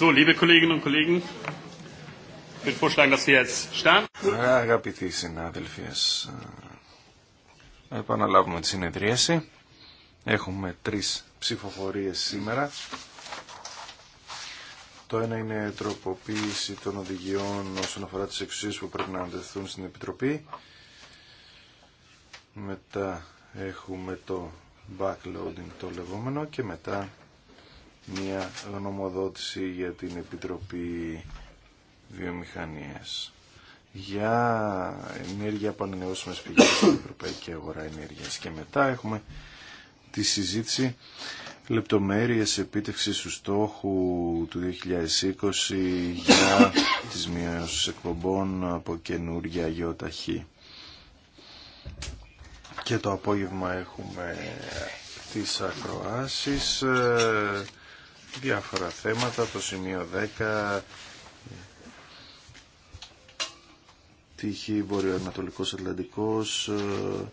So, Αγαπητοί συνάδελφοι, ε, επαναλάβουμε τη συνεδρίαση. Έχουμε τρεις ψηφοφορίες σήμερα. Το ένα είναι η τροποποίηση των οδηγιών όσον αφορά τις εξουσίες που πρέπει να αντεθούν στην Επιτροπή. Μετά έχουμε το backloading το λεγόμενο και μετά μια γνωμοδότηση για την Επιτροπή Βιομηχανίας για ενέργεια πανενεώσιμες πηγές στην Ευρωπαϊκή Αγορά Ενέργειας. Και μετά έχουμε τη συζήτηση λεπτομέρειες επίτευξης του στόχου του 2020 για τις μειώσεις εκπομπών από καινούργια γεωταχή. Και το απόγευμα έχουμε τις ακροάσεις διάφορα θέματα, το σημείο 10, τύχη βορειοανατολικός Ατλαντικός ε,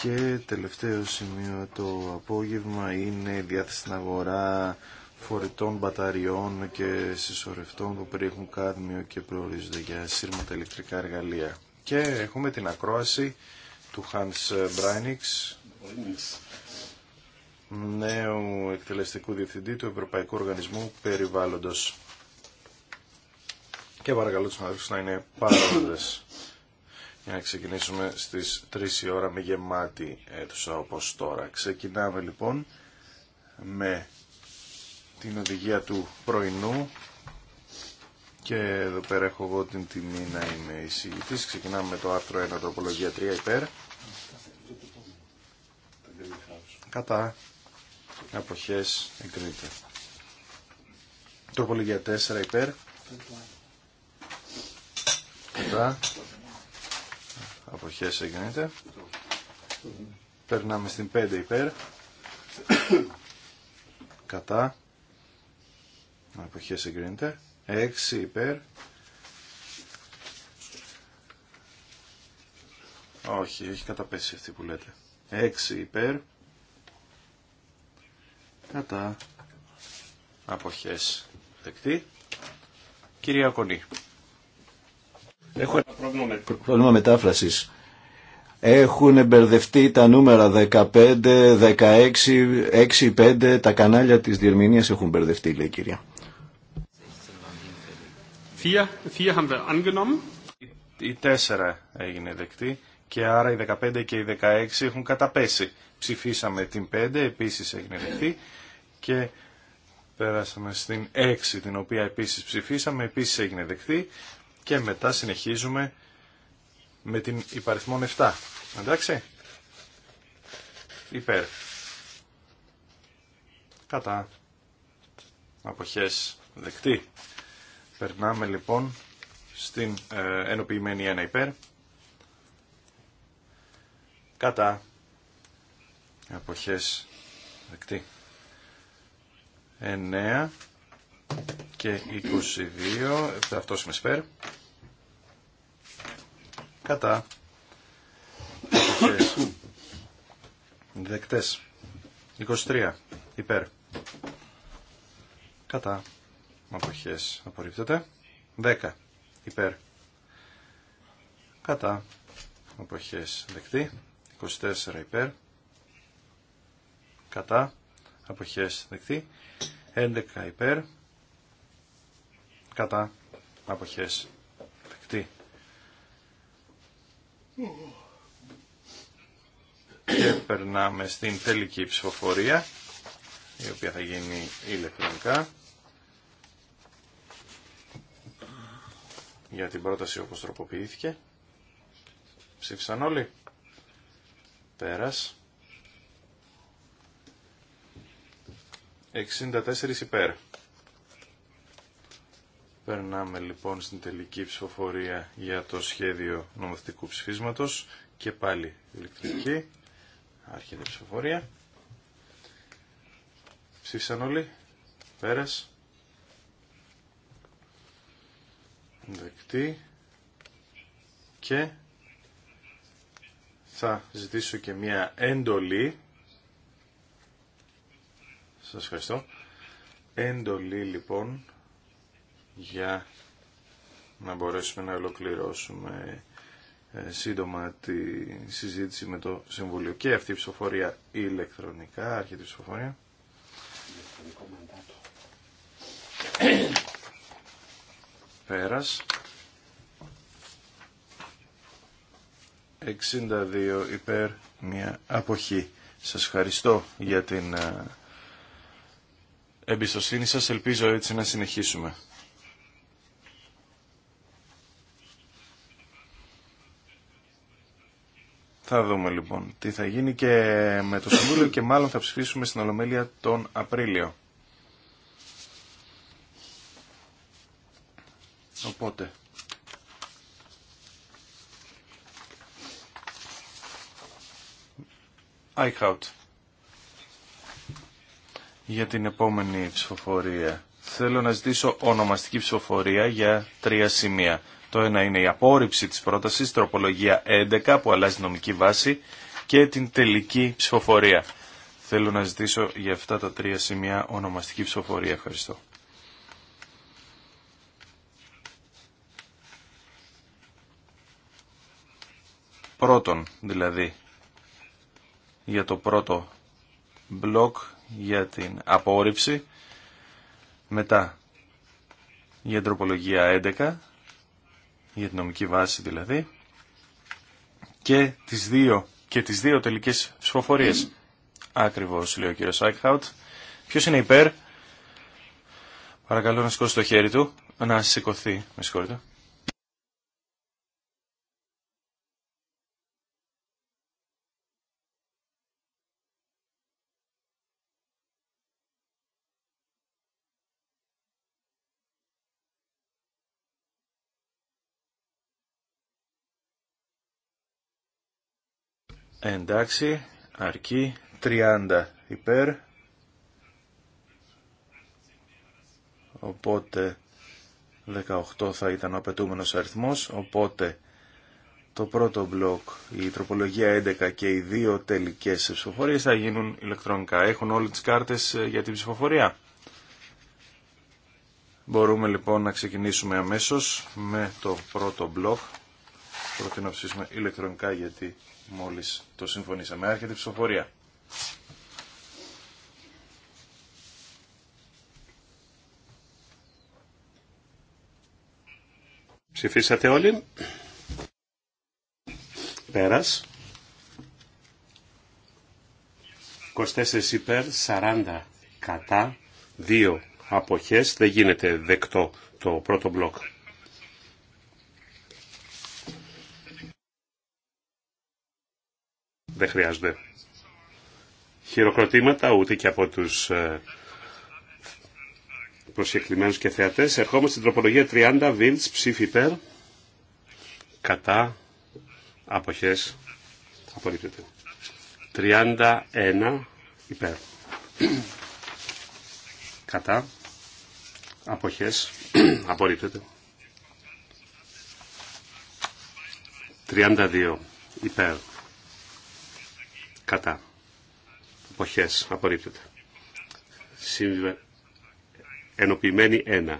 και τελευταίο σημείο το απόγευμα είναι η διάθεση στην αγορά φορητών μπαταριών και συσσωρευτών που περιέχουν κάδμιο και προορίζονται για σύρματα ηλεκτρικά εργαλεία. Και έχουμε την ακρόαση του Hans Breinix, νέου εκτελεστικού διευθυντή του Ευρωπαϊκού Οργανισμού Περιβάλλοντος. Και παρακαλώ τους να είναι παρόντες για να ξεκινήσουμε στις 3 η ώρα με γεμάτη αίθουσα όπως τώρα. Ξεκινάμε λοιπόν με την οδηγία του πρωινού και εδώ πέρα έχω εγώ την τιμή να είμαι εισηγητής. Ξεκινάμε με το άρθρο 1, τροπολογία 3 υπέρ. Κατά αποχές εγκρίνεται. Τροπολογία 4 υπέρ. Κατά. Αποχές εγκρίνεται. Περνάμε στην 5 υπέρ. Κατά. Αποχές εγκρίνεται. 6 υπέρ. Όχι, έχει καταπέσει αυτή που λέτε. 6 υπέρ κατά αποχές δεκτή. Κυρία Κονή. Έχω ένα πρόβλημα, με... πρόβλημα μετάφρασης. Έχουν μπερδευτεί τα νούμερα 15, 16, 6, 5, τα κανάλια της Διερμηνίας έχουν μπερδευτεί, λέει η κυρία. Η 4 έγινε δεκτή και άρα οι 15 και οι 16 έχουν καταπέσει. Ψηφίσαμε την 5, επίσης έχει δεκτή και πέρασαμε στην 6 την οποία επίσης ψηφίσαμε, επίσης έγινε δεκτή και μετά συνεχίζουμε με την υπαριθμόν 7. Εντάξει. Υπέρ. Κατά. Αποχές δεκτή. Περνάμε λοιπόν στην ε, ενοποιημένη 1 υπέρ κατά αποχές δεκτή 9 και 22 αυτός είμαι σπέρ κατά αποχές δεκτές 23 υπέρ κατά αποχές απορρίπτεται 10 υπέρ κατά αποχές δεκτή 24 υπέρ. Κατά. Αποχές δεκτή. 11 υπέρ. Κατά. Αποχές δεκτή. Και περνάμε στην τελική ψηφοφορία, η οποία θα γίνει ηλεκτρονικά. Για την πρόταση όπως τροποποιήθηκε. Ψήφισαν όλοι. Πέρας. 64 υπέρ. Περνάμε λοιπόν στην τελική ψηφοφορία για το σχέδιο νομοθετικού ψηφίσματος και πάλι ηλεκτρική. Άρχεται ψηφοφορία. Ψήφισαν όλοι. Πέρας. Δεκτή. Και θα ζητήσω και μία έντολη. Σας ευχαριστώ. Έντολη λοιπόν για να μπορέσουμε να ολοκληρώσουμε ε, σύντομα τη συζήτηση με το Συμβουλίο και αυτή η ψηφοφορία ηλεκτρονικά, αρχή τη ψηφοφορία. Πέρας. 62 υπέρ μια αποχή. Σας ευχαριστώ για την ε, εμπιστοσύνη σας. Ελπίζω έτσι να συνεχίσουμε. Θα δούμε λοιπόν τι θα γίνει και με το Συμβούλιο και μάλλον θα ψηφίσουμε στην Ολομέλεια τον Απρίλιο. Οπότε Για την επόμενη ψηφοφορία. Θέλω να ζητήσω ονομαστική ψηφοφορία για τρία σημεία. Το ένα είναι η απόρριψη της πρότασης, τροπολογία 11 που αλλάζει νομική βάση και την τελική ψηφοφορία. Θέλω να ζητήσω για αυτά τα τρία σημεία ονομαστική ψηφοφορία. Ευχαριστώ. Πρώτον, δηλαδή, για το πρώτο μπλοκ για την απόρριψη, μετά για τροπολογία 11, για την νομική βάση δηλαδή, και τις δύο, και τις δύο τελικές ψηφοφορίες. Ακριβώς, λέει ο κύριος Άικχαουτ. Ποιος είναι υπέρ, παρακαλώ να σηκώσει το χέρι του, να σηκωθεί, με συγχωρείτε. Εντάξει, αρκεί 30 υπέρ. Οπότε 18 θα ήταν ο απαιτούμενος αριθμός. Οπότε το πρώτο μπλοκ, η τροπολογία 11 και οι δύο τελικές ψηφοφορίες θα γίνουν ηλεκτρονικά. Έχουν όλες τις κάρτες ε, για την ψηφοφορία. Μπορούμε λοιπόν να ξεκινήσουμε αμέσως με το πρώτο μπλοκ προτείνω να ψήσουμε ηλεκτρονικά γιατί μόλις το συμφωνήσαμε. Άρχεται η ψηφοφορία. Ψηφίσατε όλοι. Πέρας. 24 υπέρ, 40 κατά, 2 αποχές. Δεν γίνεται δεκτό το πρώτο μπλοκ. δεν χρειάζονται χειροκροτήματα ούτε και από τους ε, προσκεκλημένους και θεατές. Ερχόμαστε στην τροπολογία 30, Βίλτς, ψήφι υπέρ, κατά, αποχές, απορρίπτεται. 31, υπέρ, κατά, αποχές, απορρίπτεται. 32, υπέρ, Κατά. εποχές Απορρίπτεται. Συμβε... Ενοποιημένη 1.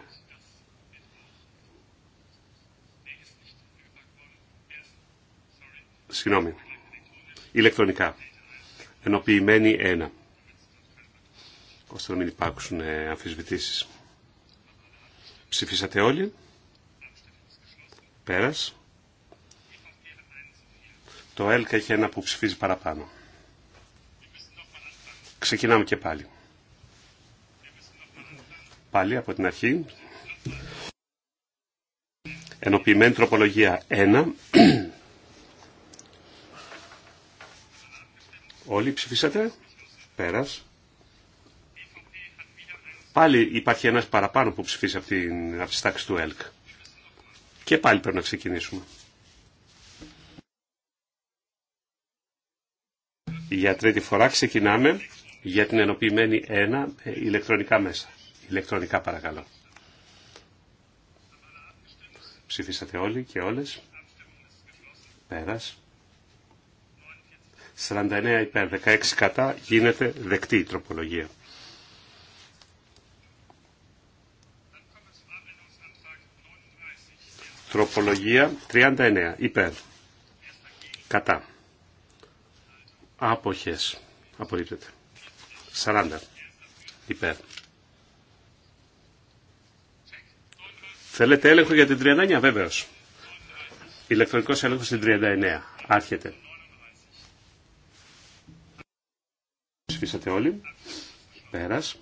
Συγγνώμη. Ηλεκτρονικά. Ενοποιημένη ένα Ώστε να μην υπάρξουν ε, αμφισβητήσεις. Ψηφίσατε όλοι. Πέρας. Το ΕΛΚ έχει ένα που ψηφίζει παραπάνω. Ξεκινάμε και πάλι. Πάλι από την αρχή. Ενοποιημένη τροπολογία 1. Όλοι ψηφίσατε. Πέρας. Πάλι υπάρχει ένας παραπάνω που ψηφίσει από, την, τάξει του ΕΛΚ. Και πάλι πρέπει να ξεκινήσουμε. Για τρίτη φορά ξεκινάμε για την ενοποιημένη 1 ε, ηλεκτρονικά μέσα. Ηλεκτρονικά παρακαλώ. Ψηφίσατε όλοι και όλες. Πέρας. 49 υπέρ 16 κατά γίνεται δεκτή η τροπολογία. Τροπολογία 39 υπέρ κατά. Αποχές. Απορρίπτεται. 40 υπέρ. Θέλετε έλεγχο για την 39 βέβαιω. Ηλεκτρονικός έλεγχος στην 39. Άρχεται. Ψηφίσατε όλοι. Πέρας.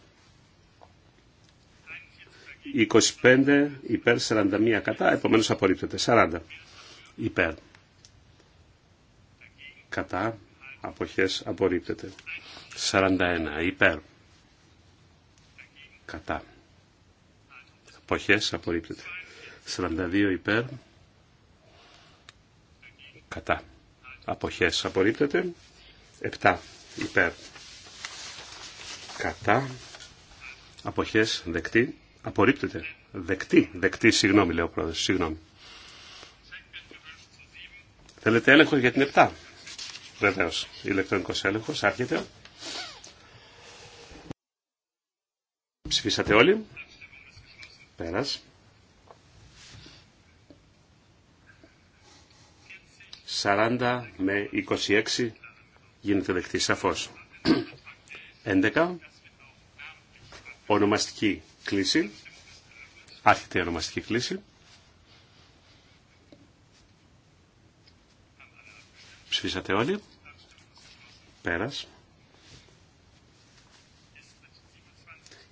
25 υπέρ 41 κατά, επομένως απορρίπτεται. 40 υπέρ. Κατά, αποχές απορρίπτεται. 41 υπέρ κατά αποχές απορρίπτεται 42 υπέρ κατά αποχές απορρίπτεται 7 υπέρ κατά αποχές δεκτή απορρίπτεται δεκτή δεκτή συγγνώμη λέω πρόεδρος συγγνώμη Θέλετε έλεγχο για την 7. Βεβαίω. Ηλεκτρονικό έλεγχο. Άρχεται. Ψηφίσατε όλοι. Πέρας. 40 με 26 γίνεται δεκτή σαφώς. 11. Ονομαστική κλίση. Άρχεται η ονομαστική κλίση. Ψηφίσατε όλοι. Πέρας.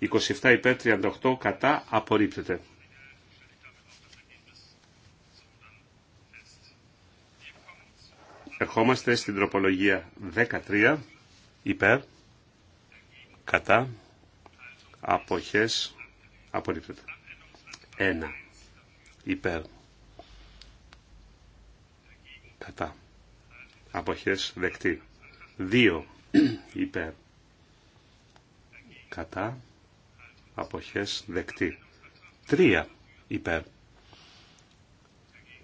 27 υπέρ 38 κατά απορρίπτεται. Ερχόμαστε στην τροπολογία 13 υπέρ κατά αποχές απορρίπτεται. 1 υπέρ κατά αποχές δεκτή. 2 υπέρ κατά αποχές δεκτή. 3 υπέρ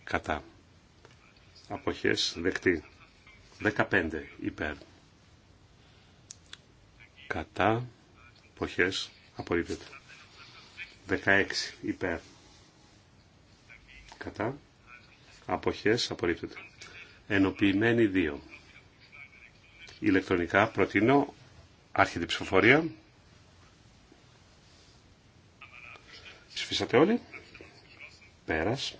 κατά αποχές δεκτή. 15 υπέρ κατά αποχές απορρίπτεται. 16 υπέρ κατά αποχές απορρίπτεται. Ενοποιημένοι 2. Ηλεκτρονικά προτείνω άρχεται η ψηφοφορία. Ψηφίσατε όλοι. Πέρας.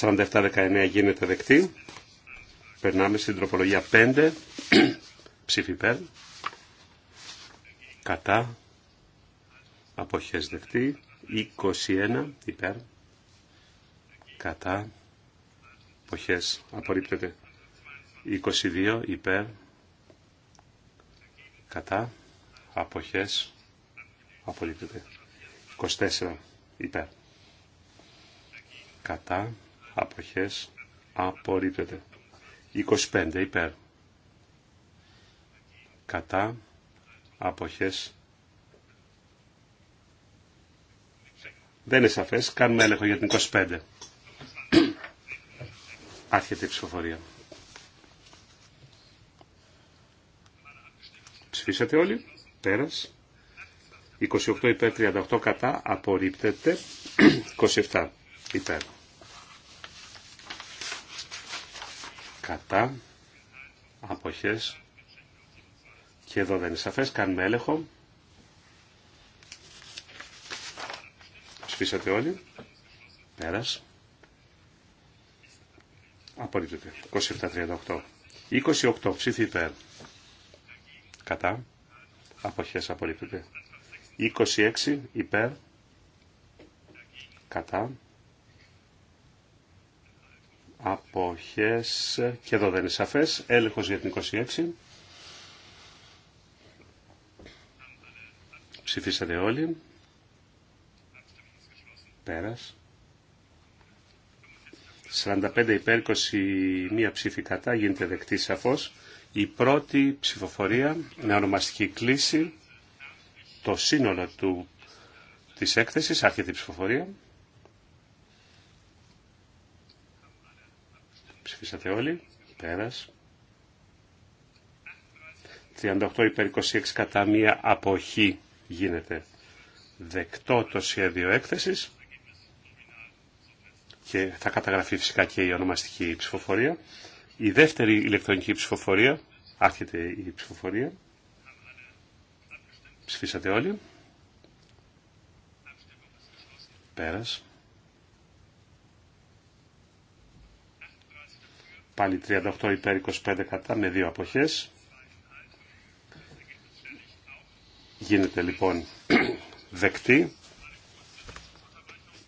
47-19 γίνεται δεκτή. Περνάμε στην τροπολογία 5. Ψήφι υπέρ. Κατά. Αποχές δεκτή. 21 υπέρ. Κατά. Αποχές απορρίπτεται. 22 υπέρ. Κατά. Αποχές απορρίπτεται. 24 υπέρ. Κατά αποχές απορρίπτεται. 25 υπέρ. Κατά αποχές Δεν είναι σαφές. Κάνουμε έλεγχο για την 25. Άρχεται η ψηφοφορία. Ψηφίσατε όλοι. Πέρας. 28 υπέρ 38 κατά απορρίπτεται 27 υπέρ κατά αποχές και εδώ δεν είναι σαφές κάνουμε έλεγχο σφίσατε όλοι πέρας απορρίπτεται 27-38 28 ψήφι υπέρ κατά αποχές απορρίπτεται 26 υπέρ κατά αποχές και εδώ δεν είναι σαφές έλεγχος για την 26 ψηφίσατε όλοι πέρας 45 υπέρ 21 ψήφι κατά γίνεται δεκτή σαφώς η πρώτη ψηφοφορία με ονομαστική κλίση το σύνολο του, της έκθεσης, άρχεται η ψηφοφορία. Ψηφίσατε όλοι, πέρας. 38 υπέρ 26 κατά μία αποχή γίνεται δεκτό το σχέδιο έκθεσης και θα καταγραφεί φυσικά και η ονομαστική ψηφοφορία. Η δεύτερη ηλεκτρονική ψηφοφορία, άρχεται η ψηφοφορία. Ψηφίσατε όλοι. Πέρας. Πάλι 38 υπέρ 25 κατά με δύο αποχές. Γίνεται λοιπόν δεκτή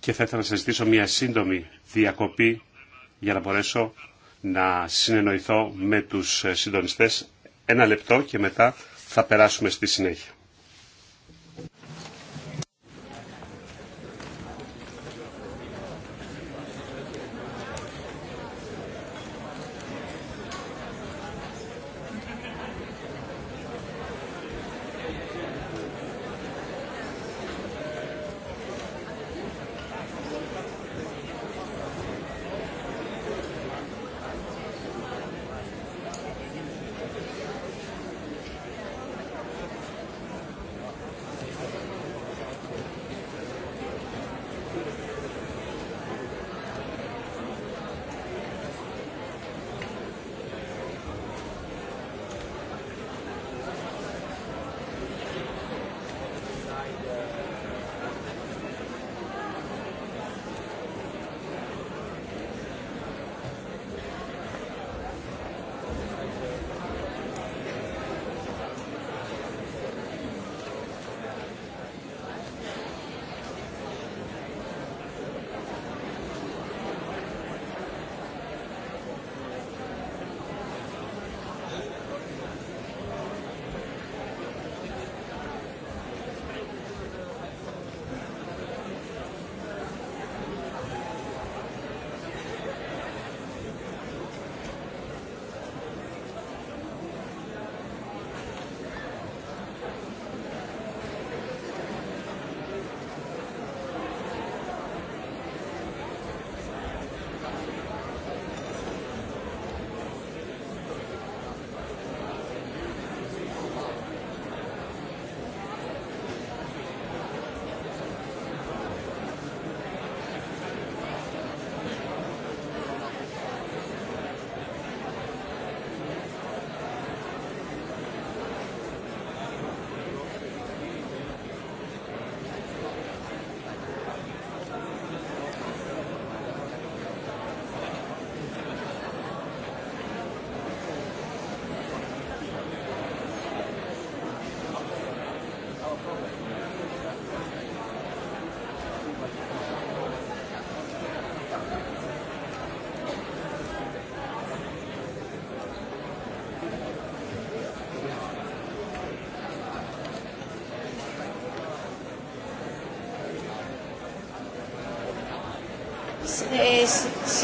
και θα ήθελα να σας ζητήσω μια σύντομη διακοπή για να μπορέσω να συνεννοηθώ με τους συντονιστές ένα λεπτό και μετά θα περάσουμε στη συνέχεια.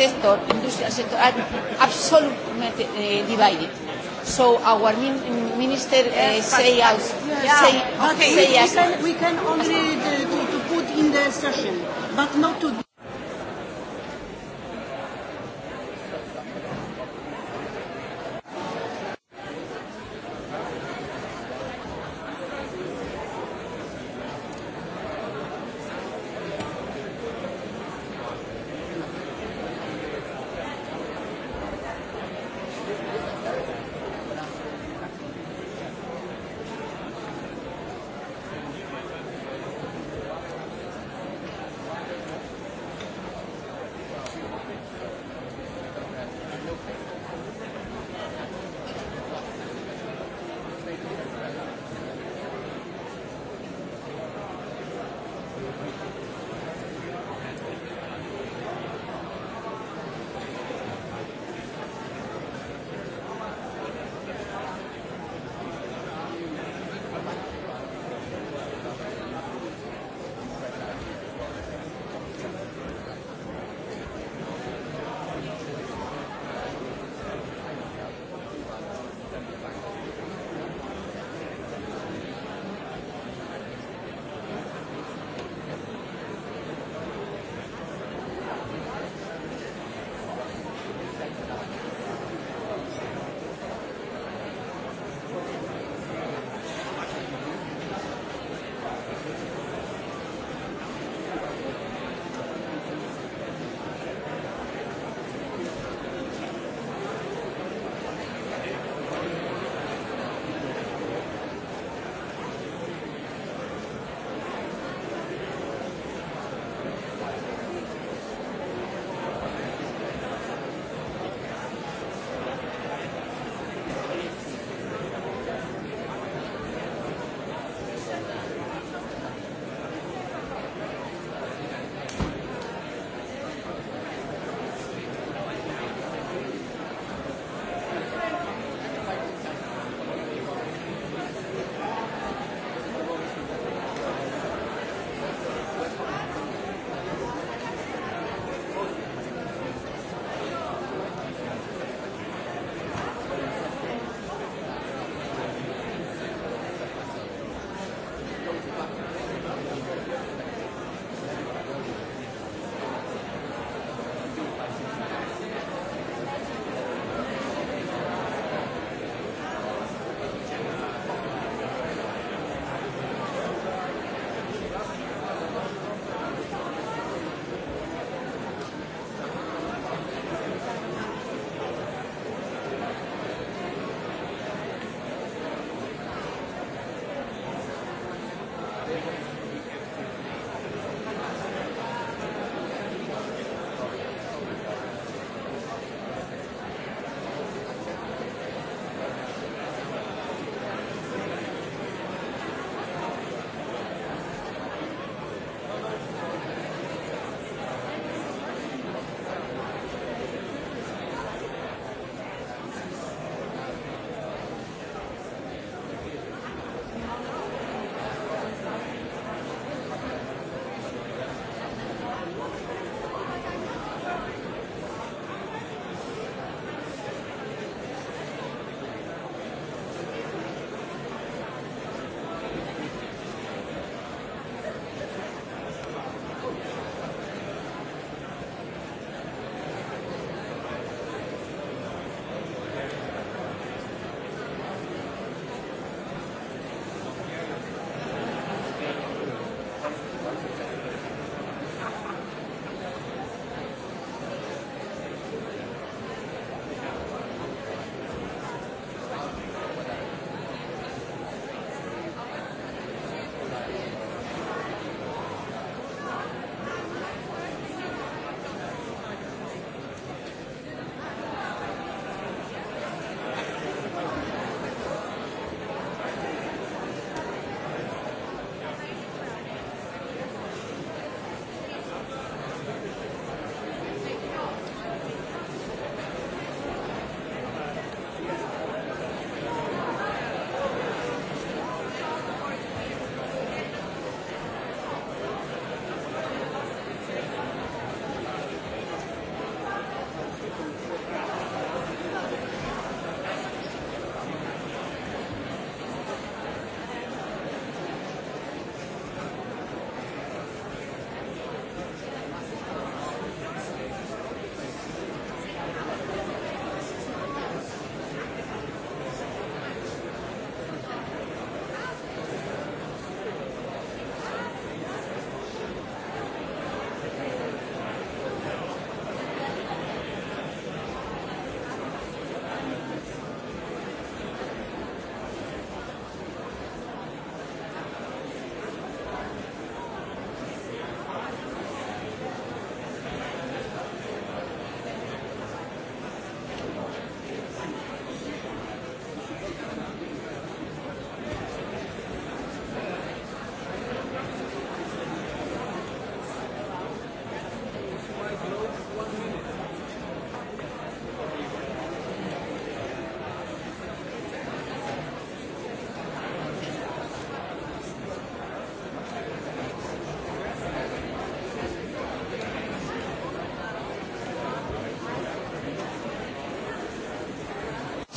sector, industrial sector, are absolutely divided. So our minister say out, say, say, we can only to put in the session, but not to.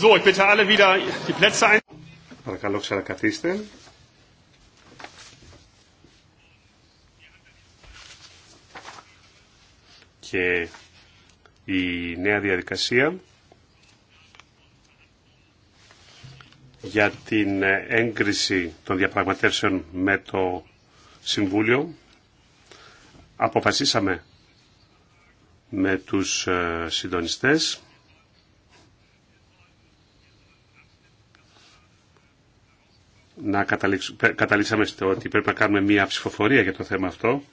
So, ich bitte alle wieder Παρακαλώ ξανακαθίστε. Και η νέα διαδικασία για την έγκριση των διαπραγματεύσεων με το Συμβούλιο αποφασίσαμε με τους ε, συντονιστές να καταλήξαμε στο ότι πρέπει να κάνουμε μία ψηφοφορία για το θέμα αυτό.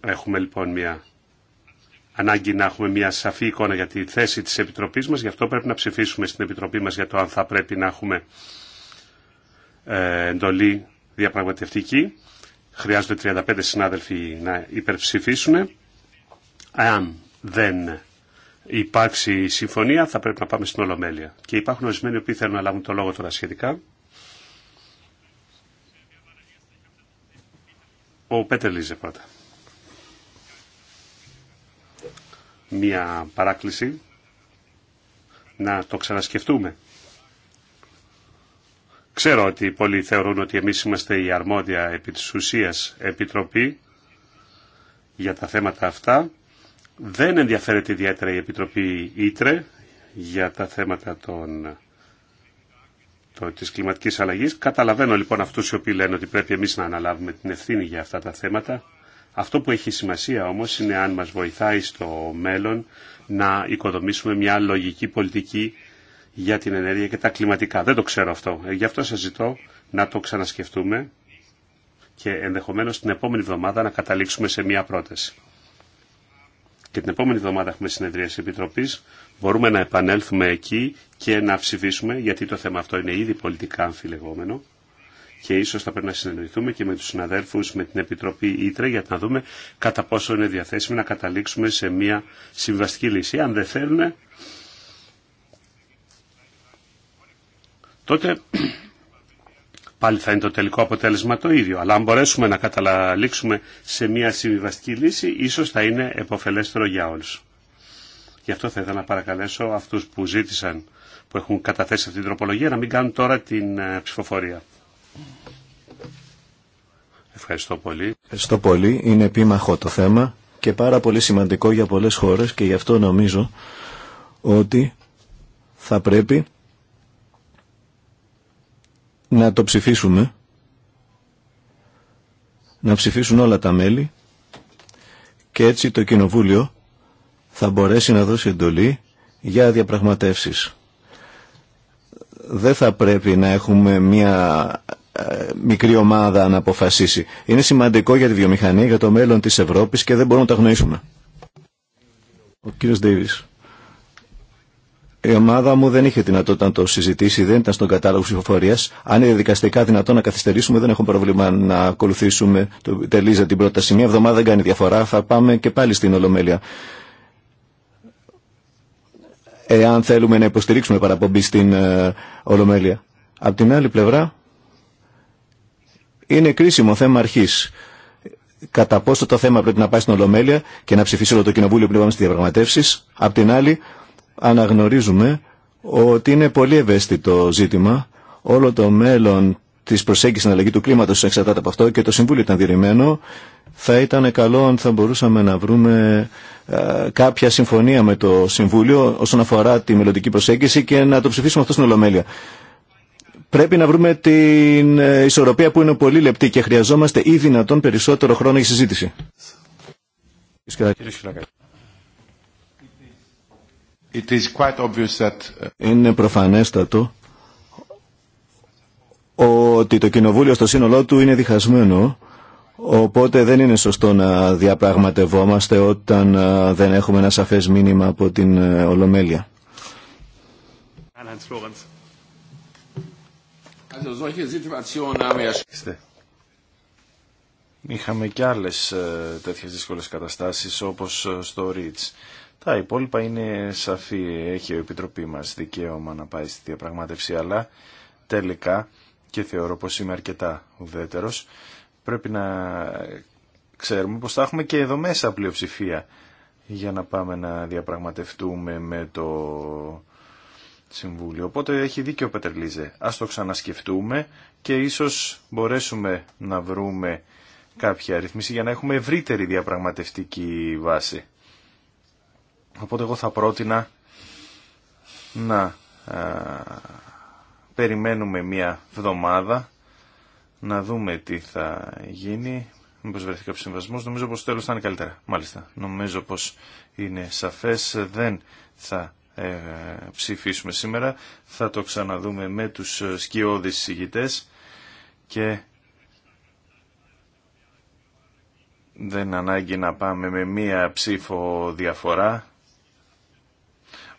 Έχουμε λοιπόν μία ανάγκη να έχουμε μία σαφή εικόνα για τη θέση της Επιτροπής μας, γι' αυτό πρέπει να ψηφίσουμε στην Επιτροπή μας για το αν θα πρέπει να έχουμε ε, εντολή διαπραγματευτική. Χρειάζονται 35 συνάδελφοι να υπερψηφίσουν. Αν δεν υπάρξει συμφωνία θα πρέπει να πάμε στην Ολομέλεια. Και υπάρχουν ορισμένοι που θέλουν να λάβουν το λόγο τώρα σχετικά. Ο Πέτερ Λίζε πρώτα. Μία παράκληση να το ξανασκεφτούμε. Ξέρω ότι πολλοί θεωρούν ότι εμείς είμαστε η αρμόδια επί της ουσίας επιτροπή για τα θέματα αυτά δεν ενδιαφέρεται ιδιαίτερα η Επιτροπή Ήτρε για τα θέματα των, το, της κλιματικής αλλαγής. Καταλαβαίνω λοιπόν αυτούς οι οποίοι λένε ότι πρέπει εμείς να αναλάβουμε την ευθύνη για αυτά τα θέματα. Αυτό που έχει σημασία όμως είναι αν μας βοηθάει στο μέλλον να οικοδομήσουμε μια λογική πολιτική για την ενέργεια και τα κλιματικά. Δεν το ξέρω αυτό. Ε, γι' αυτό σας ζητώ να το ξανασκεφτούμε και ενδεχομένως την επόμενη εβδομάδα να καταλήξουμε σε μια πρόταση και την επόμενη εβδομάδα έχουμε συνεδρία τη Επιτροπής, μπορούμε να επανέλθουμε εκεί και να ψηφίσουμε, γιατί το θέμα αυτό είναι ήδη πολιτικά αμφιλεγόμενο και ίσως θα πρέπει να συνεννοηθούμε και με τους συναδέλφους με την Επιτροπή Ήτρε για να δούμε κατά πόσο είναι διαθέσιμοι να καταλήξουμε σε μια συμβαστική λύση. Αν δεν θέλουν, τότε πάλι θα είναι το τελικό αποτέλεσμα το ίδιο. Αλλά αν μπορέσουμε να καταλήξουμε σε μια συμβιβαστική λύση, ίσως θα είναι επωφελέστερο για όλους. Γι' αυτό θα ήθελα να παρακαλέσω αυτούς που ζήτησαν, που έχουν καταθέσει αυτή την τροπολογία, να μην κάνουν τώρα την ε, ψηφοφορία. Ευχαριστώ πολύ. Ευχαριστώ πολύ. Είναι επίμαχο το θέμα και πάρα πολύ σημαντικό για πολλές χώρες και γι' αυτό νομίζω ότι θα πρέπει να το ψηφίσουμε, να ψηφίσουν όλα τα μέλη και έτσι το Κοινοβούλιο θα μπορέσει να δώσει εντολή για διαπραγματεύσεις. Δεν θα πρέπει να έχουμε μια ε, μικρή ομάδα να αποφασίσει. Είναι σημαντικό για τη βιομηχανία, για το μέλλον της Ευρώπης και δεν μπορούμε να τα γνωρίσουμε. Ο κύριος Ντέιβις. Η ομάδα μου δεν είχε δυνατότητα να το συζητήσει, δεν ήταν στον κατάλογο ψηφοφορία. Αν είναι δικαστικά δυνατό να καθυστερήσουμε, δεν έχω πρόβλημα να ακολουθήσουμε το τελίζα την πρόταση. Μια εβδομάδα δεν κάνει διαφορά, θα πάμε και πάλι στην Ολομέλεια. Εάν θέλουμε να υποστηρίξουμε παραπομπή στην ε, Ολομέλεια. Απ' την άλλη πλευρά, είναι κρίσιμο θέμα αρχή. Κατά πόσο το θέμα πρέπει να πάει στην Ολομέλεια και να ψηφίσει όλο το Κοινοβούλιο πριν στι διαπραγματεύσει. Απ' την άλλη, αναγνωρίζουμε ότι είναι πολύ ευαίσθητο ζήτημα. Όλο το μέλλον της προσέγγισης στην αλλαγή του κλίματος εξαρτάται από αυτό και το Συμβούλιο ήταν διερημένο. Θα ήταν καλό αν θα μπορούσαμε να βρούμε ε, κάποια συμφωνία με το Συμβούλιο όσον αφορά τη μελλοντική προσέγγιση και να το ψηφίσουμε αυτό στην Ολομέλεια. Πρέπει να βρούμε την ε, ισορροπία που είναι πολύ λεπτή και χρειαζόμαστε ή δυνατόν περισσότερο χρόνο για συζήτηση. Uh, είναι προφανέστατο ότι το κοινοβούλιο στο σύνολό του είναι διχασμένο οπότε δεν είναι σωστό να διαπραγματευόμαστε όταν uh, δεν έχουμε ένα σαφές μήνυμα από την uh, Ολομέλεια. Είχαμε και άλλες ε, τέτοιες δύσκολες καταστάσεις όπως ε, στο Ρίτς. Τα υπόλοιπα είναι σαφή. Έχει η Επιτροπή μας δικαίωμα να πάει στη διαπραγμάτευση, αλλά τελικά, και θεωρώ πως είμαι αρκετά ουδέτερος, πρέπει να ξέρουμε πως θα έχουμε και εδώ μέσα πλειοψηφία για να πάμε να διαπραγματευτούμε με το Συμβούλιο. Οπότε έχει δίκιο ο Πετρελίζε. Ας το ξανασκεφτούμε και ίσως μπορέσουμε να βρούμε κάποια αριθμίση για να έχουμε ευρύτερη διαπραγματευτική βάση. Οπότε εγώ θα πρότεινα να ε, περιμένουμε μία εβδομάδα να δούμε τι θα γίνει. Μήπως βρεθεί κάποιο συμβασμός. Νομίζω πως τέλος θα είναι καλύτερα. Μάλιστα. Νομίζω πως είναι σαφές. Δεν θα ε, ψηφίσουμε σήμερα. Θα το ξαναδούμε με τους ε, σκιώδεις συγητές και δεν ανάγκη να πάμε με μία ψήφο διαφορά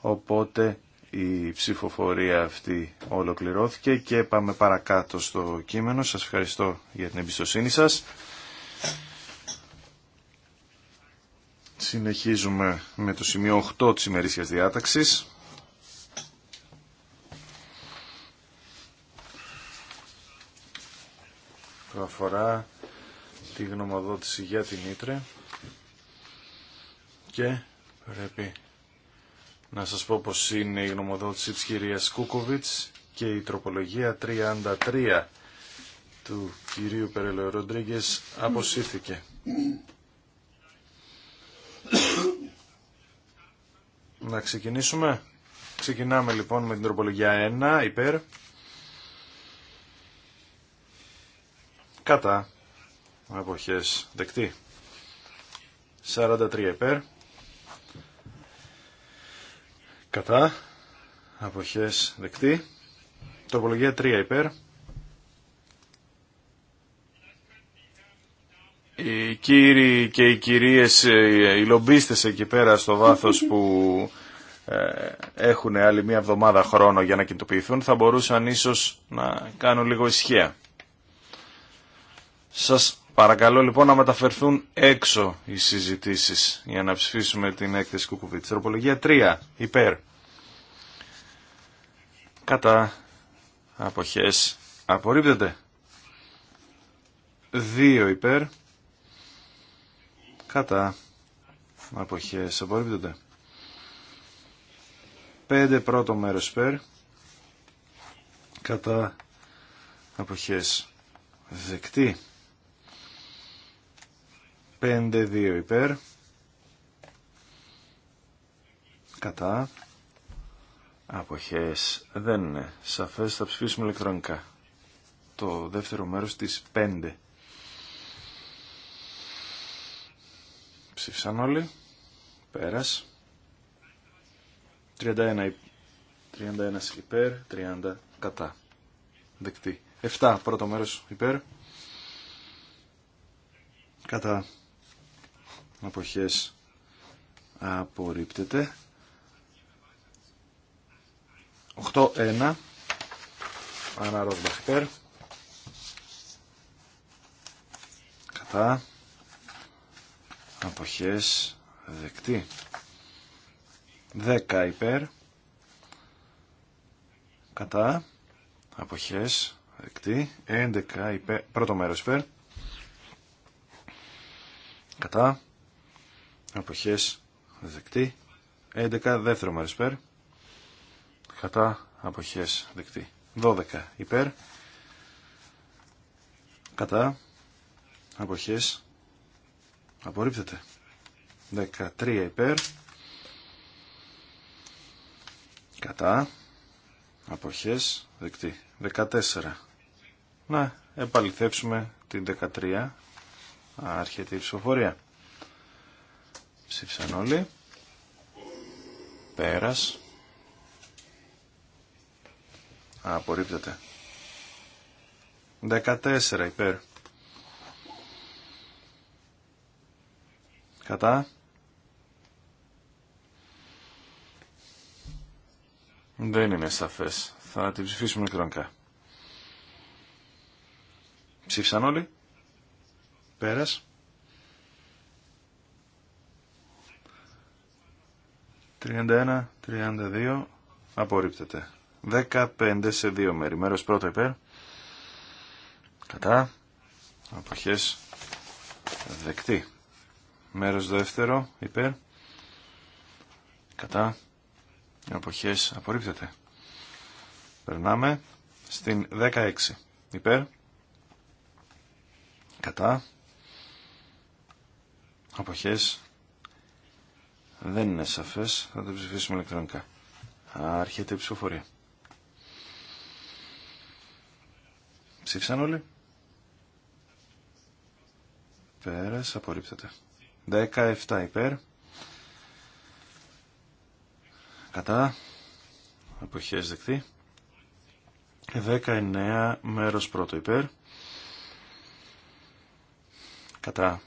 Οπότε η ψηφοφορία αυτή ολοκληρώθηκε και πάμε παρακάτω στο κείμενο. Σας ευχαριστώ για την εμπιστοσύνη σας. Συνεχίζουμε με το σημείο 8 της ημερήσιας διάταξης. Που αφορά τη γνωμοδότηση για την Ήτρε και πρέπει να σας πω πως είναι η γνωμοδότηση της κυρίας Κούκοβιτς και η τροπολογία 33 του κυρίου Περελαιό Ροντρίγκες αποσύρθηκε. Να ξεκινήσουμε. Ξεκινάμε λοιπόν με την τροπολογία 1 υπέρ. Κατά. Αποχές. Δεκτή. 43 υπέρ κατά αποχές δεκτή τροπολογία 3 υπέρ οι κύριοι και οι κυρίες ε, οι λομπίστες εκεί πέρα στο βάθος που ε, έχουν άλλη μία εβδομάδα χρόνο για να κινητοποιηθούν θα μπορούσαν ίσως να κάνουν λίγο ισχύα σας Παρακαλώ λοιπόν να μεταφερθούν έξω οι συζητήσεις για να ψηφίσουμε την έκθεση Κουκουβίτ. Τροπολογία 3. Υπέρ. Κατά. Αποχές. Απορρίπτεται. 2 υπέρ. Κατά. Αποχές. Απορρίπτεται. 5 πρώτο μέρος υπέρ. Κατά. Αποχές. Δεκτή. 5-2 υπέρ. Κατά. Αποχές. Δεν είναι σαφές. Θα ψηφίσουμε ηλεκτρονικά. Το δεύτερο μέρος της 5. Ψήφισαν όλοι. Πέρας. 31, 31 υπέρ, 30 κατά. Δεκτή. 7 πρώτο μέρος υπέρ. Κατά αποχές απορρίπτεται 8-1 Αναρός Μπαχτέρ κατά αποχές δεκτή 10 υπέρ κατά αποχές δεκτή 11 υπέρ πρώτο μέρος υπέρ κατά αποχές δεκτή 11 δεύτερο μέρος υπέρ κατά αποχές δεκτή 12 υπέρ κατά αποχές απορρίπτεται 13 υπέρ κατά αποχές δεκτή 14 να επαληθεύσουμε την 13 αρχιετή ψηφοφορία Ψήφισαν όλοι. Πέρας. Α, απορρίπτεται. 14 υπέρ. Κατά. Δεν είναι σαφές. Θα την ψηφίσουμε ηλεκτρονικά. Ψήφισαν όλοι. Πέρας. 31, 32 απορρίπτεται. 15 σε δύο μέρη. Μέρος πρώτο υπέρ. Κατά. Αποχές δεκτή. Μέρος δεύτερο υπέρ. Κατά. Αποχές απορρίπτεται. Περνάμε στην 16 υπέρ. Κατά. Αποχές δεν είναι σαφές. Θα το ψηφίσουμε ηλεκτρονικά. Άρχεται η ψηφοφορία. Ψήφισαν όλοι. Πέρας. Απορρίπτεται. 17 υπέρ. Κατά. Αποχές δεκτή. 19 μέρος πρώτο υπέρ. Κατά.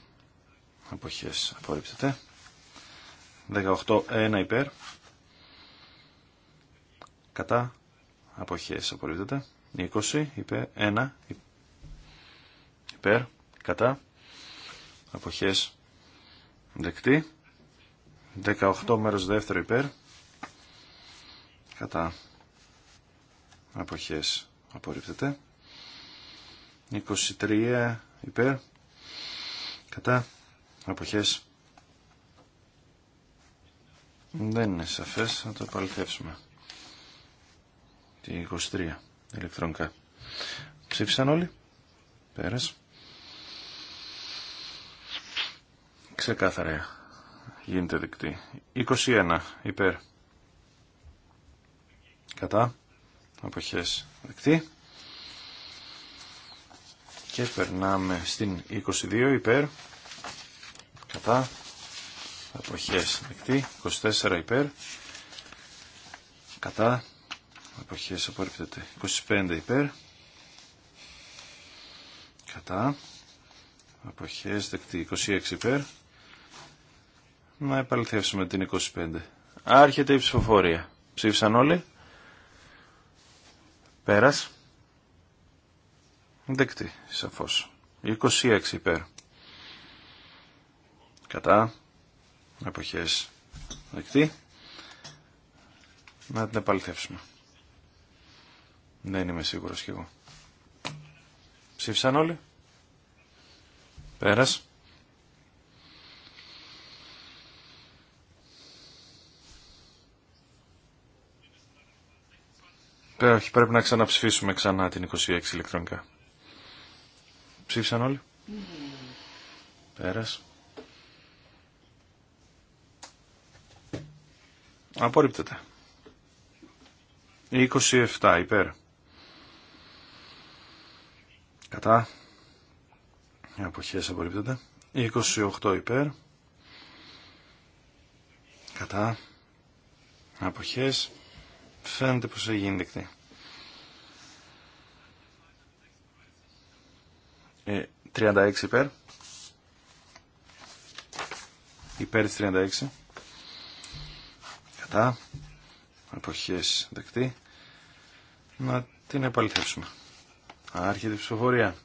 Αποχές απορρίπτεται. 18-1 υπέρ. Κατά. Αποχές απορρίπτεται. 20 υπέρ. 1 υπέρ. Κατά. Αποχές δεκτή. 18 μέρος δεύτερο υπέρ. Κατά. Αποχές απορρίπτεται. 23 υπέρ. Κατά. Αποχές δεν είναι σαφές, θα το επαληθεύσουμε. Τη 23 ηλεκτρονικά. Ψήφισαν όλοι. Πέρας. Ξεκάθαρα γίνεται δεκτή. 21 υπέρ. Κατά. Αποχές δεκτή. Και περνάμε στην 22 υπέρ. Κατά αποχές δεκτή 24 υπέρ κατά αποχές απορρίπτεται 25 υπέρ κατά αποχές δεκτή 26 υπέρ να επαληθεύσουμε την 25 άρχεται η ψηφοφορία ψήφισαν όλοι πέρας δεκτή σαφώς 26 υπέρ κατά εποχές δεκτή να την επαληθεύσουμε δεν είμαι σίγουρος κι εγώ ψήφισαν όλοι πέρας ε, πρέπει να ξαναψηφίσουμε ξανά την 26 ηλεκτρονικά. Ψήφισαν όλοι. Mm Πέρας. Απορρίπτεται. 27 υπέρ. Κατά. Αποχές απορρίπτεται. 28 υπέρ. Κατά. Αποχές. Φαίνεται πως έχει γίνει δεκτή. Ε, 36 υπέρ. Υπέρ της 36 κατά εποχές δεκτή να την επαληθεύσουμε. Άρχεται η ψηφοφορία.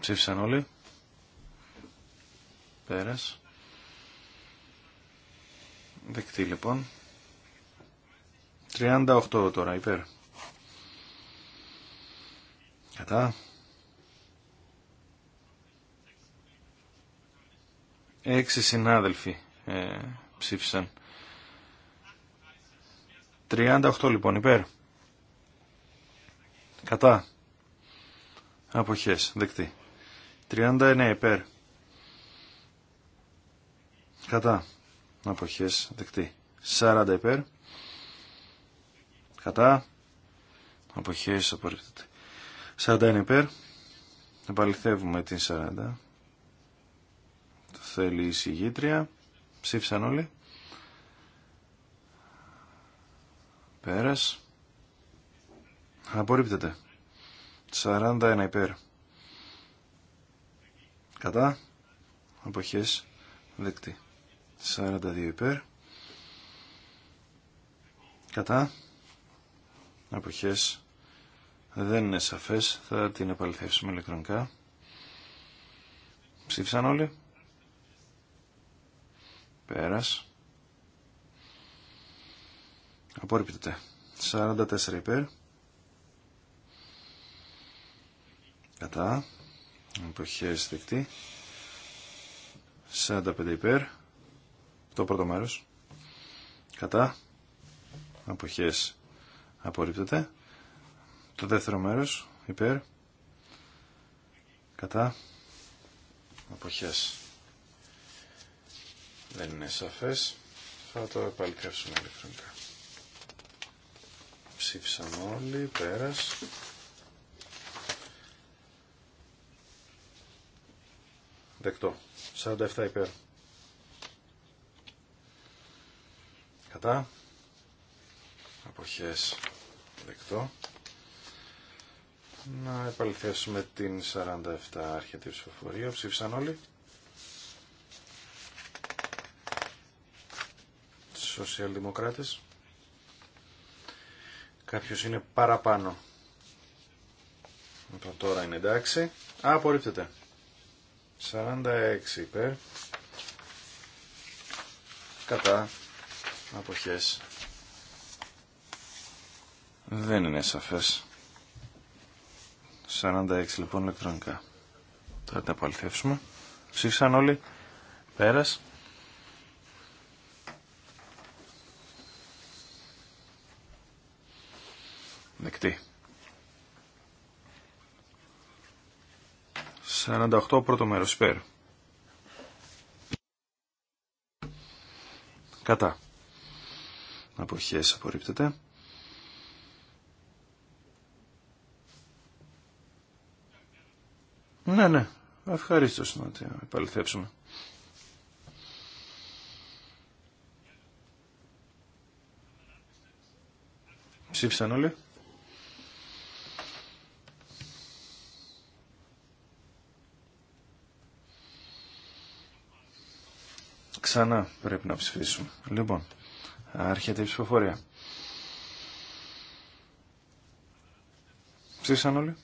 Ψήφισαν όλοι. Πέρας. Δεκτή λοιπόν. 38 τώρα υπέρ. Κατά. Έξι συνάδελφοι ε, ψήφισαν. 38 λοιπόν υπέρ. Κατά. Αποχές. Δεκτή. 39 υπέρ. Κατά. Αποχές. Δεκτή. 40 υπέρ. Κατά. Αποχές. Απορρίπτεται. 41 υπέρ. Επαληθεύουμε την 40 θέλει η συγγήτρια. Ψήφισαν όλοι. Πέρας. Απορρίπτεται. 41 υπέρ. Κατά. Αποχές. Δεκτή. 42 υπέρ. Κατά. Αποχές. Δεν είναι σαφές. Θα την επαληθεύσουμε ηλεκτρονικά. Ψήφισαν όλοι. Πέρας. Απόρριπτεται. 44 υπέρ. Κατά. Εποχές δεκτή. 45 υπέρ. Το πρώτο μέρος. Κατά. Αποχές απορρίπτεται. Το δεύτερο μέρος υπέρ. Κατά. Αποχές δεν είναι σαφές. Θα το επαληθεύσουμε ηλεκτρονικά. Ψήφισαν όλοι, πέρας. Δεκτό. 47 υπέρ. Κατά. Αποχές. Δεκτό. Να επαληθεύσουμε την 47 αρχιετή ψηφοφορία. Ψήφισαν όλοι. σοσιαλδημοκράτες. Κάποιος είναι παραπάνω. Λοιπόν, τώρα είναι εντάξει. Α, απορρίπτεται. 46 υπέρ. Κατά. Αποχές. Δεν είναι σαφές. 46 λοιπόν ηλεκτρονικά. Θα τα απολυθεύσουμε. Ψήφισαν όλοι. Πέρας. δεκτή. 48 πρώτο μέρος υπέρ. Κατά. Αποχές απορρίπτεται. Ναι, ναι. ευχαριστώ να την επαληθέψουμε. Ψήφισαν όλοι. Ξανά πρέπει να ψηφίσουμε. Λοιπόν, άρχεται η ψηφοφορία. Ψήφισαν όλοι.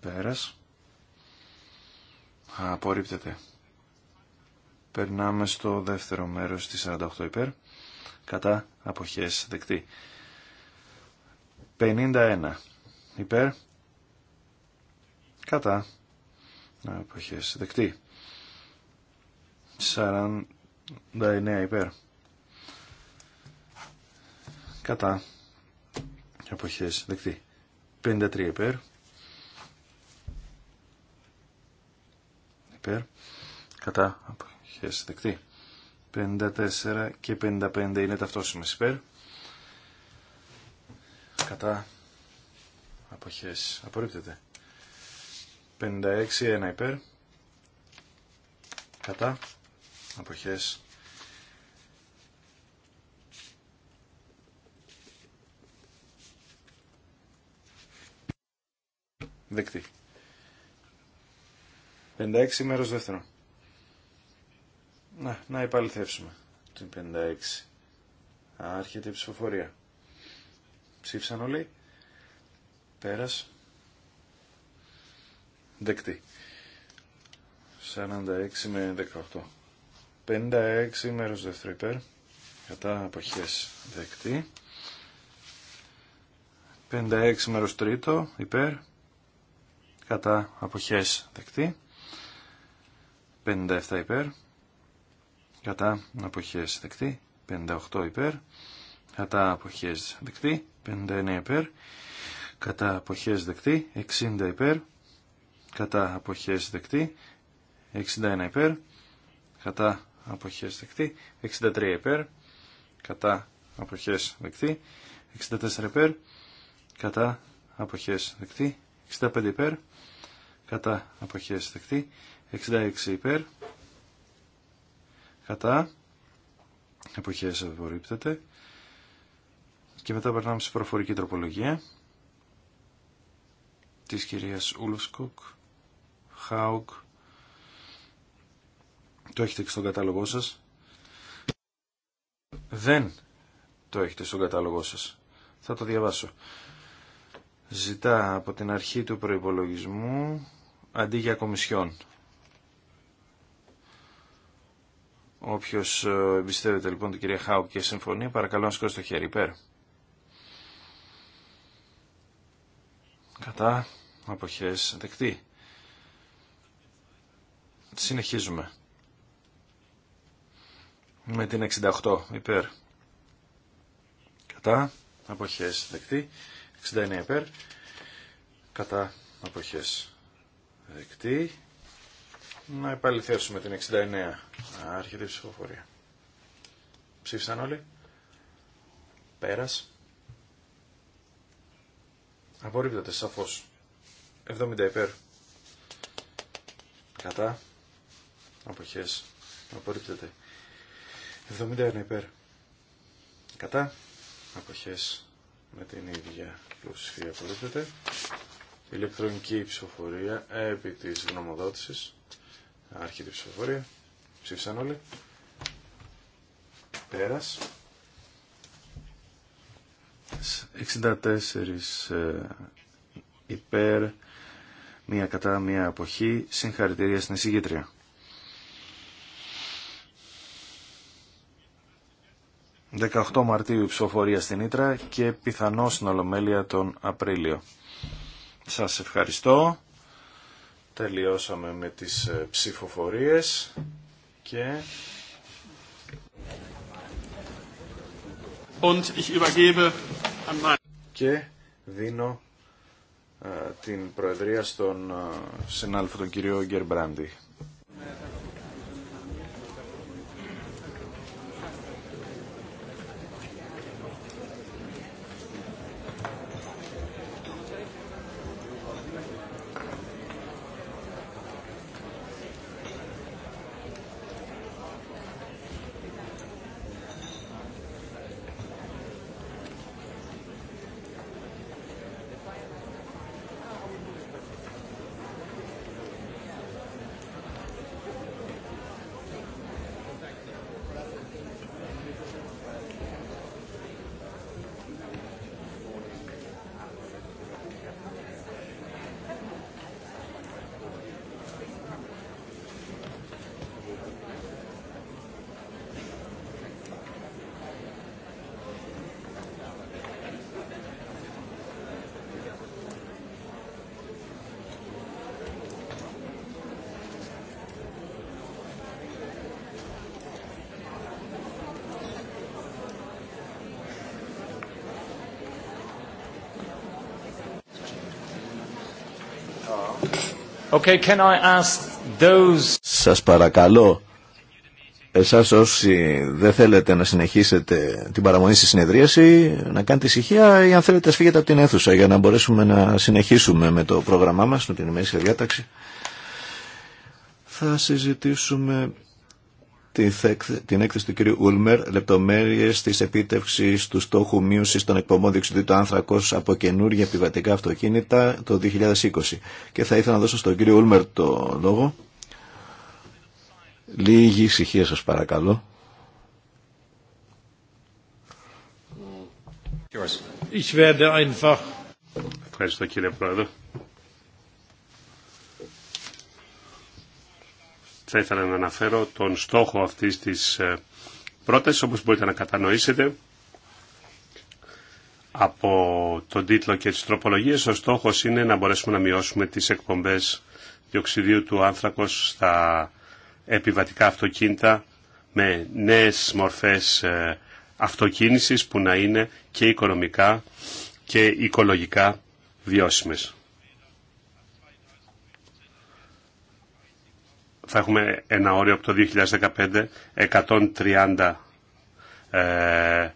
Πέρας. Απορρίπτεται. Περνάμε στο δεύτερο μέρος της 48 υπέρ. Κατά αποχές δεκτή. 51 υπέρ. Κατά αποχές δεκτή. 49 υπέρ. Κατά. Αποχές δεκτή. 53 υπέρ. Υπέρ. Κατά. Αποχές δεκτή. 54 και 55 είναι ταυτόσιμες υπέρ. Κατά. Αποχές. Απορρίπτεται. 56 1 υπέρ. Κατά αποχές δεκτή 56 μέρος δεύτερο να, να υπαλληθεύσουμε την 56 άρχεται η ψηφοφορία ψήφισαν όλοι πέρας δεκτή 46 με 18 56 μέρος δεύτερο υπέρ κατά αποχές δεκτή 56 μέρος τρίτο υπέρ κατά αποχές δεκτή 57 υπέρ κατά αποχές δεκτή 58 υπέρ κατά αποχές δεκτή 59 υπέρ κατά αποχές δεκτή 60 υπέρ κατά αποχές δεκτή 61 υπέρ κατά αποχές δεκτή, 63 υπέρ, κατά αποχές δεκτή, 64 υπέρ, κατά αποχές δεκτή, 65 υπέρ, κατά αποχές δεκτή, 66 υπέρ, κατά αποχές απορρίπτεται και μετά περνάμε σε προφορική τροπολογία της κυρίας Ούλουσκοκ, Χάουκ, το έχετε και στον κατάλογό σας. Δεν το έχετε στον κατάλογό σας. Θα το διαβάσω. Ζητά από την αρχή του προϋπολογισμού αντί για κομισιόν. Όποιος ε, εμπιστεύεται λοιπόν την κυρία Χάου και συμφωνεί, παρακαλώ να σηκώσει το χέρι υπέρ. Κατά αποχές δεκτή. Συνεχίζουμε με την 68 υπέρ κατά αποχές δεκτή 69 υπέρ κατά αποχές δεκτή να επαληθεύσουμε την 69 άρχεται η ψηφοφορία ψήφισαν όλοι πέρας απορρίπτεται σαφώς 70 υπέρ κατά αποχές απορρίπτεται 71 υπέρ. Κατά. Αποχές με την ίδια πλουσία απορρίπτεται. Ηλεκτρονική ψηφοφορία επί της γνωμοδότησης. άρχιτη ψηφοφορία. Ψήφισαν όλοι. Πέρας. 64 ε, υπέρ, μία κατά μία αποχή, συγχαρητήρια στην εισηγήτρια. 18 Μαρτίου ψηφοφορία στην Ήτρα και πιθανώς στην Ολομέλεια τον Απρίλιο. Σας ευχαριστώ. Τελειώσαμε με τις ε, ψηφοφορίες και... Und ich übergebe an... Και δίνω ε, την Προεδρία στον ε, συνάλφο τον κύριο Γκερμπράντι. Okay, Σας παρακαλώ, εσάς όσοι δεν θέλετε να συνεχίσετε την παραμονή στη συνεδρίαση, να κάνετε ησυχία ή αν θέλετε φύγετε από την αίθουσα για να μπορέσουμε να συνεχίσουμε με το πρόγραμμά μας, με την ημερήσια διάταξη. Θα συζητήσουμε την έκθεση του κ. Ούλμερ, λεπτομέρειε τη επίτευξη του στόχου μείωση των εκπομπών διοξιδίου του άνθρακο από καινούργια επιβατικά αυτοκίνητα το 2020. Και θα ήθελα να δώσω στον κ. Ούλμερ το λόγο. Λίγη ησυχία σα παρακαλώ. Ευχαριστώ κύριε Πρόεδρε. θα ήθελα να αναφέρω τον στόχο αυτής της ε, πρότασης, όπως μπορείτε να κατανοήσετε. Από τον τίτλο και τις τροπολογίες, ο στόχος είναι να μπορέσουμε να μειώσουμε τις εκπομπές διοξιδίου του άνθρακος στα επιβατικά αυτοκίνητα με νέες μορφές ε, αυτοκίνησης που να είναι και οικονομικά και οικολογικά βιώσιμες. θα έχουμε ένα όριο από το 2015 130 ε,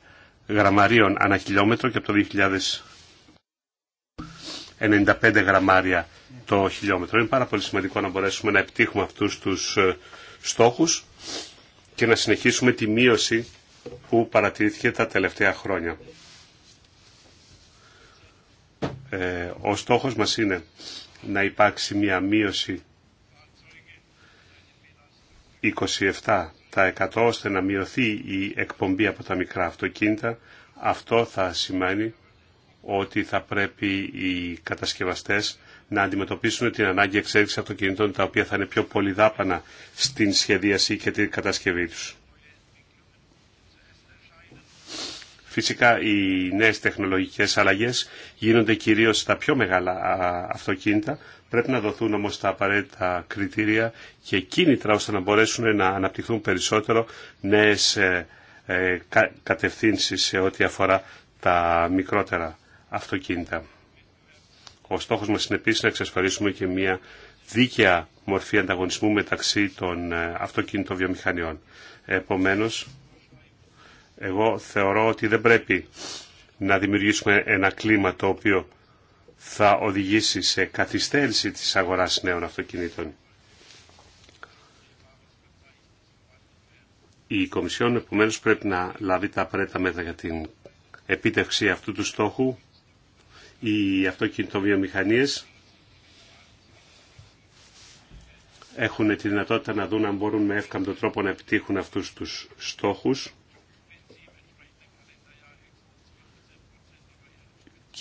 γραμμαρίων ανά χιλιόμετρο και από το 2000 γραμμάρια το χιλιόμετρο. Είναι πάρα πολύ σημαντικό να μπορέσουμε να επιτύχουμε αυτούς τους ε, στόχους και να συνεχίσουμε τη μείωση που παρατηρήθηκε τα τελευταία χρόνια. Ε, ο στόχος μας είναι να υπάρξει μια μείωση 27% ώστε να μειωθεί η εκπομπή από τα μικρά αυτοκίνητα, αυτό θα σημαίνει ότι θα πρέπει οι κατασκευαστές να αντιμετωπίσουν την ανάγκη εξέλιξη αυτοκινητών τα οποία θα είναι πιο πολυδάπανα στην σχεδίαση και την κατασκευή τους. Φυσικά οι νέες τεχνολογικές αλλαγές γίνονται κυρίως στα πιο μεγάλα αυτοκίνητα. Πρέπει να δοθούν όμως τα απαραίτητα κριτήρια και κίνητρα ώστε να μπορέσουν να αναπτυχθούν περισσότερο νέες ε, ε, κατευθύνσεις σε ό,τι αφορά τα μικρότερα αυτοκίνητα. Ο στόχος μας είναι επίσης να εξασφαλίσουμε και μια δίκαια μορφή ανταγωνισμού μεταξύ των ε, αυτοκίνητων βιομηχανιών. Επομένως, εγώ θεωρώ ότι δεν πρέπει να δημιουργήσουμε ένα κλίμα το οποίο θα οδηγήσει σε καθυστέρηση της αγοράς νέων αυτοκινήτων. Η Κομισιόν επομένω πρέπει να λάβει τα απαραίτητα μέτρα για την επίτευξη αυτού του στόχου. Οι αυτοκινητοβιομηχανίες έχουν τη δυνατότητα να δουν αν μπορούν με εύκαμπτο τρόπο να επιτύχουν αυτούς τους στόχους.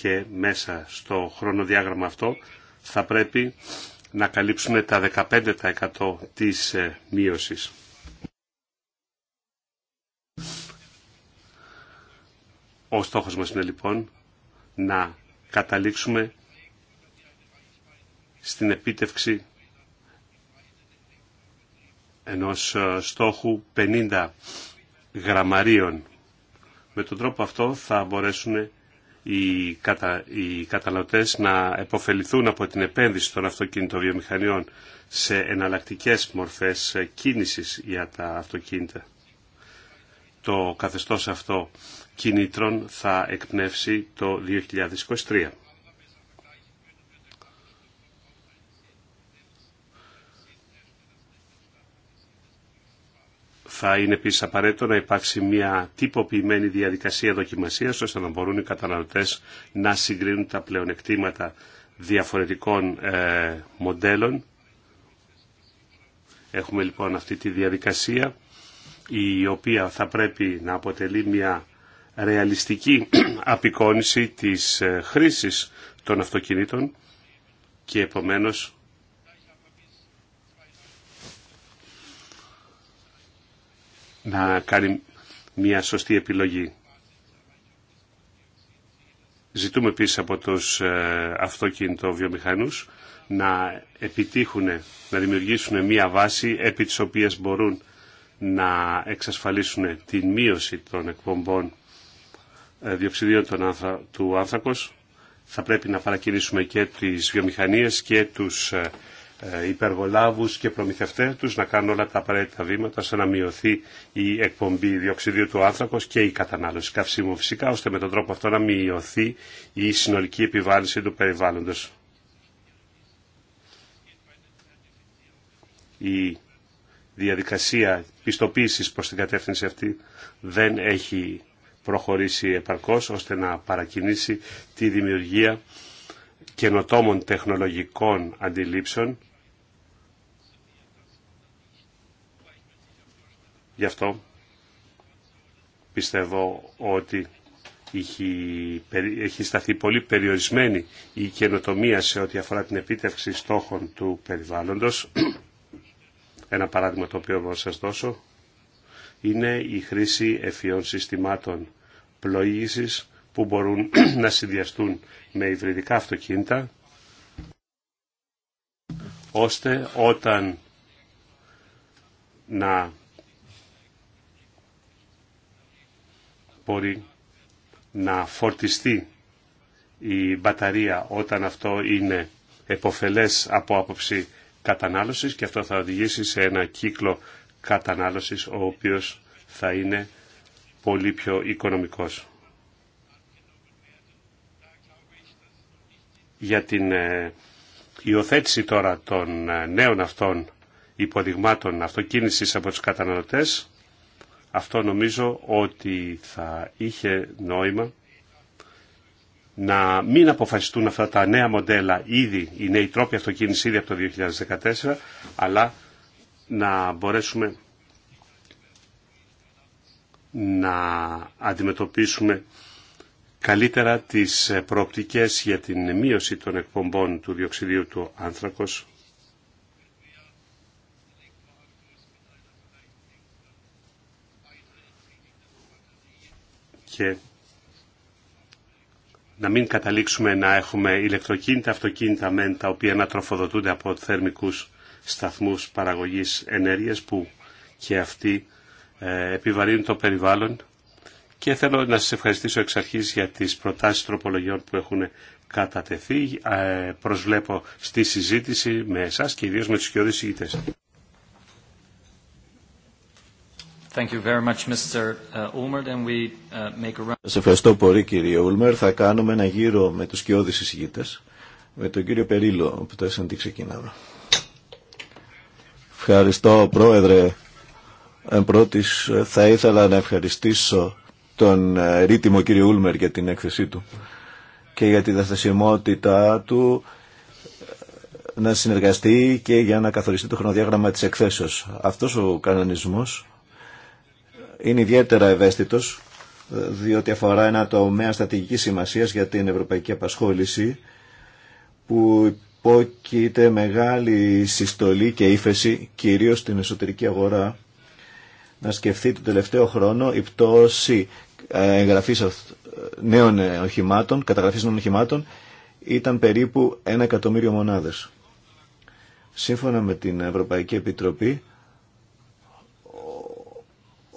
και μέσα στο χρονοδιάγραμμα αυτό θα πρέπει να καλύψουμε τα 15% της ε, μείωσης. Ο στόχος μας είναι λοιπόν να καταλήξουμε στην επίτευξη ενός ε, στόχου 50 γραμμαρίων. Με τον τρόπο αυτό θα μπορέσουμε οι, κατα... οι καταναλωτές να επωφεληθούν από την επένδυση των αυτοκινητοβιομηχανιών σε εναλλακτικές μορφές κίνησης για τα αυτοκίνητα. Το καθεστώς αυτό κινήτρων θα εκπνεύσει το 2023. Θα είναι επίση απαραίτητο να υπάρξει μια τυποποιημένη διαδικασία δοκιμασίας ώστε να μπορούν οι καταναλωτές να συγκρίνουν τα πλεονεκτήματα διαφορετικών ε, μοντέλων. Έχουμε λοιπόν αυτή τη διαδικασία η οποία θα πρέπει να αποτελεί μια ρεαλιστική απεικόνηση της ε, χρήσης των αυτοκινήτων και επομένως να κάνει μια σωστή επιλογή. Ζητούμε επίση από τους ε, αυτοκίνητο βιομηχανούς να επιτύχουν, να δημιουργήσουν μια βάση επί της οποίας μπορούν να εξασφαλίσουν την μείωση των εκπομπών ε, διοξιδίων του άνθρακος. Θα πρέπει να παρακινήσουμε και τις βιομηχανίες και τους ε, ε, υπεργολάβους και προμηθευτές τους να κάνουν όλα τα απαραίτητα βήματα ώστε να μειωθεί η εκπομπή διοξιδίου του άνθρακος και η κατανάλωση καυσίμου φυσικά ώστε με τον τρόπο αυτό να μειωθεί η συνολική επιβάλληση του περιβάλλοντος. Η διαδικασία πιστοποίησης προς την κατεύθυνση αυτή δεν έχει προχωρήσει επαρκώς ώστε να παρακινήσει τη δημιουργία καινοτόμων τεχνολογικών αντιλήψεων Γι' αυτό πιστεύω ότι έχει, έχει σταθεί πολύ περιορισμένη η καινοτομία σε ό,τι αφορά την επίτευξη στόχων του περιβάλλοντος. Ένα παράδειγμα το οποίο μπορώ να σας δώσω είναι η χρήση ευφυών συστημάτων πλοήγησης που μπορούν να συνδυαστούν με υβριδικά αυτοκίνητα ώστε όταν να μπορεί να φορτιστεί η μπαταρία όταν αυτό είναι εποφελές από άποψη κατανάλωσης και αυτό θα οδηγήσει σε ένα κύκλο κατανάλωσης ο οποίος θα είναι πολύ πιο οικονομικός. Για την ε, υιοθέτηση τώρα των ε, νέων αυτών υποδειγμάτων αυτοκίνησης από τους καταναλωτές αυτό νομίζω ότι θα είχε νόημα να μην αποφασιστούν αυτά τα νέα μοντέλα ήδη, οι νέοι τρόποι αυτοκίνηση ήδη από το 2014, αλλά να μπορέσουμε να αντιμετωπίσουμε καλύτερα τις προοπτικές για την μείωση των εκπομπών του διοξιδίου του άνθρακος και να μην καταλήξουμε να έχουμε ηλεκτροκίνητα, αυτοκίνητα μεν τα οποία να τροφοδοτούνται από θερμικούς σταθμούς παραγωγής ενέργειας που και αυτοί ε, επιβαρύνουν το περιβάλλον. Και θέλω να σας ευχαριστήσω εξ αρχής για τις προτάσεις τροπολογιών που έχουν κατατεθεί. Ε, προσβλέπω στη συζήτηση με εσάς και ιδίως με τους κοιόδης Thank ευχαριστώ πολύ κύριε Ούλμερ. Θα κάνουμε ένα γύρο με τους κοιόδης εισηγητές, με τον κύριο Περίλο που το S&D ξεκινάμε. Ευχαριστώ πρόεδρε. Εν πρώτης ε, θα ήθελα να ευχαριστήσω τον ε, ρήτημο κύριο Ούλμερ για την έκθεσή του και για τη δαθεσιμότητά του ε, να συνεργαστεί και για να καθοριστεί το χρονοδιάγραμμα της εκθέσεως. Αυτός ο κανονισμός είναι ιδιαίτερα ευαίσθητος ε, διότι αφορά ένα τομέα στρατηγικής σημασίας για την ευρωπαϊκή απασχόληση που υπόκειται μεγάλη συστολή και ύφεση κυρίως στην εσωτερική αγορά. Να σκεφτεί τον τελευταίο χρόνο η πτώση ε, εγγραφής νέων ε, οχημάτων, καταγραφής νέων οχημάτων ήταν περίπου ένα εκατομμύριο μονάδες. Σύμφωνα με την Ευρωπαϊκή Επιτροπή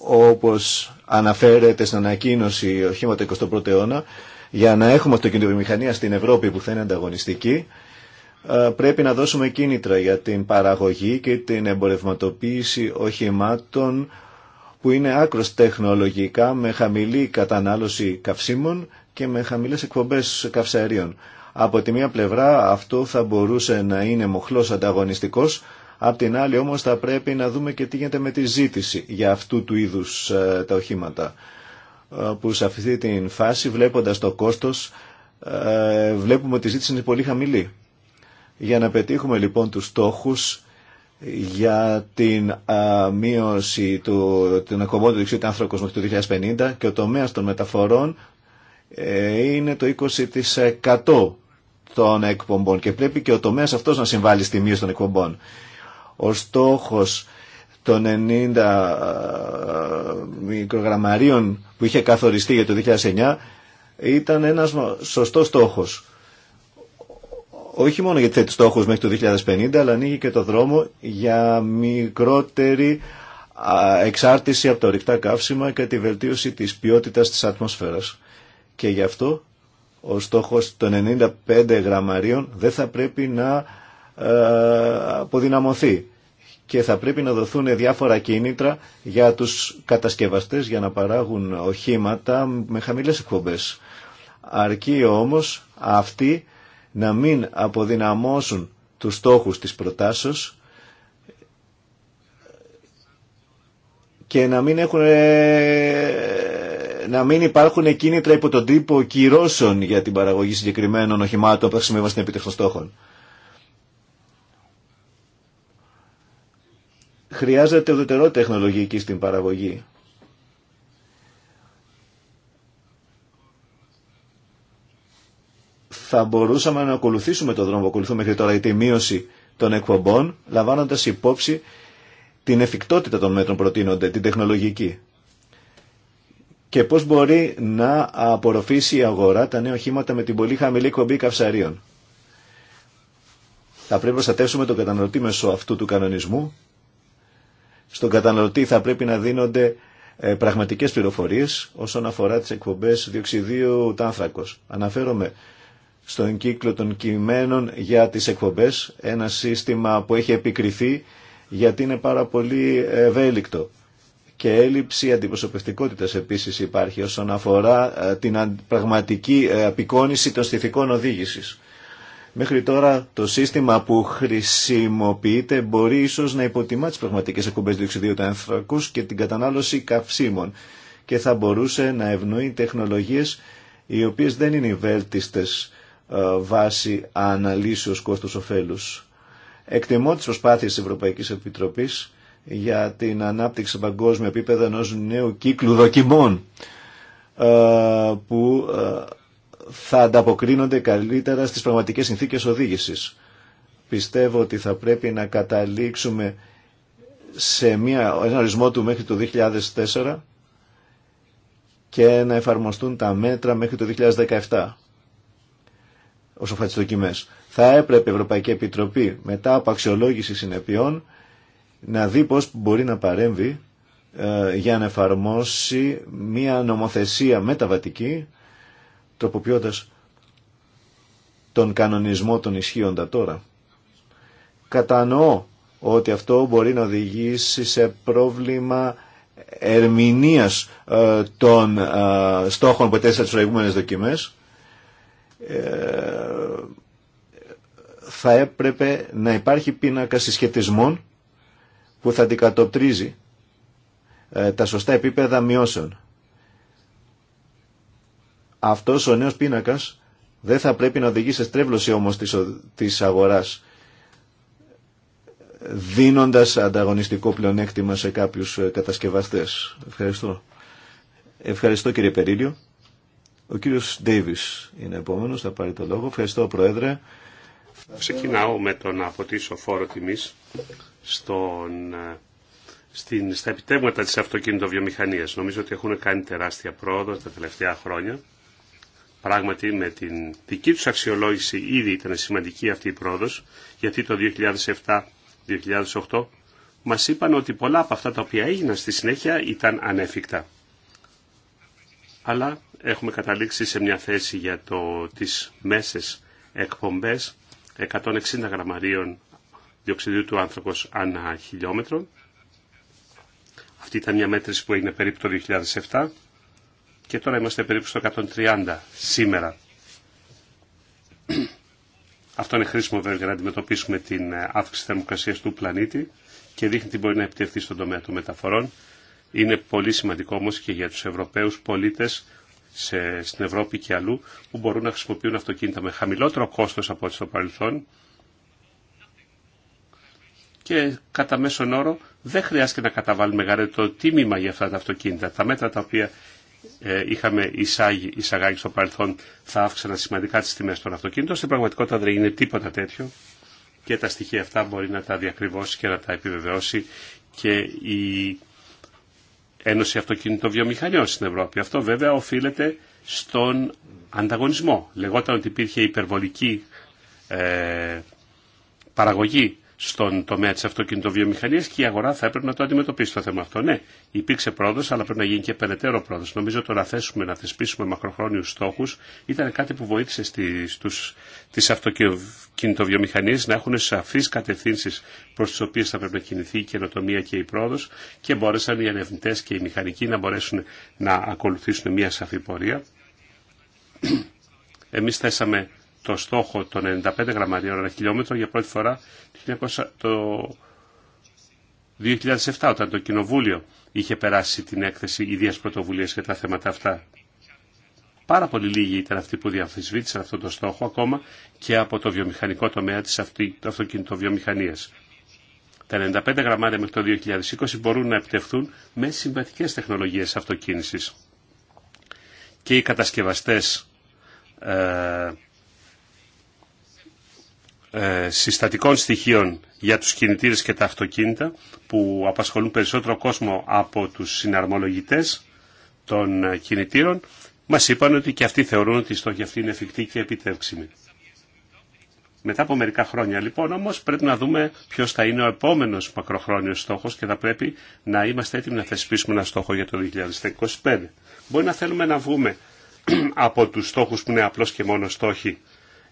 όπως αναφέρεται στην ανακοίνωση οχήματα 21ου αιώνα, για να έχουμε αυτοκινητοβιομηχανία στην Ευρώπη που θα είναι ανταγωνιστική, ε, πρέπει να δώσουμε κίνητρα για την παραγωγή και την εμπορευματοποίηση οχημάτων που είναι άκρος τεχνολογικά με χαμηλή κατανάλωση καυσίμων και με χαμηλές εκπομπές καυσαερίων. Από τη μία πλευρά αυτό θα μπορούσε να είναι μοχλός ανταγωνιστικός Απ' την άλλη όμως θα πρέπει να δούμε και τι γίνεται με τη ζήτηση για αυτού του είδους ε, τα οχήματα ε, που σε αυτή την φάση βλέποντας το κόστος ε, βλέπουμε ότι η ζήτηση είναι πολύ χαμηλή. Για να πετύχουμε λοιπόν τους στόχους για την α, μείωση του, την ακομπότητα του δεξιού του μέχρι το 2050 και ο τομέας των μεταφορών είναι το 20% των εκπομπών και πρέπει και ο τομέας αυτός να συμβάλλει στη μείωση των εκπομπών. Ο στόχος των 90 ε, μικρογραμμαρίων που είχε καθοριστεί για το 2009 ήταν ένας σωστός στόχος. Όχι μόνο γιατί θέτει στόχους μέχρι το 2050, αλλά ανοίγει και το δρόμο για μικρότερη εξάρτηση από τα ορυκτά καύσιμα και τη βελτίωση της ποιότητας της ατμόσφαιρας. Και γι' αυτό ο στόχος των 95 γραμμαρίων δεν θα πρέπει να ε, αποδυναμωθεί και θα πρέπει να δοθούν διάφορα κίνητρα για τους κατασκευαστές για να παράγουν οχήματα με χαμηλές εκπομπές. Αρκεί όμως αυτοί να μην αποδυναμώσουν τους στόχους της προτάσεως και να μην, έχουν, ε, να μην υπάρχουν κίνητρα υπό τον τύπο κυρώσεων για την παραγωγή συγκεκριμένων οχημάτων που θα χρησιμεύουν στην επιτευχθών των στόχων. Χρειάζεται ουδετερό τεχνολογική στην παραγωγή. Θα μπορούσαμε να ακολουθήσουμε τον δρόμο που ακολουθούμε μέχρι τώρα, η μείωση των εκπομπών, λαμβάνοντας υπόψη την εφικτότητα των μέτρων προτείνονται, την τεχνολογική. Και πώς μπορεί να απορροφήσει η αγορά τα νέα οχήματα με την πολύ χαμηλή κομπή καυσαρίων. Θα πρέπει να προστατεύσουμε τον καταναλωτή μέσω αυτού του κανονισμού στον καταναλωτή θα πρέπει να δίνονται ε, πραγματικές πληροφορίες όσον αφορά τις εκπομπές διοξιδίου τάνθρακος. Αναφέρομαι στον κύκλο των κειμένων για τις εκπομπές, ένα σύστημα που έχει επικριθεί γιατί είναι πάρα πολύ ευέλικτο. Και έλλειψη αντιπροσωπευτικότητας επίσης υπάρχει όσον αφορά ε, την πραγματική ε, απεικόνηση των στιθικών οδήγησης. Μέχρι τώρα το σύστημα που χρησιμοποιείται μπορεί ίσως να υποτιμά τις πραγματικές εκπομπές διοξιδίου του ανθρακούς και την κατανάλωση καυσίμων και θα μπορούσε να ευνοεί τεχνολογίες οι οποίες δεν είναι βέλτιστες ε, βάσει αναλύσεως κόστος ωφέλους. Εκτιμώ τις προσπάθειες της Ευρωπαϊκής Επιτροπής για την ανάπτυξη σε παγκόσμιο επίπεδο ενός νέου κύκλου δοκιμών ε, που ε, θα ανταποκρίνονται καλύτερα στις πραγματικές συνθήκες οδήγησης. Πιστεύω ότι θα πρέπει να καταλήξουμε σε μια, ένα ορισμό του μέχρι το 2004 και να εφαρμοστούν τα μέτρα μέχρι το 2017 όσο Θα έπρεπε η Ευρωπαϊκή Επιτροπή μετά από αξιολόγηση συνεπειών να δει πώς μπορεί να παρέμβει ε, για να εφαρμόσει μια νομοθεσία μεταβατική τροποποιώντας τον κανονισμό των ισχύοντα τώρα. Κατανοώ ότι αυτό μπορεί να οδηγήσει σε πρόβλημα ερμηνείας ε, των ε, στόχων που τέσσερα τις προηγούμενες δοκιμές. Ε, θα έπρεπε να υπάρχει πίνακα συσχετισμών που θα αντικατοπτρίζει τα σωστά επίπεδα μειώσεων. Αυτός ο νέος πίνακας δεν θα πρέπει να οδηγεί σε στρέβλωση όμως της, της αγοράς δίνοντας ανταγωνιστικό πλεονέκτημα σε κάποιους ε, κατασκευαστές. Ευχαριστώ. Ευχαριστώ κύριε Περίλιο. Ο κύριος Ντέιβις είναι επόμενος, θα πάρει το λόγο. Ευχαριστώ Πρόεδρε. Ξεκινάω με το να αποτίσω φόρο τιμής στον, ε, στην, στα επιτεύγματα της αυτοκινητοβιομηχανίας. Νομίζω ότι έχουν κάνει τεράστια πρόοδο τα τελευταία χρόνια. Πράγματι με την δική τους αξιολόγηση ήδη ήταν σημαντική αυτή η πρόοδος γιατί το 2007-2008 μας είπαν ότι πολλά από αυτά τα οποία έγιναν στη συνέχεια ήταν ανέφικτα. Αλλά έχουμε καταλήξει σε μια θέση για το, τις μέσες εκπομπές 160 γραμμαρίων διοξιδίου του άνθρωπος ανά χιλιόμετρο. Αυτή ήταν μια μέτρηση που έγινε περίπου το 2007 και τώρα είμαστε περίπου στο 130 σήμερα. Αυτό είναι χρήσιμο βέβαια για να αντιμετωπίσουμε την ε, αύξηση θερμοκρασία του πλανήτη και δείχνει τι μπορεί να επιτευχθεί στον τομέα των μεταφορών. Είναι πολύ σημαντικό όμω και για του Ευρωπαίου πολίτε στην Ευρώπη και αλλού που μπορούν να χρησιμοποιούν αυτοκίνητα με χαμηλότερο κόστο από ό,τι στο παρελθόν και κατά μέσον όρο δεν χρειάζεται να καταβάλουμε μεγαλύτερο τίμημα για αυτά τα αυτοκίνητα. Τα μέτρα τα οποία ε, είχαμε εισάγει, εισαγάγει στο παρελθόν θα αύξαναν σημαντικά τις τιμές των αυτοκίνητων. Στην πραγματικότητα δεν είναι τίποτα τέτοιο και τα στοιχεία αυτά μπορεί να τα διακριβώσει και να τα επιβεβαιώσει και η Ένωση Αυτοκίνητων Βιομηχανιών στην Ευρώπη. Αυτό βέβαια οφείλεται στον ανταγωνισμό. Λεγόταν ότι υπήρχε υπερβολική ε, παραγωγή στον τομέα τη αυτοκινητοβιομηχανία και η αγορά θα έπρεπε να το αντιμετωπίσει το θέμα αυτό. Ναι, υπήρξε πρόοδο, αλλά πρέπει να γίνει και περαιτέρω πρόοδο. Νομίζω το να θέσουμε να θεσπίσουμε μακροχρόνιου στόχου ήταν κάτι που βοήθησε τι αυτοκινητοβιομηχανίε να έχουν σαφεί κατευθύνσει προ τι οποίε θα πρέπει να κινηθεί η καινοτομία και η πρόοδο και μπόρεσαν οι ερευνητέ και οι μηχανικοί να μπορέσουν να ακολουθήσουν μια σαφή πορεία. Εμεί θέσαμε το στόχο των 95 γραμμαρίων ανά χιλιόμετρο για πρώτη φορά το 2007 όταν το Κοινοβούλιο είχε περάσει την έκθεση ιδίας πρωτοβουλίας για τα θέματα αυτά. Πάρα πολύ λίγοι ήταν αυτοί που διαφυσβήτησαν αυτό το στόχο ακόμα και από το βιομηχανικό τομέα της αυτοκινητοβιομηχανίας. Τα 95 γραμμάρια μέχρι το 2020 μπορούν να επιτευχθούν με συμβατικές τεχνολογίες αυτοκίνησης. Και οι κατασκευαστές ε, ε, συστατικών στοιχείων για τους κινητήρες και τα αυτοκίνητα που απασχολούν περισσότερο κόσμο από τους συναρμολογητές των ε, κινητήρων μας είπαν ότι και αυτοί θεωρούν ότι η στόχη αυτή είναι εφικτή και επιτεύξιμη. Μετά από μερικά χρόνια λοιπόν όμως πρέπει να δούμε ποιος θα είναι ο επόμενος μακροχρόνιος στόχος και θα πρέπει να είμαστε έτοιμοι να θεσπίσουμε ένα στόχο για το 2025. Μπορεί να θέλουμε να βγούμε από τους στόχους που είναι απλώς και μόνο στόχοι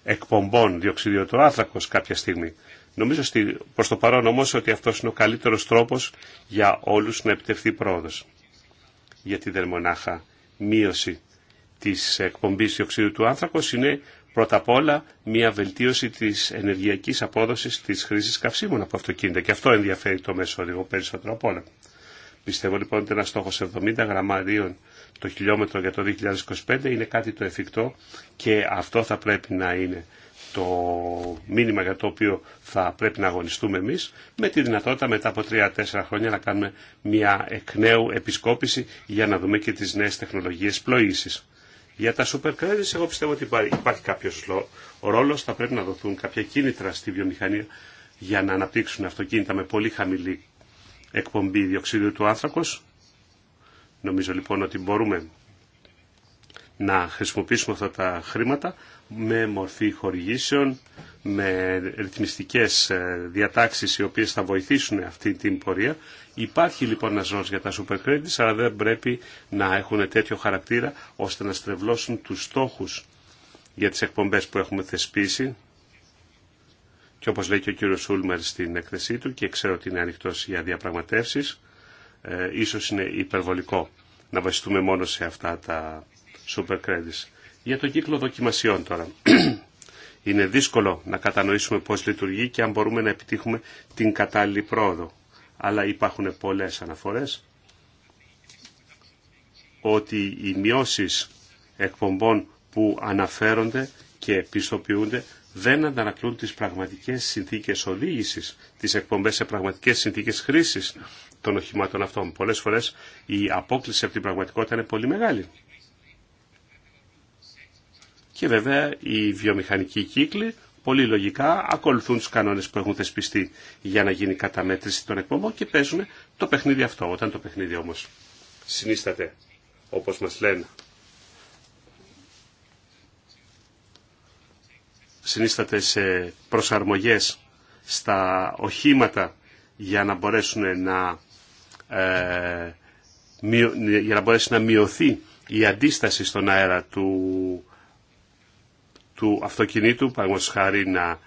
εκπομπών διοξιδίου του άνθρακος κάποια στιγμή. Νομίζω στη, προς το παρόν όμως ότι αυτός είναι ο καλύτερος τρόπος για όλους να επιτευχθεί πρόοδος. Γιατί δεν μονάχα μείωση της εκπομπής διοξιδίου του άνθρακος είναι πρώτα απ' όλα μια βελτίωση της ενεργειακής απόδοσης της χρήσης καυσίμων από αυτοκίνητα και αυτό ενδιαφέρει το μέσο οδηγό περισσότερο απ' όλα. Πιστεύω λοιπόν ότι ένα στόχο 70 γραμμαρίων το χιλιόμετρο για το 2025 είναι κάτι το εφικτό και αυτό θα πρέπει να είναι το μήνυμα για το οποίο θα πρέπει να αγωνιστούμε εμείς με τη δυνατότητα μετά από 3-4 χρόνια να κάνουμε μια εκ νέου επισκόπηση για να δούμε και τις νέες τεχνολογίες πλοήσης. Για τα super credits εγώ πιστεύω ότι υπάρχει κάποιος ρόλο, θα πρέπει να δοθούν κάποια κίνητρα στη βιομηχανία για να αναπτύξουν αυτοκίνητα με πολύ χαμηλή εκπομπή διοξίδιου του άνθρακος Νομίζω λοιπόν ότι μπορούμε να χρησιμοποιήσουμε αυτά τα χρήματα με μορφή χορηγήσεων, με ρυθμιστικές ε, διατάξεις οι οποίες θα βοηθήσουν αυτή την πορεία. Υπάρχει λοιπόν ένα ρόλος για τα super credits, αλλά δεν πρέπει να έχουν τέτοιο χαρακτήρα ώστε να στρεβλώσουν τους στόχους για τις εκπομπές που έχουμε θεσπίσει. Και όπως λέει και ο κύριος Σούλμερ στην έκθεσή του και ξέρω ότι είναι ανοιχτό για διαπραγματεύσεις, ε, ίσως είναι υπερβολικό να βασιστούμε μόνο σε αυτά τα super credits. Για τον κύκλο δοκιμασιών τώρα. είναι δύσκολο να κατανοήσουμε πώς λειτουργεί και αν μπορούμε να επιτύχουμε την κατάλληλη πρόοδο. Αλλά υπάρχουν πολλές αναφορές ότι οι μειώσεις εκπομπών που αναφέρονται και πιστοποιούνται δεν αντανακλούν τις πραγματικές συνθήκες οδήγησης, τις εκπομπές σε πραγματικές συνθήκες χρήσης των οχημάτων αυτών. Πολλές φορές η απόκληση από την πραγματικότητα είναι πολύ μεγάλη. Και βέβαια οι βιομηχανικοί κύκλοι πολύ λογικά ακολουθούν τους κανόνες που έχουν θεσπιστεί για να γίνει καταμέτρηση των εκπομπών και παίζουν το παιχνίδι αυτό. Όταν το παιχνίδι όμως συνίσταται, όπως μας λένε, συνίσταται σε προσαρμογές στα οχήματα για να μπορέσουν να ε, για να μπορέσει να μειωθεί η αντίσταση στον αέρα του, του αυτοκινήτου, παραγωγός χάρη να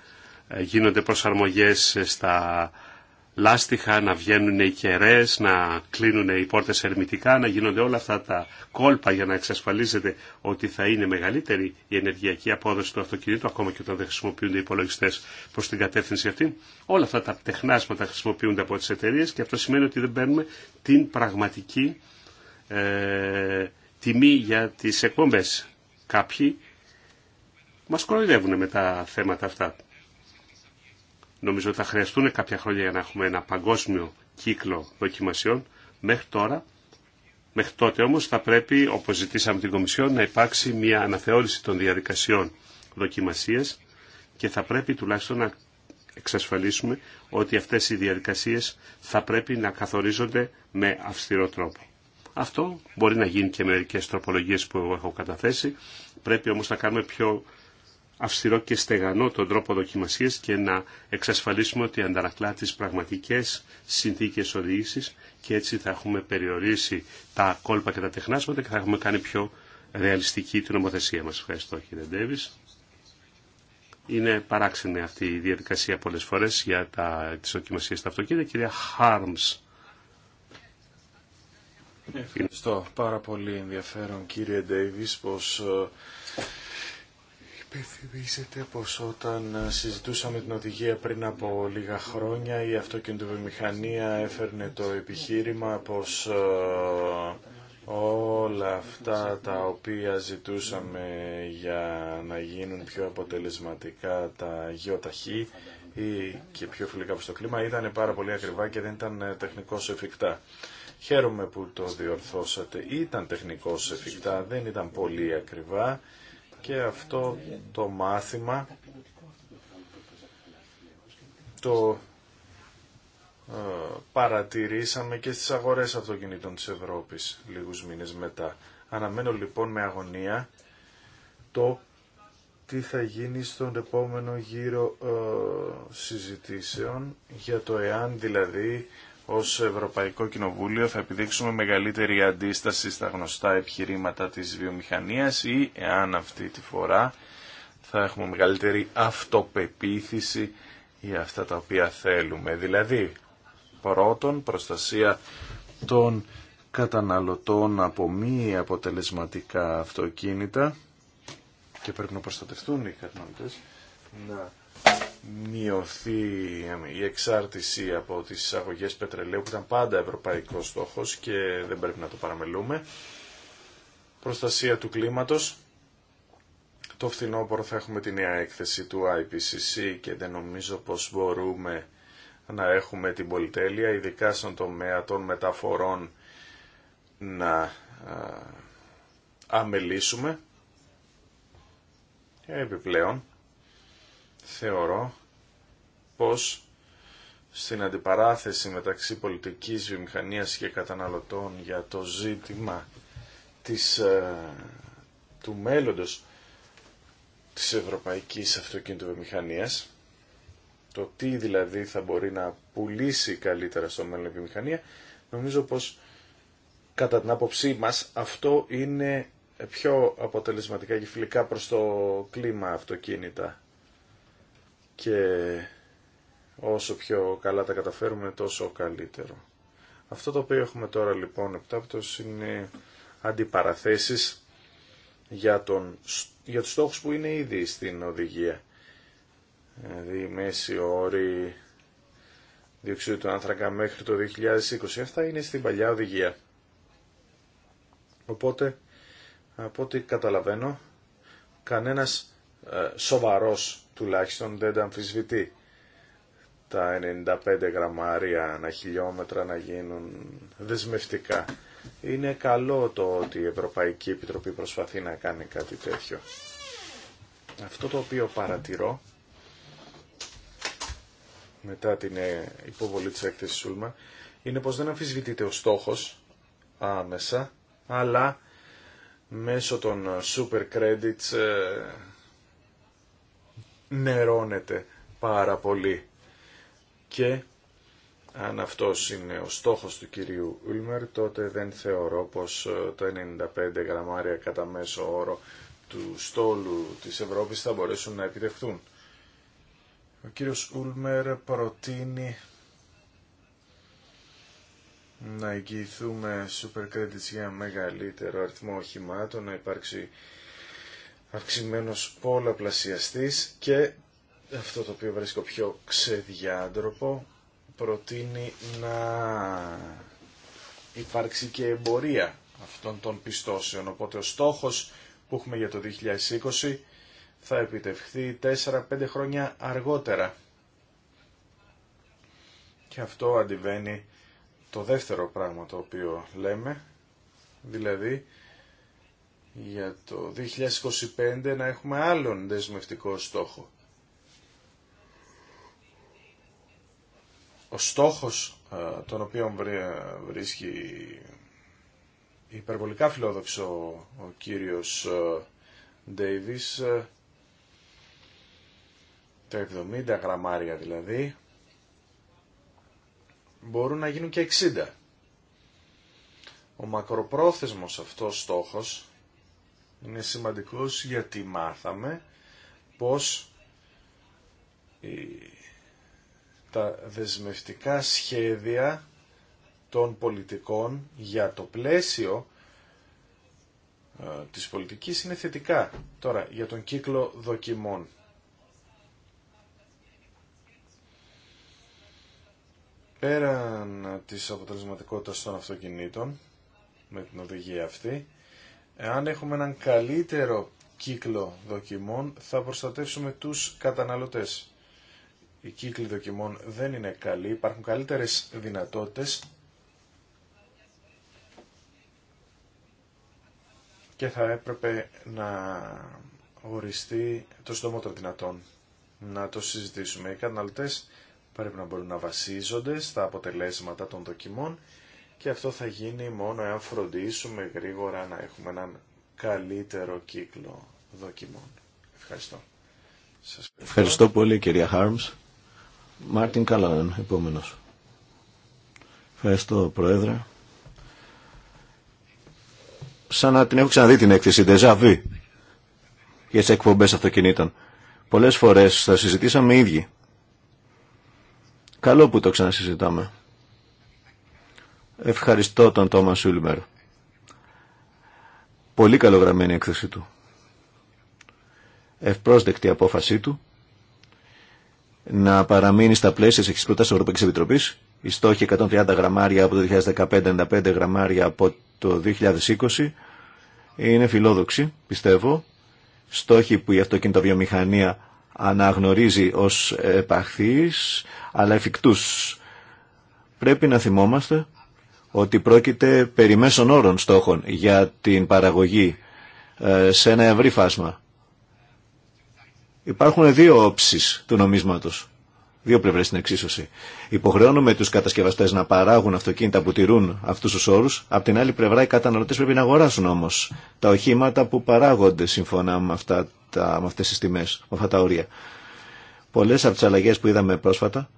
ε, γίνονται προσαρμογές στα λάστιχα, να βγαίνουν οι κεραίες, να κλείνουν οι πόρτες ερμητικά, να γίνονται όλα αυτά τα κόλπα για να εξασφαλίζεται ότι θα είναι μεγαλύτερη η ενεργειακή απόδοση του αυτοκινήτου, ακόμα και όταν δεν χρησιμοποιούνται οι υπολογιστέ προς την κατεύθυνση αυτή. Όλα αυτά τα τεχνάσματα χρησιμοποιούνται από τις εταιρείε και αυτό σημαίνει ότι δεν παίρνουμε την πραγματική ε, τιμή για τις εκπομπές. Κάποιοι μα κοροϊδεύουν με τα θέματα αυτά. Νομίζω ότι θα χρειαστούν κάποια χρόνια για να έχουμε ένα παγκόσμιο κύκλο δοκιμασιών. Μέχρι τώρα, μέχρι τότε όμως θα πρέπει, όπως ζητήσαμε την Κομισιόν, να υπάρξει μια αναθεώρηση των διαδικασιών δοκιμασίας και θα πρέπει τουλάχιστον να εξασφαλίσουμε ότι αυτές οι διαδικασίες θα πρέπει να καθορίζονται με αυστηρό τρόπο. Αυτό μπορεί να γίνει και μερικές τροπολογίες που έχω καταθέσει, πρέπει όμως να κάνουμε πιο αυστηρό και στεγανό τον τρόπο δοκιμασίας και να εξασφαλίσουμε ότι αντανακλά τις πραγματικές συνθήκες οδήγησης και έτσι θα έχουμε περιορίσει τα κόλπα και τα τεχνάσματα και θα έχουμε κάνει πιο ρεαλιστική την νομοθεσία μας. Ευχαριστώ κύριε Ντέβις. Είναι παράξενη αυτή η διαδικασία πολλές φορές για τα, τις στα αυτοκίνητα. Κυρία Χάρμς. Ευχαριστώ πάρα πολύ ενδιαφέρον κύριε Ντέιβις πως ε, Υπενθυμίζετε πως όταν συζητούσαμε την οδηγία πριν από λίγα χρόνια η αυτοκινητοβιομηχανία έφερνε το επιχείρημα πως ε, όλα αυτά τα οποία ζητούσαμε για να γίνουν πιο αποτελεσματικά τα γεωταχή ή και πιο φιλικά προς το κλίμα ήταν πάρα πολύ ακριβά και δεν ήταν ε, τεχνικώς εφικτά. Χαίρομαι που το διορθώσατε. Ήταν τεχνικώς εφικτά, δεν ήταν πολύ ακριβά και αυτό το μάθημα το ε, παρατηρήσαμε και στις αγορές αυτοκινήτων της Ευρώπης λίγους μήνες μετά. Αναμένω λοιπόν με αγωνία το τι θα γίνει στον επόμενο γύρο ε, συζητήσεων για το εάν δηλαδή ως Ευρωπαϊκό Κοινοβούλιο θα επιδείξουμε μεγαλύτερη αντίσταση στα γνωστά επιχειρήματα της βιομηχανίας ή, εάν αυτή τη φορά, θα έχουμε μεγαλύτερη αυτοπεποίθηση για αυτά τα οποία θέλουμε. Δηλαδή, πρώτον, προστασία των καταναλωτών από μη αποτελεσματικά αυτοκίνητα και πρέπει να προστατευτούν οι καταναλωτές μειωθεί η εξάρτηση από τις εισαγωγέ πετρελαίου που ήταν πάντα ευρωπαϊκός στόχος και δεν πρέπει να το παραμελούμε. Προστασία του κλίματος. Το φθινόπωρο θα έχουμε τη νέα έκθεση του IPCC και δεν νομίζω πως μπορούμε να έχουμε την πολυτέλεια, ειδικά στον τομέα των μεταφορών, να αμελήσουμε. Επιπλέον, θεωρώ πως στην αντιπαράθεση μεταξύ πολιτικής βιομηχανίας και καταναλωτών για το ζήτημα της, ε, του μέλλοντος της ευρωπαϊκής αυτοκίνητου βιομηχανίας, το τι δηλαδή θα μπορεί να πουλήσει καλύτερα στο μέλλον η βιομηχανία, νομίζω πως κατά την άποψή μας αυτό είναι πιο αποτελεσματικά και φιλικά προς το κλίμα αυτοκίνητα και όσο πιο καλά τα καταφέρουμε τόσο καλύτερο. Αυτό το οποίο έχουμε τώρα λοιπόν επτάπτωση είναι αντιπαραθέσεις για, τον, για τους στόχους που είναι ήδη στην οδηγία. Δηλαδή μέση όρη διοξείδου του άνθρακα μέχρι το 2020. Αυτά είναι στην παλιά οδηγία. Οπότε, από ό,τι καταλαβαίνω, κανένας ε, σοβαρός τουλάχιστον δεν τα αμφισβητεί τα 95 γραμμάρια ανά χιλιόμετρα να γίνουν δεσμευτικά. Είναι καλό το ότι η Ευρωπαϊκή Επιτροπή προσπαθεί να κάνει κάτι τέτοιο. Αυτό το οποίο παρατηρώ μετά την ε, υποβολή της έκθεσης Σούλμα είναι πως δεν αμφισβητείται ο στόχος άμεσα αλλά μέσω των ε, super credits ε, νερώνεται πάρα πολύ. Και αν αυτός είναι ο στόχος του κυρίου Ούλμερ, τότε δεν θεωρώ πως ε, το 95 γραμμάρια κατά μέσο όρο του στόλου της Ευρώπης θα μπορέσουν να επιτευχθούν. Ο κύριος Ούλμερ προτείνει να εγγυηθούμε super credits για μεγαλύτερο αριθμό οχημάτων, να υπάρξει αυξημένος πολλαπλασιαστής και αυτό το οποίο βρίσκω πιο ξεδιάντροπο προτείνει να υπάρξει και εμπορία αυτών των πιστώσεων. Οπότε ο στόχος που έχουμε για το 2020 θα επιτευχθεί 4-5 χρόνια αργότερα. Και αυτό αντιβαίνει το δεύτερο πράγμα το οποίο λέμε, δηλαδή για το 2025 να έχουμε άλλον δεσμευτικό στόχο. Ο στόχος τον οποίο βρίσκει υπερβολικά φιλόδοξο ο κύριος Ντέιβις, τα 70 γραμμάρια δηλαδή, μπορούν να γίνουν και 60. Ο μακροπρόθεσμος αυτός στόχος είναι σημαντικός γιατί μάθαμε πως τα δεσμευτικά σχέδια των πολιτικών για το πλαίσιο ε, της πολιτικής είναι θετικά. Τώρα, για τον κύκλο δοκιμών. Πέραν της αποτελεσματικότητας των αυτοκινήτων, με την οδηγία αυτή, Εάν έχουμε έναν καλύτερο κύκλο δοκιμών θα προστατεύσουμε τους καταναλωτές. Οι κύκλοι δοκιμών δεν είναι καλοί, υπάρχουν καλύτερες δυνατότητες και θα έπρεπε να οριστεί το των δυνατών να το συζητήσουμε. Οι καταναλωτές πρέπει να μπορούν να βασίζονται στα αποτελέσματα των δοκιμών και αυτό θα γίνει μόνο εάν φροντίσουμε γρήγορα να έχουμε έναν καλύτερο κύκλο δοκιμών. Ευχαριστώ. Σας ευχαριστώ. ευχαριστώ πολύ κυρία Χάρμς. Μάρτιν Καλάνεν, επόμενος. Ευχαριστώ Πρόεδρε. Σαν να την έχω ξαναδεί την έκθεση Ντεζαβή για τι εκπομπέ αυτοκινήτων. Πολλές φορές θα συζητήσαμε οι ίδιοι. Καλό που το ξανασυζητάμε. Ευχαριστώ τον Τόμα Σούλμερ. Πολύ καλογραμμένη έκθεση του. Ευπρόσδεκτη απόφασή του να παραμείνει στα πλαίσια τη προτάσει Ευρωπαϊκή Επιτροπή. Η στόχη 130 γραμμάρια από το 2015, 95 γραμμάρια από το 2020 είναι φιλόδοξη, πιστεύω. Στόχοι που η αυτοκινητοβιομηχανία αναγνωρίζει ως επαχθείς, αλλά εφικτούς. Πρέπει να θυμόμαστε ότι πρόκειται περί μέσων όρων στόχων για την παραγωγή ε, σε ένα ευρύ φάσμα. Υπάρχουν δύο όψεις του νομίσματος, δύο πλευρές στην εξίσωση. Υποχρεώνουμε τους κατασκευαστές να παράγουν αυτοκίνητα που τηρούν αυτούς τους όρους, απ' την άλλη πλευρά οι καταναλωτές πρέπει να αγοράσουν όμως τα οχήματα που παράγονται σύμφωνα με, αυτά, τα, με αυτές τις τιμές, με αυτά τα όρια. Πολλές από τις αλλαγές που είδαμε πρόσφατα,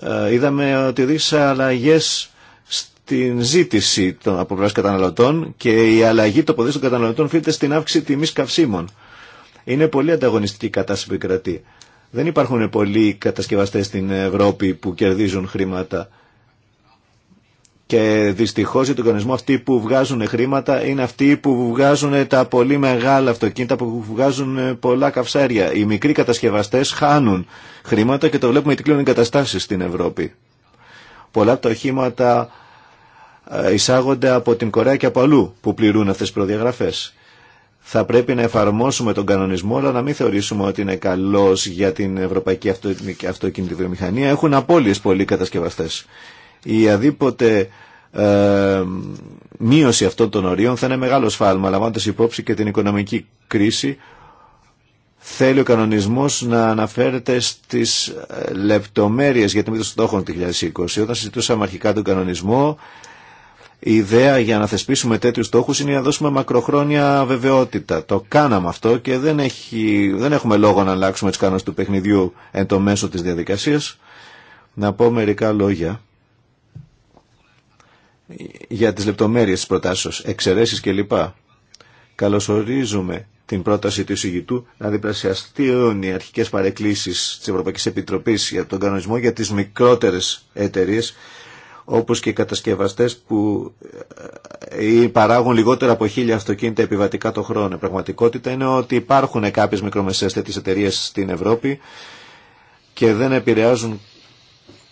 ε, είδαμε ότι οδήγησε αλλαγές την ζήτηση των αποπλευρά καταναλωτών και η αλλαγή των των καταναλωτών φύγεται στην αύξηση τιμή καυσίμων. Είναι πολύ ανταγωνιστική η κατάσταση που κρατεί. Δεν υπάρχουν πολλοί κατασκευαστέ στην Ευρώπη που κερδίζουν χρήματα. Και δυστυχώ για τον κανονισμό αυτοί που βγάζουν χρήματα είναι αυτοί που βγάζουν τα πολύ μεγάλα αυτοκίνητα, που βγάζουν πολλά καυσάρια. Οι μικροί κατασκευαστέ χάνουν χρήματα και το βλέπουμε γιατί κλείνουν εγκαταστάσει στην Ευρώπη. Πολλά από τα οχήματα ε, εισάγονται από την Κορέα και από αλλού που πληρούν αυτές τις προδιαγραφές. Θα πρέπει να εφαρμόσουμε τον κανονισμό, αλλά να μην θεωρήσουμε ότι είναι καλό για την ευρωπαϊκή αυτοκίνητη βιομηχανία. Έχουν απώλειες πολλοί κατασκευαστέ. Η αδίποτε ε, μείωση αυτών των ορίων θα είναι μεγάλο σφάλμα, λαμβάνοντα υπόψη και την οικονομική κρίση. Θέλει ο κανονισμό να αναφέρεται στις ε, λεπτομέρειε για την μείωση των στόχων του 2020. Όταν συζητούσαμε αρχικά τον κανονισμό, η ιδέα για να θεσπίσουμε τέτοιου στόχου είναι να δώσουμε μακροχρόνια βεβαιότητα. Το κάναμε αυτό και δεν, έχει, δεν έχουμε λόγο να αλλάξουμε τις κανόνες του παιχνιδιού εν το μέσο της διαδικασίας. Να πω μερικά λόγια για τις λεπτομέρειες τη προτάσεω. Εξαιρέσει κλπ. Καλωσορίζουμε την πρόταση του εισηγητού να διπλασιαστούν οι αρχικέ παρεκκλήσει τη Ευρωπαϊκή Επιτροπή για τον κανονισμό για τι μικρότερε εταιρείε όπως και οι κατασκευαστές που ε, ε, ε, παράγουν λιγότερα από χίλια αυτοκίνητα επιβατικά το χρόνο. Η πραγματικότητα είναι ότι υπάρχουν κάποιες μικρομεσαίες τέτοιες εταιρείε στην Ευρώπη και δεν επηρεάζουν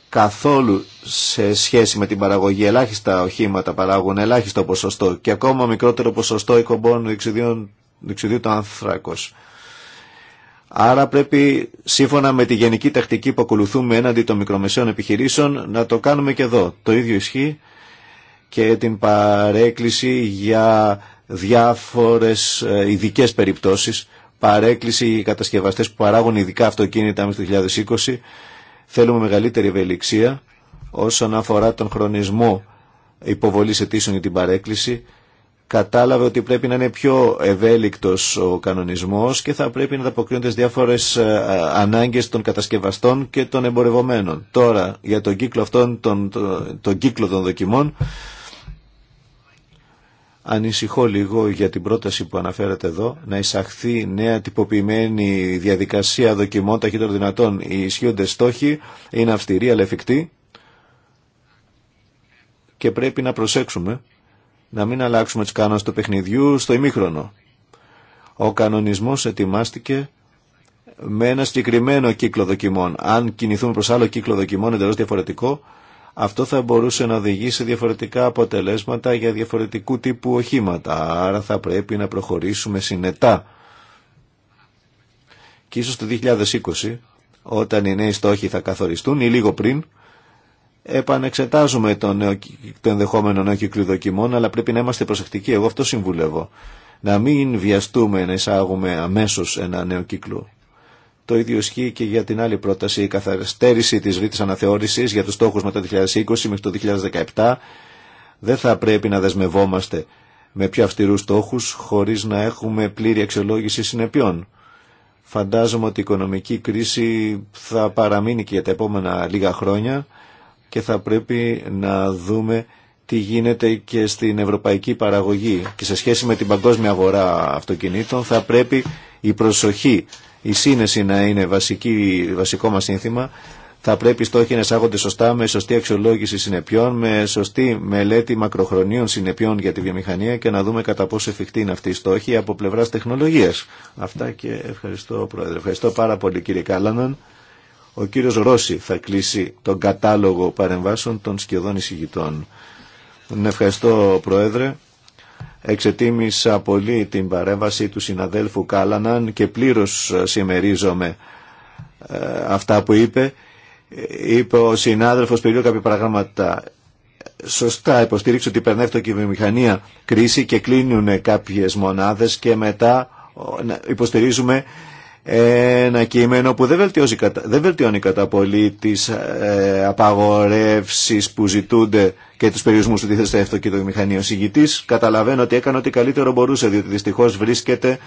καθόλου σε σχέση με την παραγωγή. Ελάχιστα οχήματα παράγουν, ελάχιστο ποσοστό και ακόμα μικρότερο ποσοστό οικομπών διοξιδίου του άνθρακος. Άρα πρέπει σύμφωνα με τη γενική τακτική που ακολουθούμε έναντι των μικρομεσαίων επιχειρήσεων να το κάνουμε και εδώ. Το ίδιο ισχύει και την παρέκκληση για διάφορες ε, ειδικέ περιπτώσεις. Παρέκκληση οι κατασκευαστές που παράγουν ειδικά αυτοκίνητα μέχρι το 2020. Θέλουμε μεγαλύτερη ευελιξία όσον αφορά τον χρονισμό υποβολής αιτήσεων για την παρέκκληση κατάλαβε ότι πρέπει να είναι πιο ευέλικτος ο κανονισμός και θα πρέπει να ανταποκρίνονται στις διάφορες ε, ανάγκες των κατασκευαστών και των εμπορευομένων. Τώρα, για τον κύκλο αυτών, τον, τον, κύκλο των δοκιμών, Ανησυχώ λίγο για την πρόταση που αναφέρατε εδώ να εισαχθεί νέα τυποποιημένη διαδικασία δοκιμών ταχύτερων δυνατών. Οι ισχύοντες στόχοι είναι αυστηροί αλλά εφικτοί και πρέπει να προσέξουμε να μην αλλάξουμε τις κανόνες του παιχνιδιού στο ημίχρονο. Ο κανονισμός ετοιμάστηκε με ένα συγκεκριμένο κύκλο δοκιμών. Αν κινηθούμε προς άλλο κύκλο δοκιμών εντελώς διαφορετικό, αυτό θα μπορούσε να οδηγήσει διαφορετικά αποτελέσματα για διαφορετικού τύπου οχήματα. Άρα θα πρέπει να προχωρήσουμε συνετά. Και ίσως το 2020, όταν οι νέοι στόχοι θα καθοριστούν ή λίγο πριν, επανεξετάζουμε το, νέο, το ενδεχόμενο νέο κύκλο δοκιμών, αλλά πρέπει να είμαστε προσεκτικοί. Εγώ αυτό συμβουλεύω. Να μην βιαστούμε να εισάγουμε αμέσω ένα νέο κύκλο. Το ίδιο ισχύει και για την άλλη πρόταση, η καθαριστέρηση τη ρήτη αναθεώρηση για του στόχου μετά το 2020 μέχρι το 2017. Δεν θα πρέπει να δεσμευόμαστε με πιο αυστηρούς στόχου χωρί να έχουμε πλήρη αξιολόγηση συνεπειών. Φαντάζομαι ότι η οικονομική κρίση θα παραμείνει και για τα επόμενα λίγα χρόνια και θα πρέπει να δούμε τι γίνεται και στην ευρωπαϊκή παραγωγή και σε σχέση με την παγκόσμια αγορά αυτοκινήτων θα πρέπει η προσοχή, η σύνεση να είναι βασική, βασικό μας σύνθημα θα πρέπει οι στόχοι να εισάγονται σωστά με σωστή αξιολόγηση συνεπιών, με σωστή μελέτη μακροχρονίων συνεπιών για τη βιομηχανία και να δούμε κατά πόσο εφικτή είναι αυτή η στόχη από πλευρά τεχνολογία. Αυτά και ευχαριστώ, Πρόεδρε. Ευχαριστώ πάρα πολύ, κύριε Κάλαναν. Ο κύριος Ρώση θα κλείσει τον κατάλογο παρεμβάσεων των σχεδόν εισηγητών. Ευχαριστώ Πρόεδρε. Εξετίμησα πολύ την παρέμβαση του συναδέλφου Κάλαναν και πλήρως συμμερίζομαι ε, αυτά που είπε. Είπε ο συνάδελφος περίπου κάποια πράγματα σωστά υποστήριξε ότι περνάει η βιομηχανία κρίση και κλείνουν κάποιες μονάδες και μετά υποστηρίζουμε ένα κείμενο που δεν βελτιώνει, δεν βελτιώνει κατά πολύ τις ε, απαγορεύσεις που ζητούνται και του περιορισμού που τίθεται στα Ο καταλαβαίνω ότι έκανε ό,τι καλύτερο μπορούσε, διότι δυστυχώ βρίσκεται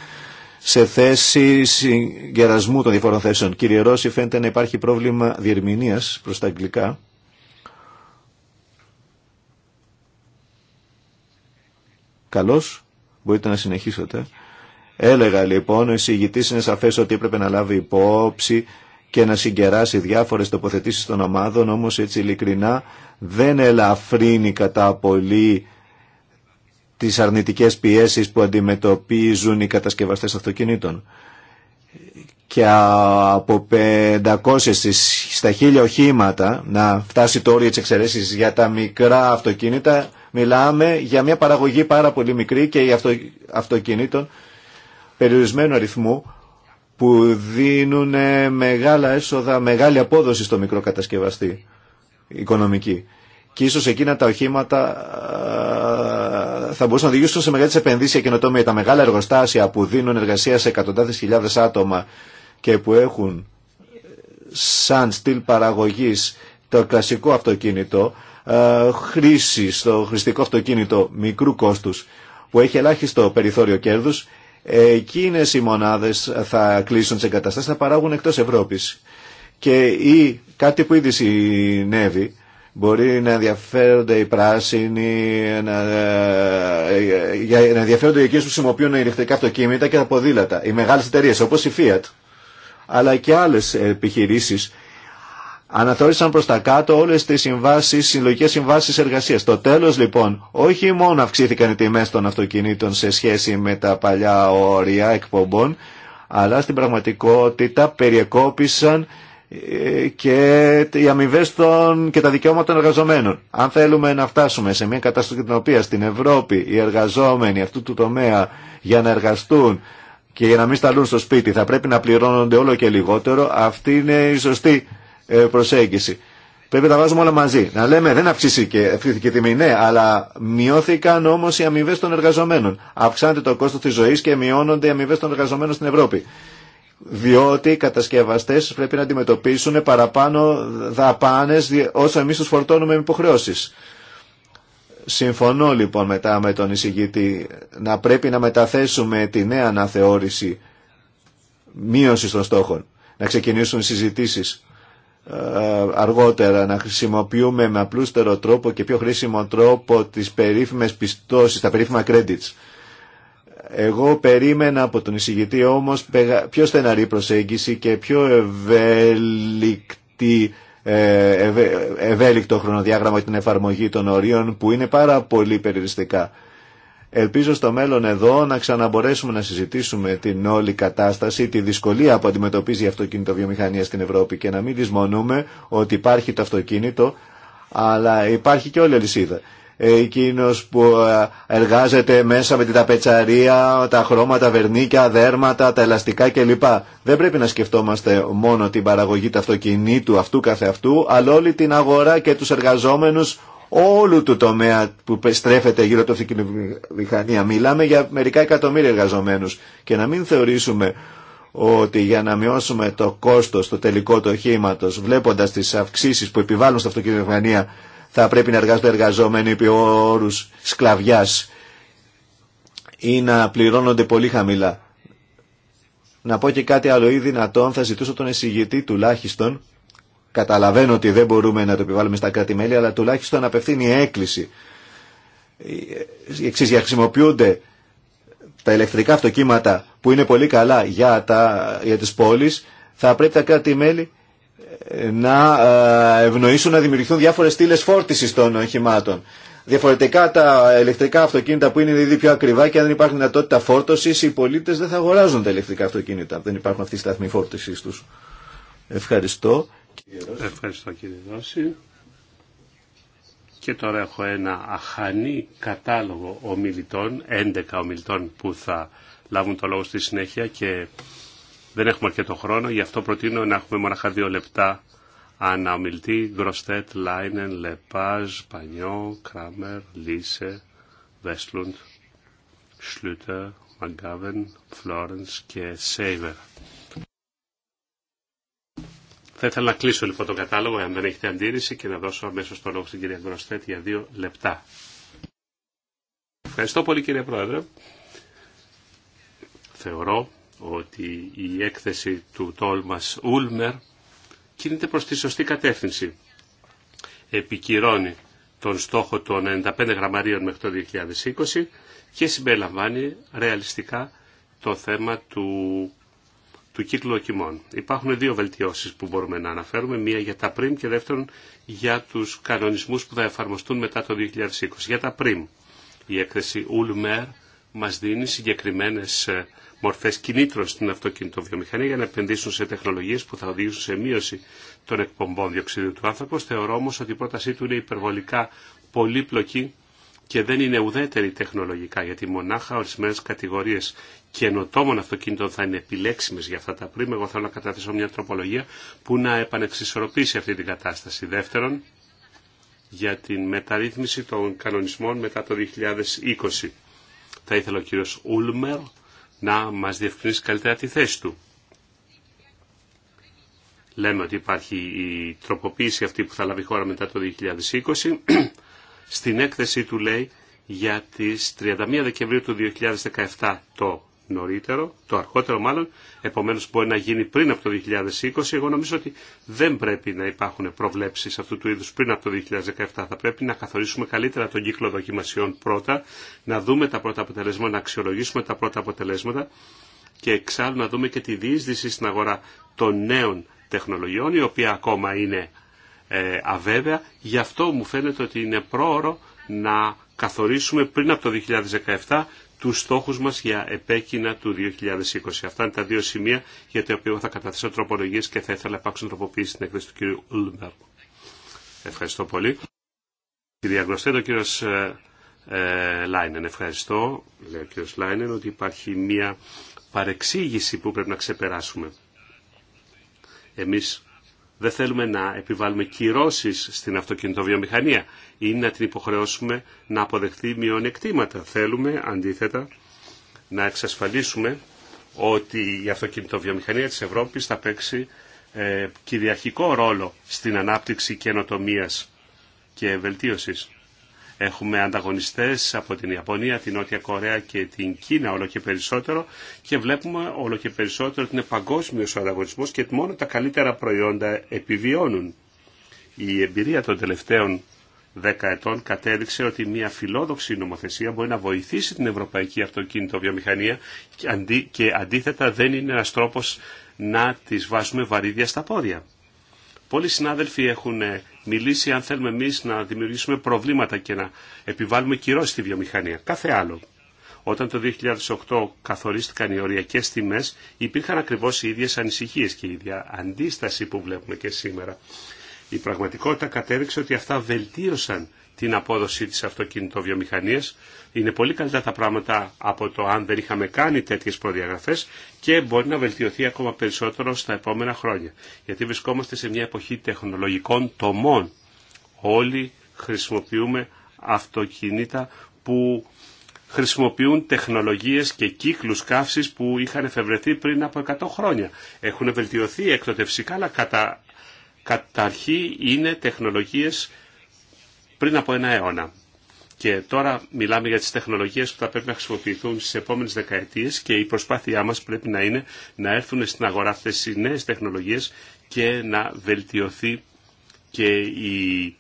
σε θέση συγκερασμού των διαφορών θέσεων. Κύριε Ρώση, φαίνεται να υπάρχει πρόβλημα διερμηνία προ τα αγγλικά. Καλώ, μπορείτε να συνεχίσετε. Έλεγα λοιπόν, ο εισηγητή είναι σαφέ ότι έπρεπε να λάβει υπόψη και να συγκεράσει διάφορε τοποθετήσει των ομάδων, όμω έτσι ειλικρινά δεν ελαφρύνει κατά πολύ τι αρνητικέ πιέσει που αντιμετωπίζουν οι κατασκευαστέ αυτοκινήτων. Και από 500 στα 1000 οχήματα να φτάσει το όριο τη εξαιρέσει για τα μικρά αυτοκίνητα, μιλάμε για μια παραγωγή πάρα πολύ μικρή και οι αυτοκινήτων περιορισμένου αριθμού που δίνουν ε, μεγάλα έσοδα, μεγάλη απόδοση στο μικρό κατασκευαστή οικονομική. Και ίσως εκείνα τα οχήματα ε, θα μπορούσαν να οδηγήσουν σε μεγάλες επενδύσεις και καινοτομία. Τα μεγάλα εργοστάσια που δίνουν εργασία σε εκατοντάδες χιλιάδες άτομα και που έχουν ε, σαν στυλ παραγωγής το κλασικό αυτοκίνητο, χρήση στο χρηστικό αυτοκίνητο μικρού κόστους που έχει ελάχιστο περιθώριο κέρδους Εκείνε οι μονάδε θα κλείσουν τι εγκαταστάσει, θα παράγουν εκτό Ευρώπη. Και ή κάτι που ήδη συνέβη, Μπορεί να ενδιαφέρονται οι πράσινοι, να, ε, ε, να ενδιαφέρονται εκείνε που χρησιμοποιούν ηλεκτρικά αυτοκίνητα και τα ποδήλατα. Οι μεγάλες εταιρείε όπω η Fiat, αλλά και άλλε επιχειρήσει. Αναθεώρησαν προς τα κάτω όλες τις συμβάσεις, συλλογικές συμβάσεις εργασίας. Το τέλος λοιπόν, όχι μόνο αυξήθηκαν οι τιμές των αυτοκινήτων σε σχέση με τα παλιά όρια εκπομπών, αλλά στην πραγματικότητα περιεκόπησαν ε, και οι αμοιβέ και τα δικαιώματα των εργαζομένων. Αν θέλουμε να φτάσουμε σε μια κατάσταση την οποία στην Ευρώπη οι εργαζόμενοι αυτού του τομέα για να εργαστούν και για να μην σταλούν στο σπίτι θα πρέπει να πληρώνονται όλο και λιγότερο, αυτή είναι η σωστή ε, προσέγγιση. Πρέπει να τα βάζουμε όλα μαζί. Να λέμε δεν αυξήθηκε, η τιμή, ναι, αλλά μειώθηκαν όμω οι αμοιβέ των εργαζομένων. Αυξάνεται το κόστο τη ζωή και μειώνονται οι αμοιβέ των εργαζομένων στην Ευρώπη. Διότι οι κατασκευαστέ πρέπει να αντιμετωπίσουν παραπάνω δαπάνε όσο εμεί του φορτώνουμε με υποχρεώσει. Συμφωνώ λοιπόν μετά με τον εισηγητή να πρέπει να μεταθέσουμε τη νέα αναθεώρηση μείωση των στόχων. Να ξεκινήσουν συζητήσει. Ε, αργότερα να χρησιμοποιούμε με απλούστερο τρόπο και πιο χρήσιμο τρόπο τις περίφημες πιστώσεις, τα περίφημα credits. Εγώ περίμενα από τον εισηγητή όμως πιο στεναρή προσέγγιση και πιο ευέλικτη, ε, ευέλικτο χρονοδιάγραμμα για την εφαρμογή των ορίων που είναι πάρα πολύ περιοριστικά. Ελπίζω στο μέλλον εδώ να ξαναμπορέσουμε να συζητήσουμε την όλη κατάσταση, τη δυσκολία που αντιμετωπίζει η αυτοκινητοβιομηχανία στην Ευρώπη και να μην δυσμονούμε ότι υπάρχει το αυτοκίνητο, αλλά υπάρχει και όλη η αλυσίδα. Ε, Εκείνο που ε, εργάζεται μέσα με την ταπετσαρία, τα χρώματα, βερνίκια, δέρματα, τα ελαστικά κλπ. Δεν πρέπει να σκεφτόμαστε μόνο την παραγωγή του αυτοκινήτου αυτού καθεαυτού, αλλά όλη την αγορά και τους εργαζόμενους όλου του τομέα που στρέφεται γύρω από την βιομηχανία. Μιλάμε για μερικά εκατομμύρια εργαζομένους και να μην θεωρήσουμε ότι για να μειώσουμε το κόστος, το τελικό το οχήματος, βλέποντας τις αυξήσεις που επιβάλλουν στην αυτοκινητοβιομηχανία, θα πρέπει να εργάζονται εργαζόμενοι επί όρους σκλαβιάς ή να πληρώνονται πολύ χαμηλά. Να πω και κάτι άλλο ή δυνατόν θα ζητούσα τον εισηγητή τουλάχιστον Καταλαβαίνω ότι δεν μπορούμε να το επιβάλλουμε στα κράτη-μέλη, αλλά τουλάχιστον απευθύνει έκκληση. Εξή, για χρησιμοποιούνται τα ηλεκτρικά αυτοκύματα που είναι πολύ καλά για, για τις πόλεις, θα πρέπει τα κράτη-μέλη ε, να ε, ευνοήσουν να δημιουργηθούν διάφορες στήλε φόρτισης των οχημάτων. Διαφορετικά τα ηλεκτρικά αυτοκίνητα που είναι ήδη πιο ακριβά και αν δεν υπάρχει δυνατότητα φόρτωση, οι πολίτε δεν θα αγοράζουν τα ηλεκτρικά αυτοκίνητα. Δεν υπάρχουν αυτή τη σταθμοί φόρτιση του. Ευχαριστώ. Ευχαριστώ κύριε Ρώση. Και τώρα έχω ένα αχανή κατάλογο ομιλητών, 11 ομιλητών που θα λάβουν το λόγο στη συνέχεια και δεν έχουμε αρκετό χρόνο, γι' αυτό προτείνω να έχουμε μοναχά δύο λεπτά ανά ομιλητή. Γκροστέτ, Λάινεν, Λεπάζ, Πανιό, Κράμερ, Λίσε, Βέσλουντ, Σλούτερ, Μαγκάβεν, Φλόρενς και Σέιβερ. Θα ήθελα να κλείσω λοιπόν τον κατάλογο, αν δεν έχετε αντίρρηση, και να δώσω αμέσω το λόγο στην κυρία Γκροστέτ για δύο λεπτά. Ευχαριστώ πολύ κύριε Πρόεδρε. Θεωρώ ότι η έκθεση του Τόλμας Ούλμερ κινείται προς τη σωστή κατεύθυνση. Επικυρώνει τον στόχο των 95 γραμμαρίων μέχρι το 2020 και συμπεριλαμβάνει ρεαλιστικά το θέμα του του κύκλου Υπάρχουν δύο βελτιώσεις που μπορούμε να αναφέρουμε, μία για τα πριμ και δεύτερον για τους κανονισμούς που θα εφαρμοστούν μετά το 2020. Για τα πριμ, η έκθεση Ulmer μας δίνει συγκεκριμένες ε, μορφές κινήτρων στην αυτοκινητοβιομηχανία για να επενδύσουν σε τεχνολογίες που θα οδηγήσουν σε μείωση των εκπομπών διοξιδίου του άνθρακος. Θεωρώ όμως ότι η πρότασή του είναι υπερβολικά πολύπλοκη και δεν είναι ουδέτερη τεχνολογικά, γιατί μονάχα ορισμένε κατηγορίε καινοτόμων αυτοκινήτων θα είναι επιλέξιμε για αυτά τα πρίμα. Εγώ θέλω να καταθέσω μια τροπολογία που να επανεξισορροπήσει αυτή την κατάσταση. Δεύτερον, για την μεταρρύθμιση των κανονισμών μετά το 2020. Θα ήθελα ο κύριο Ούλμερ να μα διευκρινίσει καλύτερα τη θέση του. Λέμε ότι υπάρχει η τροποποίηση αυτή που θα λάβει χώρα μετά το 2020 στην έκθεσή του λέει για τις 31 Δεκεμβρίου του 2017 το νωρίτερο, το αρχότερο μάλλον, επομένως μπορεί να γίνει πριν από το 2020. Εγώ νομίζω ότι δεν πρέπει να υπάρχουν προβλέψεις αυτού του είδους πριν από το 2017. Θα πρέπει να καθορίσουμε καλύτερα τον κύκλο δοκιμασιών πρώτα, να δούμε τα πρώτα αποτελέσματα, να αξιολογήσουμε τα πρώτα αποτελέσματα και εξάλλου να δούμε και τη διείσδυση στην αγορά των νέων τεχνολογιών, η οποία ακόμα είναι ε, αβέβαια. Γι' αυτό μου φαίνεται ότι είναι πρόωρο να καθορίσουμε πριν από το 2017 τους στόχους μας για επέκεινα του 2020. Αυτά είναι τα δύο σημεία για τα οποία θα καταθέσω τροπολογίες και θα ήθελα να υπάρξουν τροποποίηση στην έκθεση του κ. Ούλμπερ. Ευχαριστώ πολύ. Κυρία ο κύριος ε, ε, Λάινεν, ευχαριστώ. Λέει ο κ. Λάινεν ότι υπάρχει μία παρεξήγηση που πρέπει να ξεπεράσουμε. Εμείς δεν θέλουμε να επιβάλλουμε κυρώσει στην αυτοκινητοβιομηχανία ή να την υποχρεώσουμε να αποδεχθεί μειονεκτήματα. Θέλουμε αντίθετα να εξασφαλίσουμε ότι η αυτοκινητοβιομηχανία της Ευρώπης θα παίξει ε, κυριαρχικό ρόλο στην ανάπτυξη καινοτομίας και βελτίωσης. Έχουμε ανταγωνιστές από την Ιαπωνία, την Νότια Κορέα και την Κίνα όλο και περισσότερο και βλέπουμε όλο και περισσότερο ότι είναι παγκόσμιος ο ανταγωνισμός και μόνο τα καλύτερα προϊόντα επιβιώνουν. Η εμπειρία των τελευταίων δέκα ετών κατέδειξε ότι μια φιλόδοξη νομοθεσία μπορεί να βοηθήσει την ευρωπαϊκή αυτοκίνητο βιομηχανία και αντίθετα δεν είναι ένας τρόπος να τις βάζουμε βαρύδια στα πόδια. Πολλοί συνάδελφοι έχουν μιλήσει αν θέλουμε εμεί να δημιουργήσουμε προβλήματα και να επιβάλλουμε κυρώσει στη βιομηχανία. Κάθε άλλο. Όταν το 2008 καθορίστηκαν οι οριακέ τιμέ, υπήρχαν ακριβώ οι ίδιε ανησυχίε και η ίδια αντίσταση που βλέπουμε και σήμερα. Η πραγματικότητα κατέδειξε ότι αυτά βελτίωσαν την απόδοση της αυτοκινητοβιομηχανίας. Είναι πολύ καλύτερα τα πράγματα από το αν δεν είχαμε κάνει τέτοιες προδιαγραφές και μπορεί να βελτιωθεί ακόμα περισσότερο στα επόμενα χρόνια. Γιατί βρισκόμαστε σε μια εποχή τεχνολογικών τομών. Όλοι χρησιμοποιούμε αυτοκινήτα που χρησιμοποιούν τεχνολογίες και κύκλους καύσης που είχαν εφευρεθεί πριν από 100 χρόνια. Έχουν βελτιωθεί εκτοτευσικά, αλλά κατα... καταρχή είναι τεχνολογίες πριν από ένα αιώνα. Και τώρα μιλάμε για τις τεχνολογίες που θα πρέπει να χρησιμοποιηθούν στις επόμενες δεκαετίες και η προσπάθειά μας πρέπει να είναι να έρθουν στην αγορά αυτές οι νέες τεχνολογίες και να βελτιωθεί και η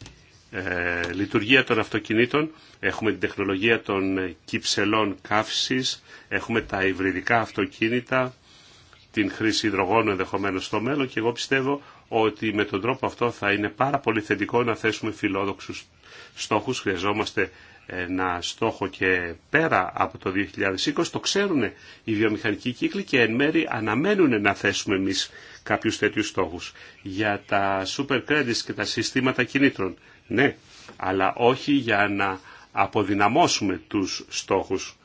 ε, λειτουργία των αυτοκινήτων. Έχουμε την τεχνολογία των κυψελών καύσης, έχουμε τα υβριδικά αυτοκίνητα, την χρήση υδρογόνου ενδεχομένως στο μέλλον και εγώ πιστεύω ότι με τον τρόπο αυτό θα είναι πάρα πολύ θετικό να θέσουμε φιλόδοξους στόχους, χρειαζόμαστε ε, ένα στόχο και πέρα από το 2020, το ξέρουν οι βιομηχανικοί κύκλοι και εν μέρει αναμένουν να θέσουμε εμείς κάποιους τέτοιους στόχους. Για τα super credits και τα συστήματα κινήτρων, ναι, αλλά όχι για να αποδυναμώσουμε τους στόχους.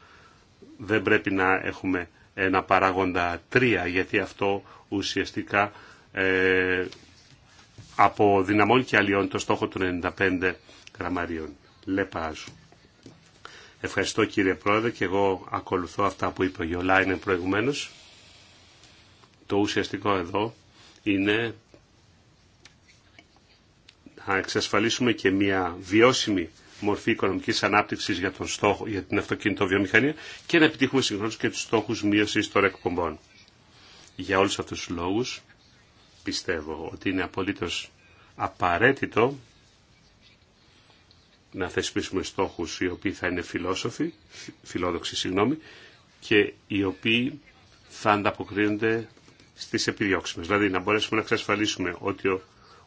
Δεν πρέπει να έχουμε ένα παράγοντα τρία, γιατί αυτό ουσιαστικά ε, αποδυναμώνει και αλλοιώνει το στόχο του 95 γραμμαρίων. Λεπάζου. Ευχαριστώ κύριε Πρόεδρε και εγώ ακολουθώ αυτά που είπε ο Γιολάινεν προηγουμένω. Το ουσιαστικό εδώ είναι να εξασφαλίσουμε και μια βιώσιμη μορφή οικονομικής ανάπτυξης για, τον στόχο, για την αυτοκινητοβιομηχανία και να επιτύχουμε συγχρόνως και τους στόχους μείωσης των εκπομπών. Για όλους αυτούς τους λόγους πιστεύω ότι είναι απολύτως απαραίτητο να θεσπίσουμε στόχους οι οποίοι θα είναι φιλόσοφοι, φιλόδοξοι συγγνώμη, και οι οποίοι θα ανταποκρίνονται στις επιδιώξεις μας. Δηλαδή να μπορέσουμε να εξασφαλίσουμε ότι ο,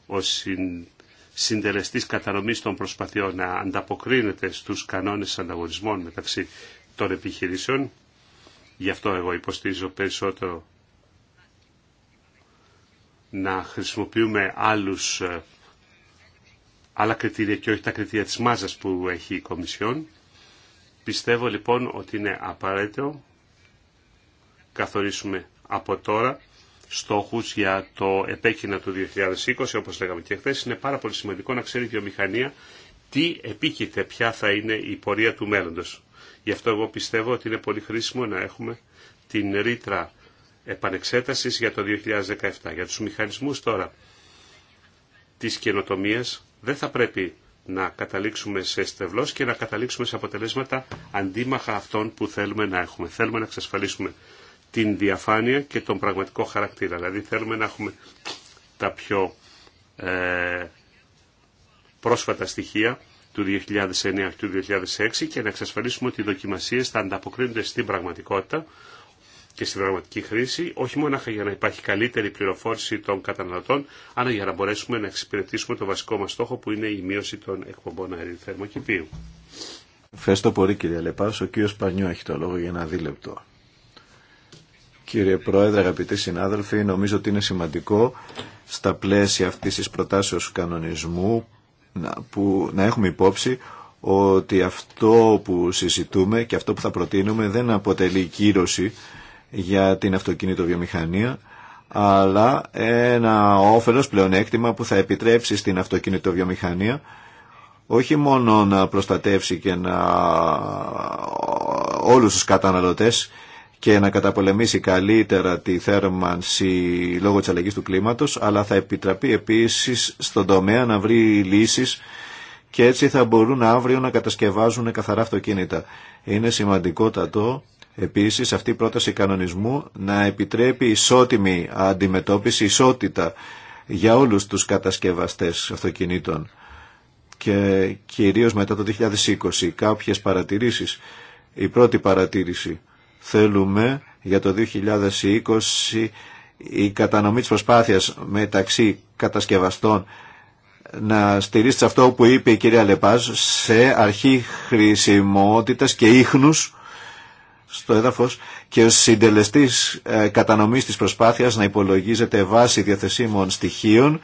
ο συν, συντελεστής κατανομής των προσπαθειών να ανταποκρίνεται στους κανόνες ανταγωνισμών μεταξύ των επιχειρήσεων. Γι' αυτό εγώ υποστήριζω περισσότερο να χρησιμοποιούμε άλλους ε, άλλα κριτήρια και όχι τα κριτήρια της μάζας που έχει η Κομισιόν. Πιστεύω λοιπόν ότι είναι απαραίτητο καθορίσουμε από τώρα στόχους για το επέκεινα του 2020, όπως λέγαμε και χθε, είναι πάρα πολύ σημαντικό να ξέρει η βιομηχανία τι επίκειται, ποια θα είναι η πορεία του μέλλοντος. Γι' αυτό εγώ πιστεύω ότι είναι πολύ χρήσιμο να έχουμε την ρήτρα επανεξέτασης για το 2017. Για τους μηχανισμούς τώρα της καινοτομίας, δεν θα πρέπει να καταλήξουμε σε στευλός και να καταλήξουμε σε αποτελέσματα αντίμαχα αυτών που θέλουμε να έχουμε. Θέλουμε να εξασφαλίσουμε την διαφάνεια και τον πραγματικό χαρακτήρα. Δηλαδή θέλουμε να έχουμε τα πιο ε, πρόσφατα στοιχεία του 2009 και του 2006 και να εξασφαλίσουμε ότι οι δοκιμασίες θα ανταποκρίνονται στην πραγματικότητα και στην πραγματική χρήση, όχι μόνο για να υπάρχει καλύτερη πληροφόρηση των καταναλωτών, αλλά για να μπορέσουμε να εξυπηρετήσουμε το βασικό μας στόχο που είναι η μείωση των εκπομπών αερίου θερμοκηπίου. Ευχαριστώ πολύ κύριε Λεπάς. Ο κύριος Πανιού έχει το λόγο για ένα δίλεπτο. Κύριε Πρόεδρε, αγαπητοί συνάδελφοι, νομίζω ότι είναι σημαντικό στα πλαίσια αυτής της προτάσεως κανονισμού να, που, να έχουμε υπόψη ότι αυτό που συζητούμε και αυτό που θα προτείνουμε δεν αποτελεί κύρωση για την αυτοκινητοβιομηχανία, αλλά ένα όφελος πλεονέκτημα που θα επιτρέψει στην αυτοκινητοβιομηχανία όχι μόνο να προστατεύσει και να όλους τους καταναλωτές και να καταπολεμήσει καλύτερα τη θέρμανση λόγω της αλλαγής του κλίματος, αλλά θα επιτραπεί επίσης στον τομέα να βρει λύσεις και έτσι θα μπορούν αύριο να κατασκευάζουν καθαρά αυτοκίνητα. Είναι σημαντικότατο Επίσης αυτή η πρόταση κανονισμού να επιτρέπει ισότιμη αντιμετώπιση, ισότητα για όλους τους κατασκευαστές αυτοκινήτων και κυρίως μετά το 2020 κάποιες παρατηρήσεις. Η πρώτη παρατήρηση θέλουμε για το 2020 η κατανομή της προσπάθειας μεταξύ κατασκευαστών να στηρίζεται αυτό που είπε η κυρία Λεπάζ σε αρχή χρησιμότητας και ίχνους στο έδαφος και ο συντελεστής ε, κατανομής της προσπάθειας να υπολογίζεται βάση διαθεσίμων στοιχείων ε,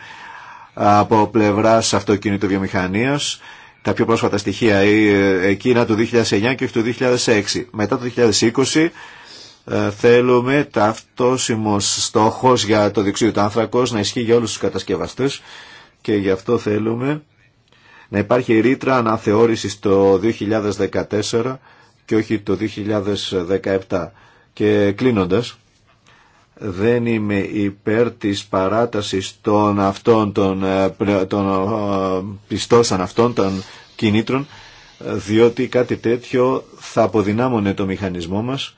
από πλευράς βιομηχανίας τα πιο πρόσφατα στοιχεία ε, εκείνα του 2009 και του 2006. Μετά το 2020 θέλουμε ταυτόσιμος στόχος για το διοξείδιο του άνθρακος να ισχύει για όλους τους κατασκευαστές και γι' αυτό θέλουμε να υπάρχει ρήτρα αναθεώρησης το 2014 και όχι το 2017. Και κλείνοντας, δεν είμαι υπέρ της παράτασης των αυτών των, ε, των ε, αυτών των κινήτρων διότι κάτι τέτοιο θα αποδυνάμωνε το μηχανισμό μας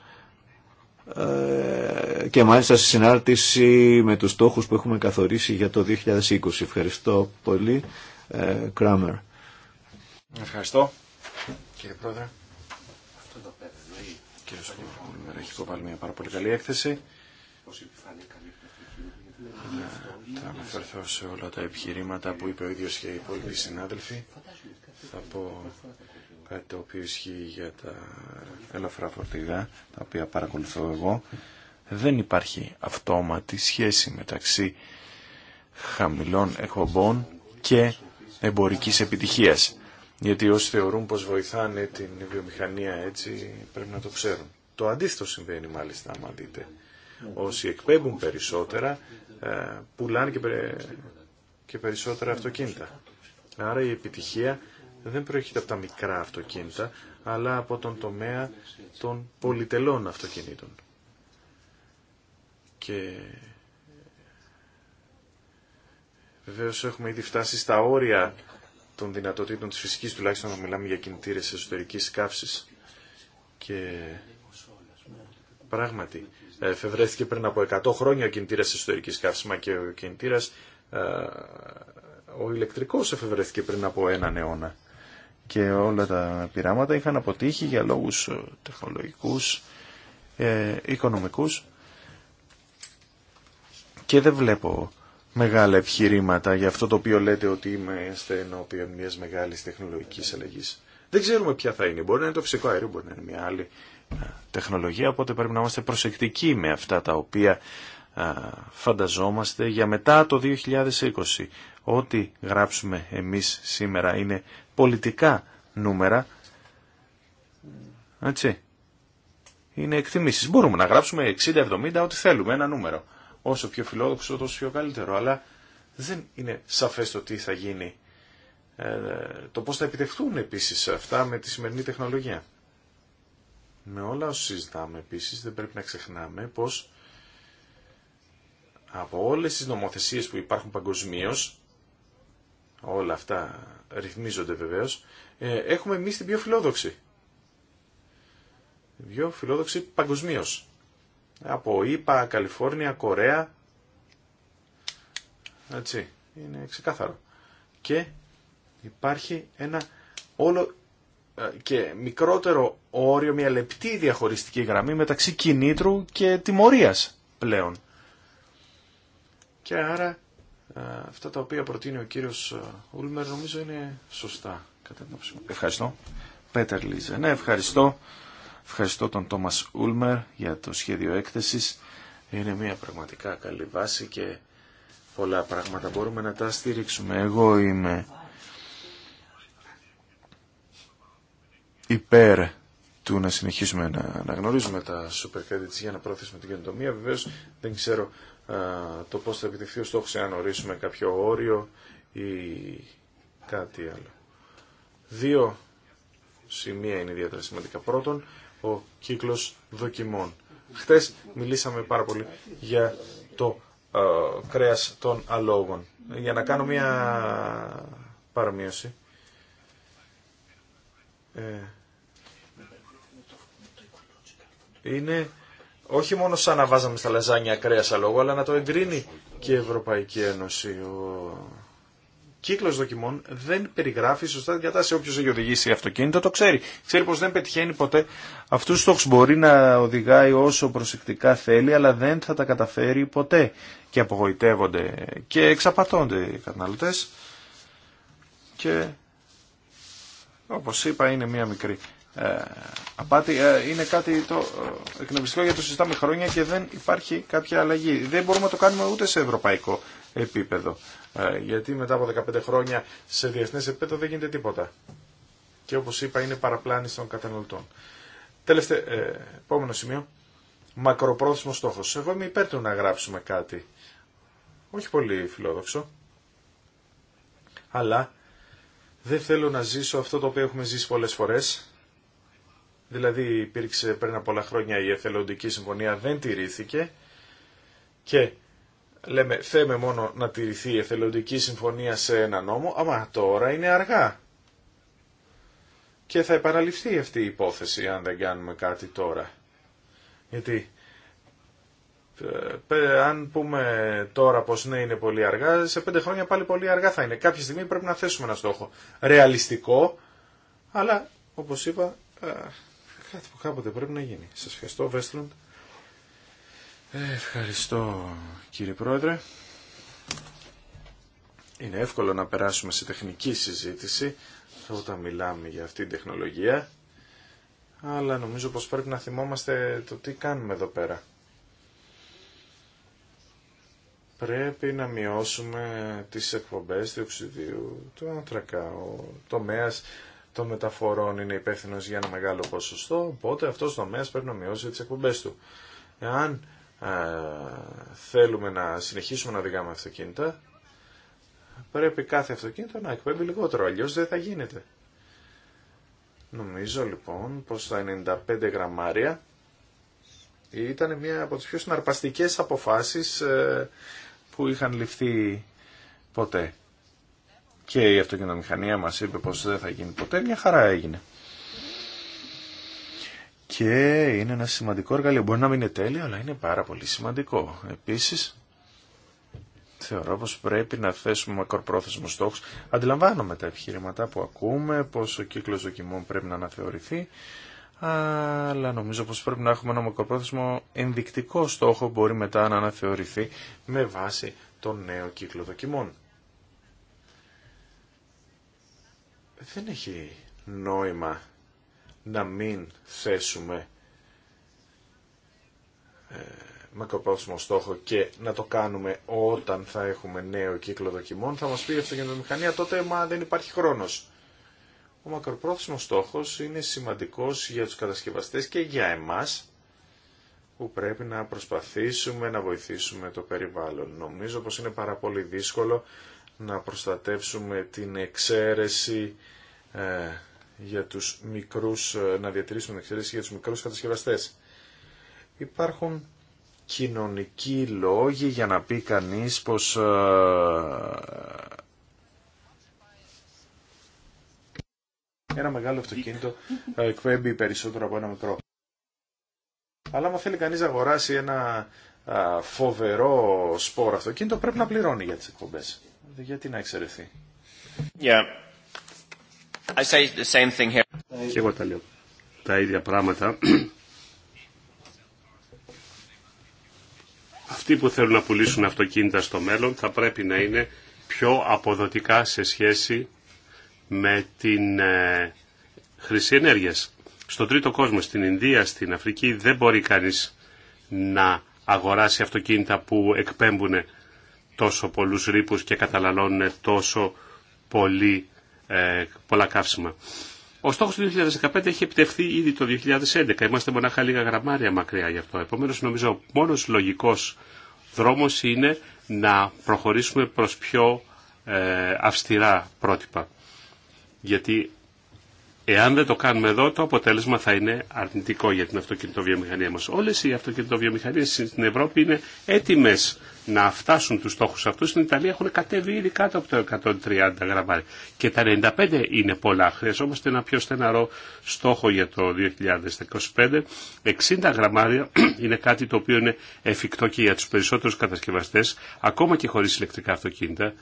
ε, και μάλιστα στη συνάρτηση με τους στόχους που έχουμε καθορίσει για το 2020. Ευχαριστώ πολύ. Κράμερ. Ευχαριστώ κύριε Πρόεδρε που έχει υποβάλει μια πάρα πολύ καλή έκθεση. Θα αναφερθώ σε όλα τα επιχειρήματα που είπε ο ίδιο και οι υπόλοιποι συνάδελφοι. Θα πω κάτι το οποίο ισχύει για τα ελαφρά φορτηγά, τα οποία παρακολουθώ εγώ. Δεν υπάρχει αυτόματη σχέση μεταξύ χαμηλών εκπομπών και εμπορικής επιτυχίας. Γιατί όσοι θεωρούν πως βοηθάνε την βιομηχανία έτσι πρέπει να το ξέρουν. Το αντίθετο συμβαίνει μάλιστα άμα δείτε. Όσοι εκπέμπουν περισσότερα ε, πουλάνε και, και περισσότερα αυτοκίνητα. Άρα η επιτυχία δεν προέρχεται από τα μικρά αυτοκίνητα αλλά από τον τομέα των πολυτελών αυτοκινήτων. Και βεβαίως έχουμε ήδη φτάσει στα όρια των δυνατοτήτων της φυσικής τουλάχιστον να μιλάμε για κινητήρες εσωτερικής καύσης και πράγματι εφευρέθηκε πριν από 100 χρόνια ο κινητήρας εσωτερικής καύσης μα και ο κινητήρας ε, ο ηλεκτρικός εφευρέθηκε πριν από έναν αιώνα και όλα τα πειράματα είχαν αποτύχει για λόγους ε, τεχνολογικούς, ε, οικονομικούς και δεν βλέπω μεγάλα επιχειρήματα για αυτό το οποίο λέτε ότι είμαστε ενώπιον μια μεγάλη τεχνολογική αλλαγή. Δεν ξέρουμε ποια θα είναι. Μπορεί να είναι το φυσικό αέριο, μπορεί να είναι μια άλλη ε, τεχνολογία, οπότε πρέπει να είμαστε προσεκτικοί με αυτά τα οποία ε, φανταζόμαστε για μετά το 2020. Ό,τι γράψουμε εμείς σήμερα είναι πολιτικά νούμερα, έτσι, είναι εκτιμήσεις. Μπορούμε να γράψουμε 60-70 ό,τι θέλουμε, ένα νούμερο όσο πιο φιλόδοξο τόσο πιο καλύτερο. Αλλά δεν είναι σαφές το τι θα γίνει, ε, το πώς θα επιτευχθούν επίσης αυτά με τη σημερινή τεχνολογία. Με όλα όσα συζητάμε επίσης δεν πρέπει να ξεχνάμε πως από όλε τι νομοθεσίες που υπάρχουν παγκοσμίω, όλα αυτά ρυθμίζονται βεβαίως, ε, έχουμε εμεί την πιο φιλόδοξη. Την πιο φιλόδοξη παγκοσμίω από ΙΠΑ, Καλιφόρνια, Κορέα. Έτσι, είναι ξεκάθαρο. Και υπάρχει ένα όλο ε, και μικρότερο όριο, μια λεπτή διαχωριστική γραμμή μεταξύ κινήτρου και τιμωρίας πλέον. Και άρα ε, αυτά τα οποία προτείνει ο κύριος ε, Ούλμερ νομίζω είναι σωστά. Κατά την Ευχαριστώ. Πέτερ Λίζε. Ναι, ευχαριστώ. Ευχαριστώ τον Τόμας Ούλμερ για το σχέδιο έκθεσης. Είναι μια πραγματικά καλή βάση και πολλά πράγματα μπορούμε να τα στηρίξουμε. Εγώ είμαι υπέρ του να συνεχίσουμε να γνωρίζουμε τα super credits για να προωθήσουμε την καινοτομία. Βεβαίως δεν ξέρω το πώς θα επιτευχθεί ο στόχος εάν ορίσουμε κάποιο όριο ή κάτι άλλο. Δύο σημεία είναι ιδιαίτερα σημαντικά. Πρώτον, ο κύκλος δοκιμών. Χθες μιλήσαμε πάρα πολύ για το ε, κρέας των αλόγων. Για να κάνω μια παρομοίωση. Ε, είναι όχι μόνο σαν να βάζαμε στα λαζάνια κρέας αλόγου, αλλά να το εγκρίνει και η Ευρωπαϊκή Ένωση. Κύκλο δοκιμών δεν περιγράφει σωστά την κατάσταση. Όποιος έχει οδηγήσει αυτοκίνητο το ξέρει. Ξέρει πω δεν πετυχαίνει ποτέ. Αυτού του στόχου μπορεί να οδηγάει όσο προσεκτικά θέλει, αλλά δεν θα τα καταφέρει ποτέ. Και απογοητεύονται και εξαπατώνται οι καταναλωτέ. Και όπω είπα είναι μία μικρή ε, απάτη ε, είναι κάτι το ε, εκνευριστικό γιατί το συζητάμε χρόνια και δεν υπάρχει κάποια αλλαγή. Δεν μπορούμε να το κάνουμε ούτε σε ευρωπαϊκό επίπεδο. Ε, γιατί μετά από 15 χρόνια σε διεθνέ επίπεδο δεν γίνεται τίποτα. Και όπως είπα είναι παραπλάνηση των καταναλωτών. Τελευταίο, ε, επόμενο σημείο, μακροπρόθεσμο στόχος. Εγώ είμαι υπέρ του να γράψουμε κάτι. Όχι πολύ φιλόδοξο. Αλλά δεν θέλω να ζήσω αυτό το οποίο έχουμε ζήσει πολλές φορές. Δηλαδή υπήρξε πριν από πολλά χρόνια η εθελοντική συμφωνία, δεν τηρήθηκε και λέμε θέμε μόνο να τηρηθεί η εθελοντική συμφωνία σε ένα νόμο, άμα τώρα είναι αργά. Και θα επαναληφθεί αυτή η υπόθεση αν δεν κάνουμε κάτι τώρα. Γιατί ε, αν πούμε τώρα πως ναι είναι πολύ αργά, σε πέντε χρόνια πάλι πολύ αργά θα είναι. Κάποια στιγμή πρέπει να θέσουμε ένα στόχο ρεαλιστικό, αλλά όπως είπα ε, κάτι που κάποτε πρέπει να γίνει. Σας ευχαριστώ Βέστλοντ. Ευχαριστώ κύριε Πρόεδρε. Είναι εύκολο να περάσουμε σε τεχνική συζήτηση όταν μιλάμε για αυτή την τεχνολογία, αλλά νομίζω πως πρέπει να θυμόμαστε το τι κάνουμε εδώ πέρα. Πρέπει να μειώσουμε τις εκπομπές διοξιδίου του άνθρακα. Ο τομέας των μεταφορών είναι υπεύθυνο για ένα μεγάλο ποσοστό, οπότε αυτός ο τομέας πρέπει να μειώσει τις εκπομπές του. Εάν θέλουμε να συνεχίσουμε να οδηγάμε αυτοκίνητα, πρέπει κάθε αυτοκίνητο να εκπέμπει λιγότερο, αλλιώς δεν θα γίνεται. Νομίζω λοιπόν πως τα 95 γραμμάρια ήταν μια από τις πιο συναρπαστικές αποφάσεις ε, που είχαν ληφθεί ποτέ. Και η αυτοκινητομηχανία μας είπε πως δεν θα γίνει ποτέ, μια χαρά έγινε και είναι ένα σημαντικό εργαλείο. Μπορεί να μην είναι τέλειο, αλλά είναι πάρα πολύ σημαντικό. Επίσης, θεωρώ πως πρέπει να θέσουμε μακροπρόθεσμους στόχους. Αντιλαμβάνομαι τα επιχειρηματά που ακούμε, πως ο κύκλος δοκιμών πρέπει να αναθεωρηθεί, αλλά νομίζω πως πρέπει να έχουμε ένα μακροπρόθεσμο ενδεικτικό στόχο που μπορεί μετά να αναθεωρηθεί με βάση τον νέο κύκλο δοκιμών. Δεν έχει νόημα να μην θέσουμε ε, μακροπρόθεσμο στόχο και να το κάνουμε όταν θα έχουμε νέο κύκλο δοκιμών, θα μας πει η αυτοκινητομηχανία τότε μα δεν υπάρχει χρόνος. Ο μακροπρόθεσμος στόχος είναι σημαντικός για τους κατασκευαστές και για εμάς που πρέπει να προσπαθήσουμε να βοηθήσουμε το περιβάλλον. Νομίζω πως είναι πάρα πολύ δύσκολο να προστατεύσουμε την εξαίρεση ε, για τους μικρούς, ε, να διατηρήσουμε εξαίρεση για τους μικρούς κατασκευαστέ. Υπάρχουν κοινωνικοί λόγοι για να πει κανείς πως ε, ένα μεγάλο αυτοκίνητο ε, εκπέμπει περισσότερο από ένα μικρό. Αλλά αν θέλει κανείς να αγοράσει ένα φοβερό σπόρο αυτοκίνητο πρέπει να πληρώνει για τις εκπομπές. Γιατί να εξαιρεθεί. Yeah. I say the same thing here. Και εγώ τα λέω τα ίδια πράγματα. Αυτοί που θέλουν να πουλήσουν αυτοκίνητα στο μέλλον θα πρέπει να είναι πιο αποδοτικά σε σχέση με την ε, χρήση ενέργειας. Στον τρίτο κόσμο, στην Ινδία, στην Αφρική δεν μπορεί κανείς να αγοράσει αυτοκίνητα που εκπέμπουν τόσο πολλούς ρήπους και καταλαλώνουν τόσο πολύ ε, πολλά καύσιμα. Ο στόχος του 2015 έχει επιτευχθεί ήδη το 2011. Είμαστε μονάχα λίγα γραμμάρια μακριά γι' αυτό. Επομένως νομίζω ο μόνος λογικός δρόμος είναι να προχωρήσουμε προς πιο ε, αυστηρά πρότυπα. Γιατί Εάν δεν το κάνουμε εδώ, το αποτέλεσμα θα είναι αρνητικό για την αυτοκινητοβιομηχανία μας. Όλες οι αυτοκινητοβιομηχανίες στην Ευρώπη είναι έτοιμες να φτάσουν τους στόχους αυτούς. Στην Ιταλία έχουν κατέβει ήδη κάτω από το 130 γραμμάρια. Και τα 95 είναι πολλά. Χρειαζόμαστε ένα πιο στεναρό στόχο για το 2025. 60 γραμμάρια είναι κάτι το οποίο είναι εφικτό και για τους περισσότερους κατασκευαστές, ακόμα και χωρίς ηλεκτρικά αυτοκίνητα.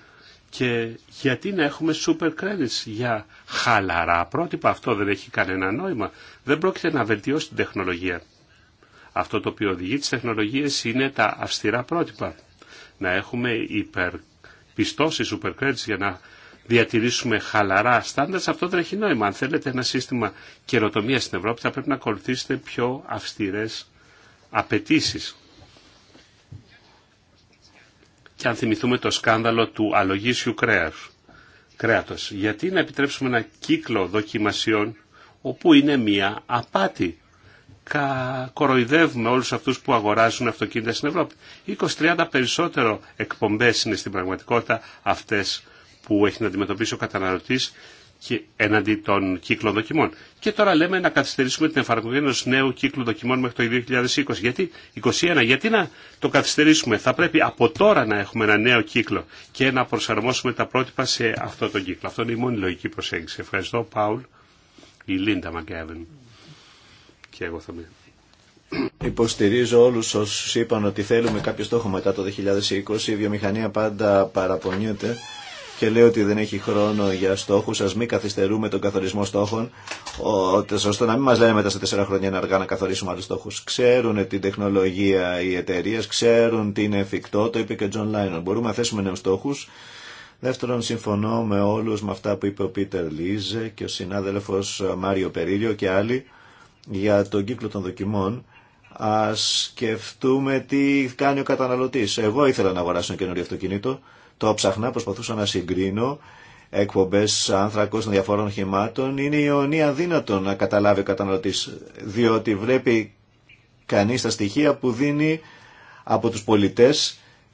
Και γιατί να έχουμε super credits για χαλαρά πρότυπα. Αυτό δεν έχει κανένα νόημα. Δεν πρόκειται να βελτιώσει την τεχνολογία. Αυτό το οποίο οδηγεί τις τεχνολογίες είναι τα αυστηρά πρότυπα. Να έχουμε υπερπιστώσεις super credits για να διατηρήσουμε χαλαρά standards, αυτό δεν έχει νόημα. Αν θέλετε ένα σύστημα καινοτομία στην Ευρώπη θα πρέπει να ακολουθήσετε πιο αυστηρές απαιτήσει και αν θυμηθούμε το σκάνδαλο του αλογίσιου κρέας, κρέατος. Γιατί να επιτρέψουμε ένα κύκλο δοκιμασιών όπου είναι μία απάτη. Κα... Κοροϊδεύουμε όλους αυτούς που αγοράζουν αυτοκίνητα στην Ευρώπη. 20-30 περισσότερο εκπομπές είναι στην πραγματικότητα αυτές που έχει να αντιμετωπίσει ο καταναλωτής εναντί των κύκλων δοκιμών. Και τώρα λέμε να καθυστερήσουμε την εφαρμογή ενό νέου κύκλου δοκιμών μέχρι το 2020. Γιατί, 21, γιατί να το καθυστερήσουμε. Θα πρέπει από τώρα να έχουμε ένα νέο κύκλο και να προσαρμόσουμε τα πρότυπα σε αυτό τον κύκλο. Αυτό είναι η μόνη λογική προσέγγιση. Ευχαριστώ, Πάουλ. Η Λίντα Μαγκέβεν Και εγώ θα μιλήσω. Υποστηρίζω όλους όσους είπαν ότι θέλουμε κάποιο στόχο μετά το 2020. Η βιομηχανία πάντα παραπονιούται και λέει ότι δεν έχει χρόνο για στόχους, ας μην καθυστερούμε τον καθορισμό στόχων, ώστε να μην μας λένε μετά σε τέσσερα χρόνια να αργά να καθορίσουμε άλλους στόχους. Ξέρουν την τεχνολογία οι εταιρείε, ξέρουν τι είναι εφικτό, το είπε και ο Τζον Λάινον. Μπορούμε να θέσουμε νέους στόχους. Δεύτερον, συμφωνώ με όλους με αυτά που είπε ο Πίτερ Λίζε και ο συνάδελφος Μάριο Περίλιο και άλλοι για τον κύκλο των δοκιμών. Α σκεφτούμε τι κάνει ο καταναλωτή. Εγώ ήθελα να αγοράσω ένα καινούριο αυτοκίνητο το ψαχνά, προσπαθούσα να συγκρίνω εκπομπέ άνθρακο των διαφόρων χημάτων. Είναι η αιωνία δύνατο να καταλάβει ο καταναλωτή, διότι βλέπει κανεί τα στοιχεία που δίνει από του πολιτέ.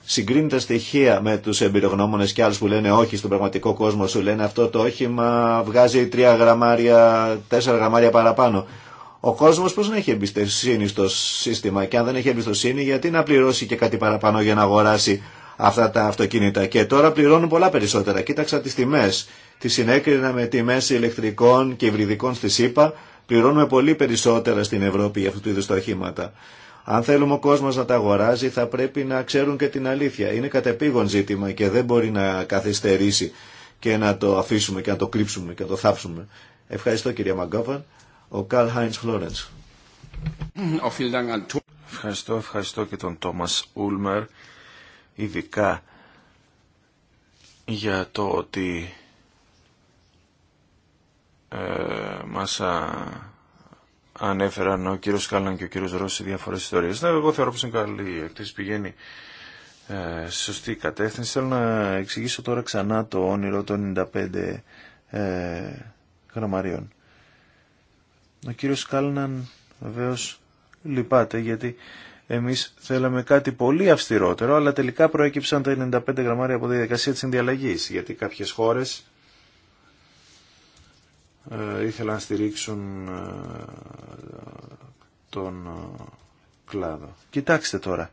Συγκρίνει τα στοιχεία με του εμπειρογνώμονε και άλλου που λένε όχι στον πραγματικό κόσμο. Σου λένε αυτό το όχημα βγάζει τρία γραμμάρια, τέσσερα γραμμάρια παραπάνω. Ο κόσμο πώ να έχει εμπιστοσύνη στο σύστημα και αν δεν έχει εμπιστοσύνη, γιατί να πληρώσει και κάτι παραπάνω για να αγοράσει αυτά τα αυτοκίνητα και τώρα πληρώνουν πολλά περισσότερα. Κοίταξα τις τιμές. Τις συνέκρινα με τιμές ηλεκτρικών και υβριδικών στη ΣΥΠΑ. Πληρώνουμε πολύ περισσότερα στην Ευρώπη για αυτού του είδους τα οχήματα. Αν θέλουμε ο κόσμος να τα αγοράζει θα πρέπει να ξέρουν και την αλήθεια. Είναι κατεπήγον ζήτημα και δεν μπορεί να καθυστερήσει και να το αφήσουμε και να το κρύψουμε και να το θάψουμε. Ευχαριστώ κυρία Μαγκόβαν. Ο Καλ Χάιντς Φλόρεντς. Ευχαριστώ, ευχαριστώ και τον Τόμας Ούλμερ ειδικά για το ότι ε, μας ανέφεραν ο κύριος Κάλλαν και ο κύριος Ρώση διάφορες ιστορίες. Ναι, εγώ θεωρώ πως είναι καλή εκτίση πηγαίνει ε, σωστή κατεύθυνση. Θέλω να εξηγήσω τώρα ξανά το όνειρο των 95 ε, γραμμαρίων. Ο κύριος Κάλλαν βεβαίως λυπάται γιατί εμείς θέλαμε κάτι πολύ αυστηρότερο, αλλά τελικά προέκυψαν τα 95 γραμμάρια από τη διαδικασία της συνδιαλλαγής, γιατί κάποιες χώρες ε, ήθελαν να στηρίξουν ε, τον ε, κλάδο. Κοιτάξτε τώρα.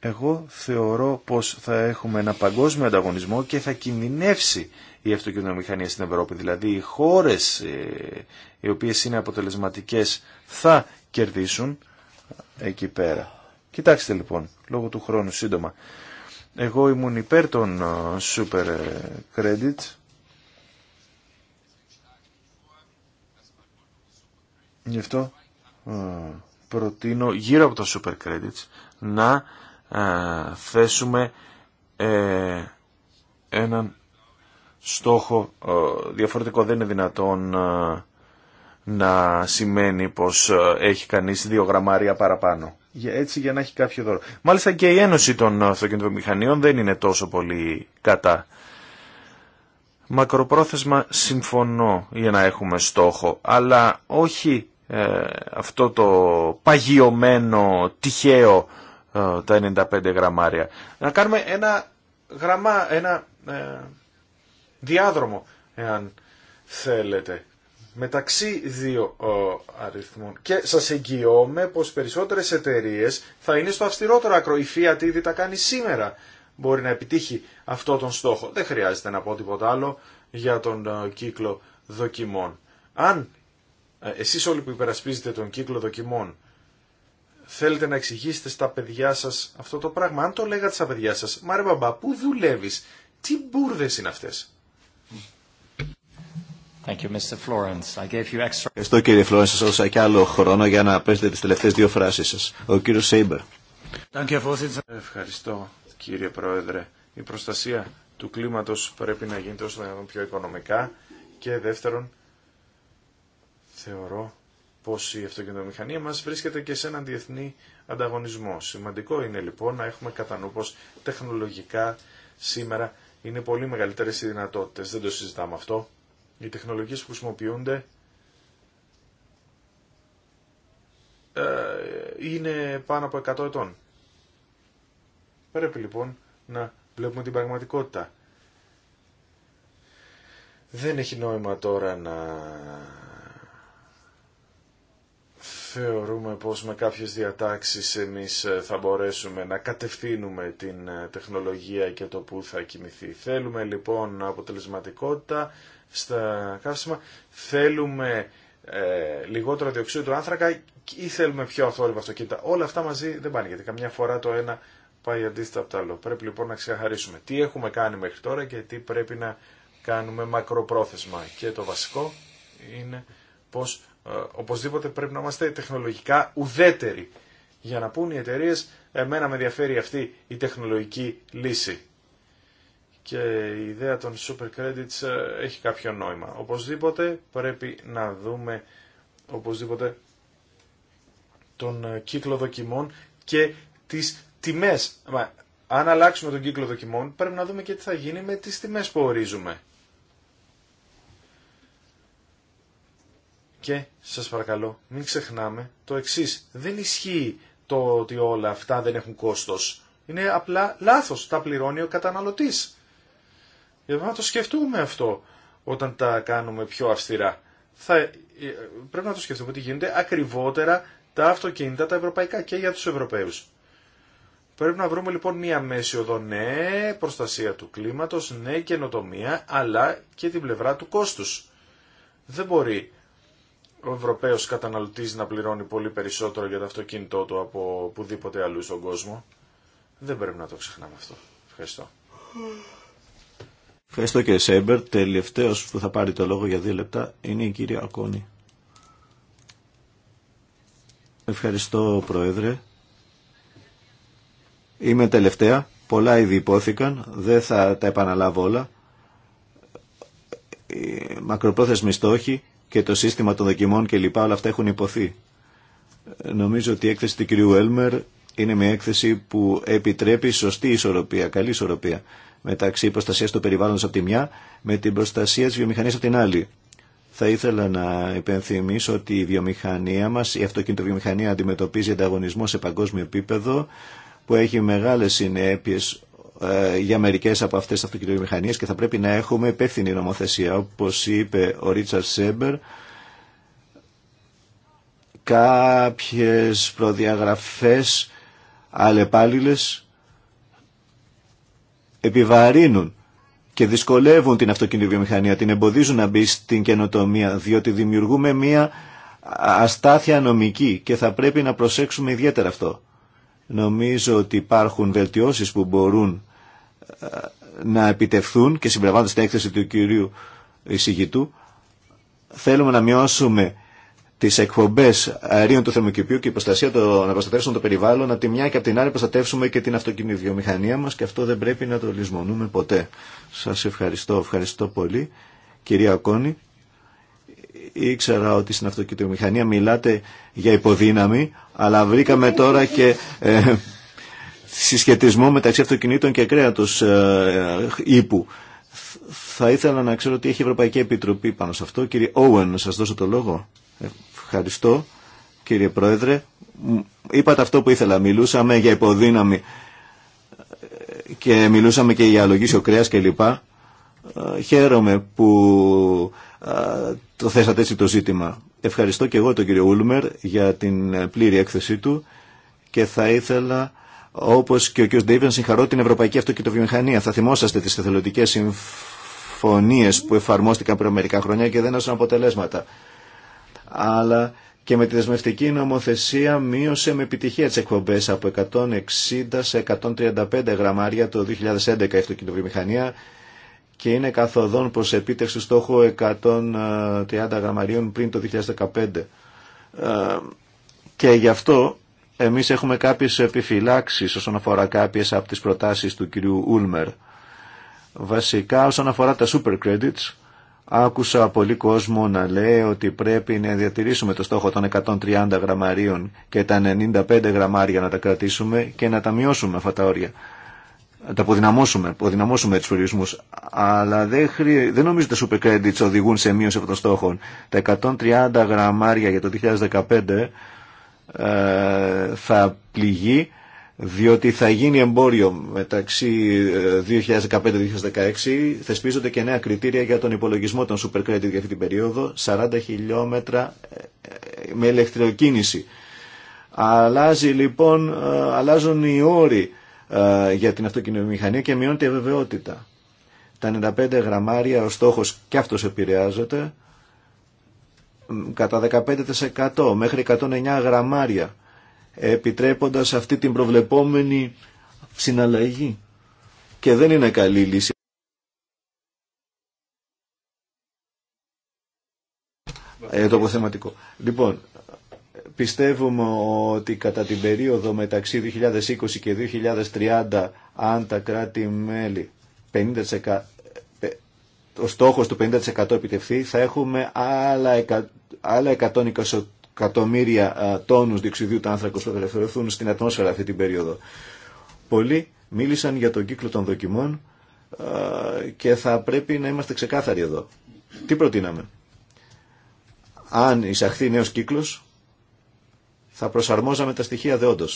Εγώ θεωρώ πως θα έχουμε ένα παγκόσμιο ανταγωνισμό και θα κινδυνεύσει η αυτοκινητομηχανία στην Ευρώπη. Δηλαδή οι χώρες οι οποίες είναι αποτελεσματικές θα κερδίσουν εκεί πέρα. Κοιτάξτε λοιπόν, λόγω του χρόνου σύντομα. Εγώ ήμουν υπέρ των ε, super ε, credits Γι' αυτό ε, προτείνω γύρω από τα super credits να θέσουμε έναν στόχο διαφορετικό. Δεν είναι δυνατόν να σημαίνει πως ε, έχει κανείς δύο γραμμάρια παραπάνω. Για, έτσι για να έχει κάποιο δώρο. Μάλιστα και η Ένωση των Αυτοκινητομηχανίων δεν είναι τόσο πολύ κατά. Μακροπρόθεσμα συμφωνώ για να έχουμε στόχο, αλλά όχι ε, αυτό το παγιωμένο, τυχαίο ε, τα 95 γραμμάρια. Να κάνουμε ένα γραμμά, ένα διάδρομο, εάν θέλετε μεταξύ δύο αριθμών. Και σα εγγυώμαι πω περισσότερε εταιρείε θα είναι στο αυστηρότερο άκρο. Η Fiat ήδη τα κάνει σήμερα. Μπορεί να επιτύχει αυτό τον στόχο. Δεν χρειάζεται να πω τίποτα άλλο για τον ε, κύκλο δοκιμών. Αν ε, εσεί όλοι που υπερασπίζετε τον κύκλο δοκιμών θέλετε να εξηγήσετε στα παιδιά σα αυτό το πράγμα, αν το λέγατε στα παιδιά σα, «Μάρε μπαμπά, πού δουλεύει, τι μπούρδε είναι αυτέ. Thank Ευχαριστώ κύριε Φλόρενς, σας έδωσα και άλλο χρόνο για να πέσετε τις τελευταίες δύο φράσεις σας. Ο κύριος Σέιμπερ. Ευχαριστώ κύριε Πρόεδρε. Η προστασία του κλίματος πρέπει να γίνεται όσο δυνατόν πιο οικονομικά και δεύτερον θεωρώ πως η αυτοκινητομηχανία μας βρίσκεται και σε έναν διεθνή ανταγωνισμό. Σημαντικό είναι λοιπόν να έχουμε κατά νου πως τεχνολογικά σήμερα είναι πολύ μεγαλύτερες οι δυνατότητες. Δεν το συζητάμε αυτό. Οι τεχνολογίες που χρησιμοποιούνται ε, είναι πάνω από 100 ετών. Πρέπει λοιπόν να βλέπουμε την πραγματικότητα. Δεν έχει νόημα τώρα να θεωρούμε πως με κάποιες διατάξεις εμείς ε, θα μπορέσουμε να κατευθύνουμε την ε, τεχνολογία και το που θα κινηθεί. Θέλουμε λοιπόν αποτελεσματικότητα, στα καύσιμα, θέλουμε ε, λιγότερο διοξείδιο του άνθρακα ή θέλουμε πιο αθόρυβα αυτοκίνητα. Όλα αυτά μαζί δεν πάνε γιατί καμιά φορά το ένα πάει αντίθετα από το άλλο. Πρέπει λοιπόν να ξεχαρίσουμε τι έχουμε κάνει μέχρι τώρα και τι πρέπει να κάνουμε μακροπρόθεσμα. Και το βασικό είναι πως ε, οπωσδήποτε πρέπει να είμαστε τεχνολογικά ουδέτεροι για να πούν οι εταιρείε εμένα με ενδιαφέρει αυτή η τεχνολογική λύση και η ιδέα των super credits ε, έχει κάποιο νόημα. Οπωσδήποτε πρέπει να δούμε οπωσδήποτε τον ε, κύκλο δοκιμών και τις τιμές. Μα, αν αλλάξουμε τον κύκλο δοκιμών πρέπει να δούμε και τι θα γίνει με τις τιμές που ορίζουμε. Και σας παρακαλώ μην ξεχνάμε το εξής. Δεν ισχύει το ότι όλα αυτά δεν έχουν κόστος. Είναι απλά λάθος. Τα πληρώνει ο καταναλωτής πρέπει να το σκεφτούμε αυτό όταν τα κάνουμε πιο αυστηρά. Θα, ε, πρέπει να το σκεφτούμε ότι γίνεται ακριβότερα τα αυτοκίνητα τα ευρωπαϊκά και για τους Ευρωπαίους. Πρέπει να βρούμε λοιπόν μία μέση οδό, ναι, προστασία του κλίματος, ναι, καινοτομία, αλλά και την πλευρά του κόστους. Δεν μπορεί ο Ευρωπαίος καταναλωτής να πληρώνει πολύ περισσότερο για το αυτοκίνητό του από οπουδήποτε αλλού στον κόσμο. Δεν πρέπει να το ξεχνάμε αυτό. Ευχαριστώ. Ευχαριστώ κύριε Σέμπερ. Τελευταίος που θα πάρει το λόγο για δύο λεπτά είναι η κυρία Ακόνη. Ευχαριστώ Πρόεδρε. Είμαι τελευταία. Πολλά ήδη υπόθηκαν. Δεν θα τα επαναλάβω όλα. Μακροπρόθεσμη μακροπρόθεσμοι στόχοι και το σύστημα των δοκιμών λοιπά, Όλα αυτά έχουν υποθεί. Νομίζω ότι η έκθεση του κυρίου Έλμερ είναι μια έκθεση που επιτρέπει σωστή ισορροπία, καλή ισορροπία μεταξύ προστασία του περιβάλλοντο από τη μια με την προστασία τη βιομηχανίας από την άλλη. Θα ήθελα να υπενθυμίσω ότι η βιομηχανία μα, η αυτοκινητοβιομηχανία αντιμετωπίζει ανταγωνισμό σε παγκόσμιο επίπεδο που έχει μεγάλες συνέπειες ε, για μερικέ από αυτέ τι αυτοκινητοβιομηχανίε και θα πρέπει να έχουμε υπεύθυνη νομοθεσία. Όπω είπε ο Ρίτσαρ Σέμπερ, κάποιες προδιαγραφές αλλεπάλληλες επιβαρύνουν και δυσκολεύουν την βιομηχανία, την εμποδίζουν να μπει στην καινοτομία, διότι δημιουργούμε μία αστάθεια νομική και θα πρέπει να προσέξουμε ιδιαίτερα αυτό. Νομίζω ότι υπάρχουν βελτιώσεις που μπορούν ε, να επιτευθούν και συμπεριλαμβάνονται στην έκθεση του κυρίου εισηγητού. Θέλουμε να μειώσουμε τι εκπομπέ αερίων του θερμοκηπίου και η προστασία των αποστατεύσεων των περιβάλλων, περιβάλλον, από τη μια και από την άλλη προστατεύσουμε και την αυτοκινητοβιομηχανία μα και αυτό δεν πρέπει να το λησμονούμε ποτέ. Σα ευχαριστώ, ευχαριστώ πολύ. Κυρία Κόνη, ήξερα ότι στην αυτοκινητοβιομηχανία μιλάτε για υποδύναμη, αλλά βρήκαμε τώρα και ε, συσχετισμό μεταξύ αυτοκινήτων και κρέατο ε, ύπου. Θα ήθελα να ξέρω τι έχει η Ευρωπαϊκή Επιτροπή πάνω σε αυτό. Κύριε Όουεν, να σα δώσω το λόγο. Ε, Ευχαριστώ κύριε Πρόεδρε. Είπατε αυτό που ήθελα. Μιλούσαμε για υποδύναμη ε, και μιλούσαμε και για αλογίσιο κρέας κλπ. Ε, χαίρομαι που ε, το θέσατε έτσι το ζήτημα. Ευχαριστώ και εγώ τον κύριο Ούλμερ για την πλήρη έκθεσή του και θα ήθελα όπως και ο κύριος Ντέιβεν συγχαρώ την Ευρωπαϊκή Αυτοκινητοβιομηχανία. Θα θυμόσαστε τις εθελοντικές συμφωνίες που εφαρμόστηκαν πριν μερικά χρόνια και δεν έδωσαν αποτελέσματα αλλά και με τη δεσμευτική νομοθεσία μείωσε με επιτυχία τις εκπομπές από 160 σε 135 γραμμάρια το 2011 η αυτοκινητοβιομηχανία και είναι καθοδόν προς επίτευξη στόχο στόχου 130 γραμμαρίων πριν το 2015. Ε, και γι' αυτό εμείς έχουμε κάποιες επιφυλάξεις όσον αφορά κάποιες από τις προτάσεις του κυρίου Ούλμερ. Βασικά όσον αφορά τα super credits, Άκουσα πολύ κόσμο να λέει ότι πρέπει να διατηρήσουμε το στόχο των 130 γραμμαρίων και τα 95 γραμμάρια να τα κρατήσουμε και να τα μειώσουμε αυτά τα όρια. Να τα αποδυναμώσουμε, αποδυναμώσουμε του περιορισμού. Αλλά δεν, χρει... δεν νομίζω ότι τα super credits οδηγούν σε μείωση αυτών των στόχων. Τα 130 γραμμάρια για το 2015 ε, θα πληγεί διότι θα γίνει εμπόριο μεταξύ 2015-2016, ε, θεσπίζονται και νέα κριτήρια για τον υπολογισμό των super credit για αυτή την περίοδο, 40 χιλιόμετρα ε, με ηλεκτροκίνηση. Αλλάζει λοιπόν, ε, αλλάζουν οι όροι για την αυτοκινητομηχανία και μειώνεται η βεβαιότητα. Τα 95 γραμμάρια, ο στόχος και αυτός επηρεάζεται κατά 15% μέχρι 109 γραμμάρια επιτρέποντας αυτή την προβλεπόμενη συναλλαγή. Και δεν είναι καλή λύση. Ε, το αποθεματικό. Λοιπόν, πιστεύουμε ότι κατά την περίοδο μεταξύ 2020 και 2030 αν τα κράτη-μέλη 50% ο στόχος του 50% επιτευθεί θα έχουμε άλλα, άλλα 120 εκατομμύρια τόνου διοξιδίου του άνθρακου που θα ελευθερωθούν στην ατμόσφαιρα αυτή την περίοδο. Πολλοί μίλησαν για τον κύκλο των δοκιμών και θα πρέπει να είμαστε ξεκάθαροι εδώ. Τι προτείναμε. Αν εισαχθεί νέο κύκλο, θα προσαρμόζαμε τα στοιχεία δεόντω.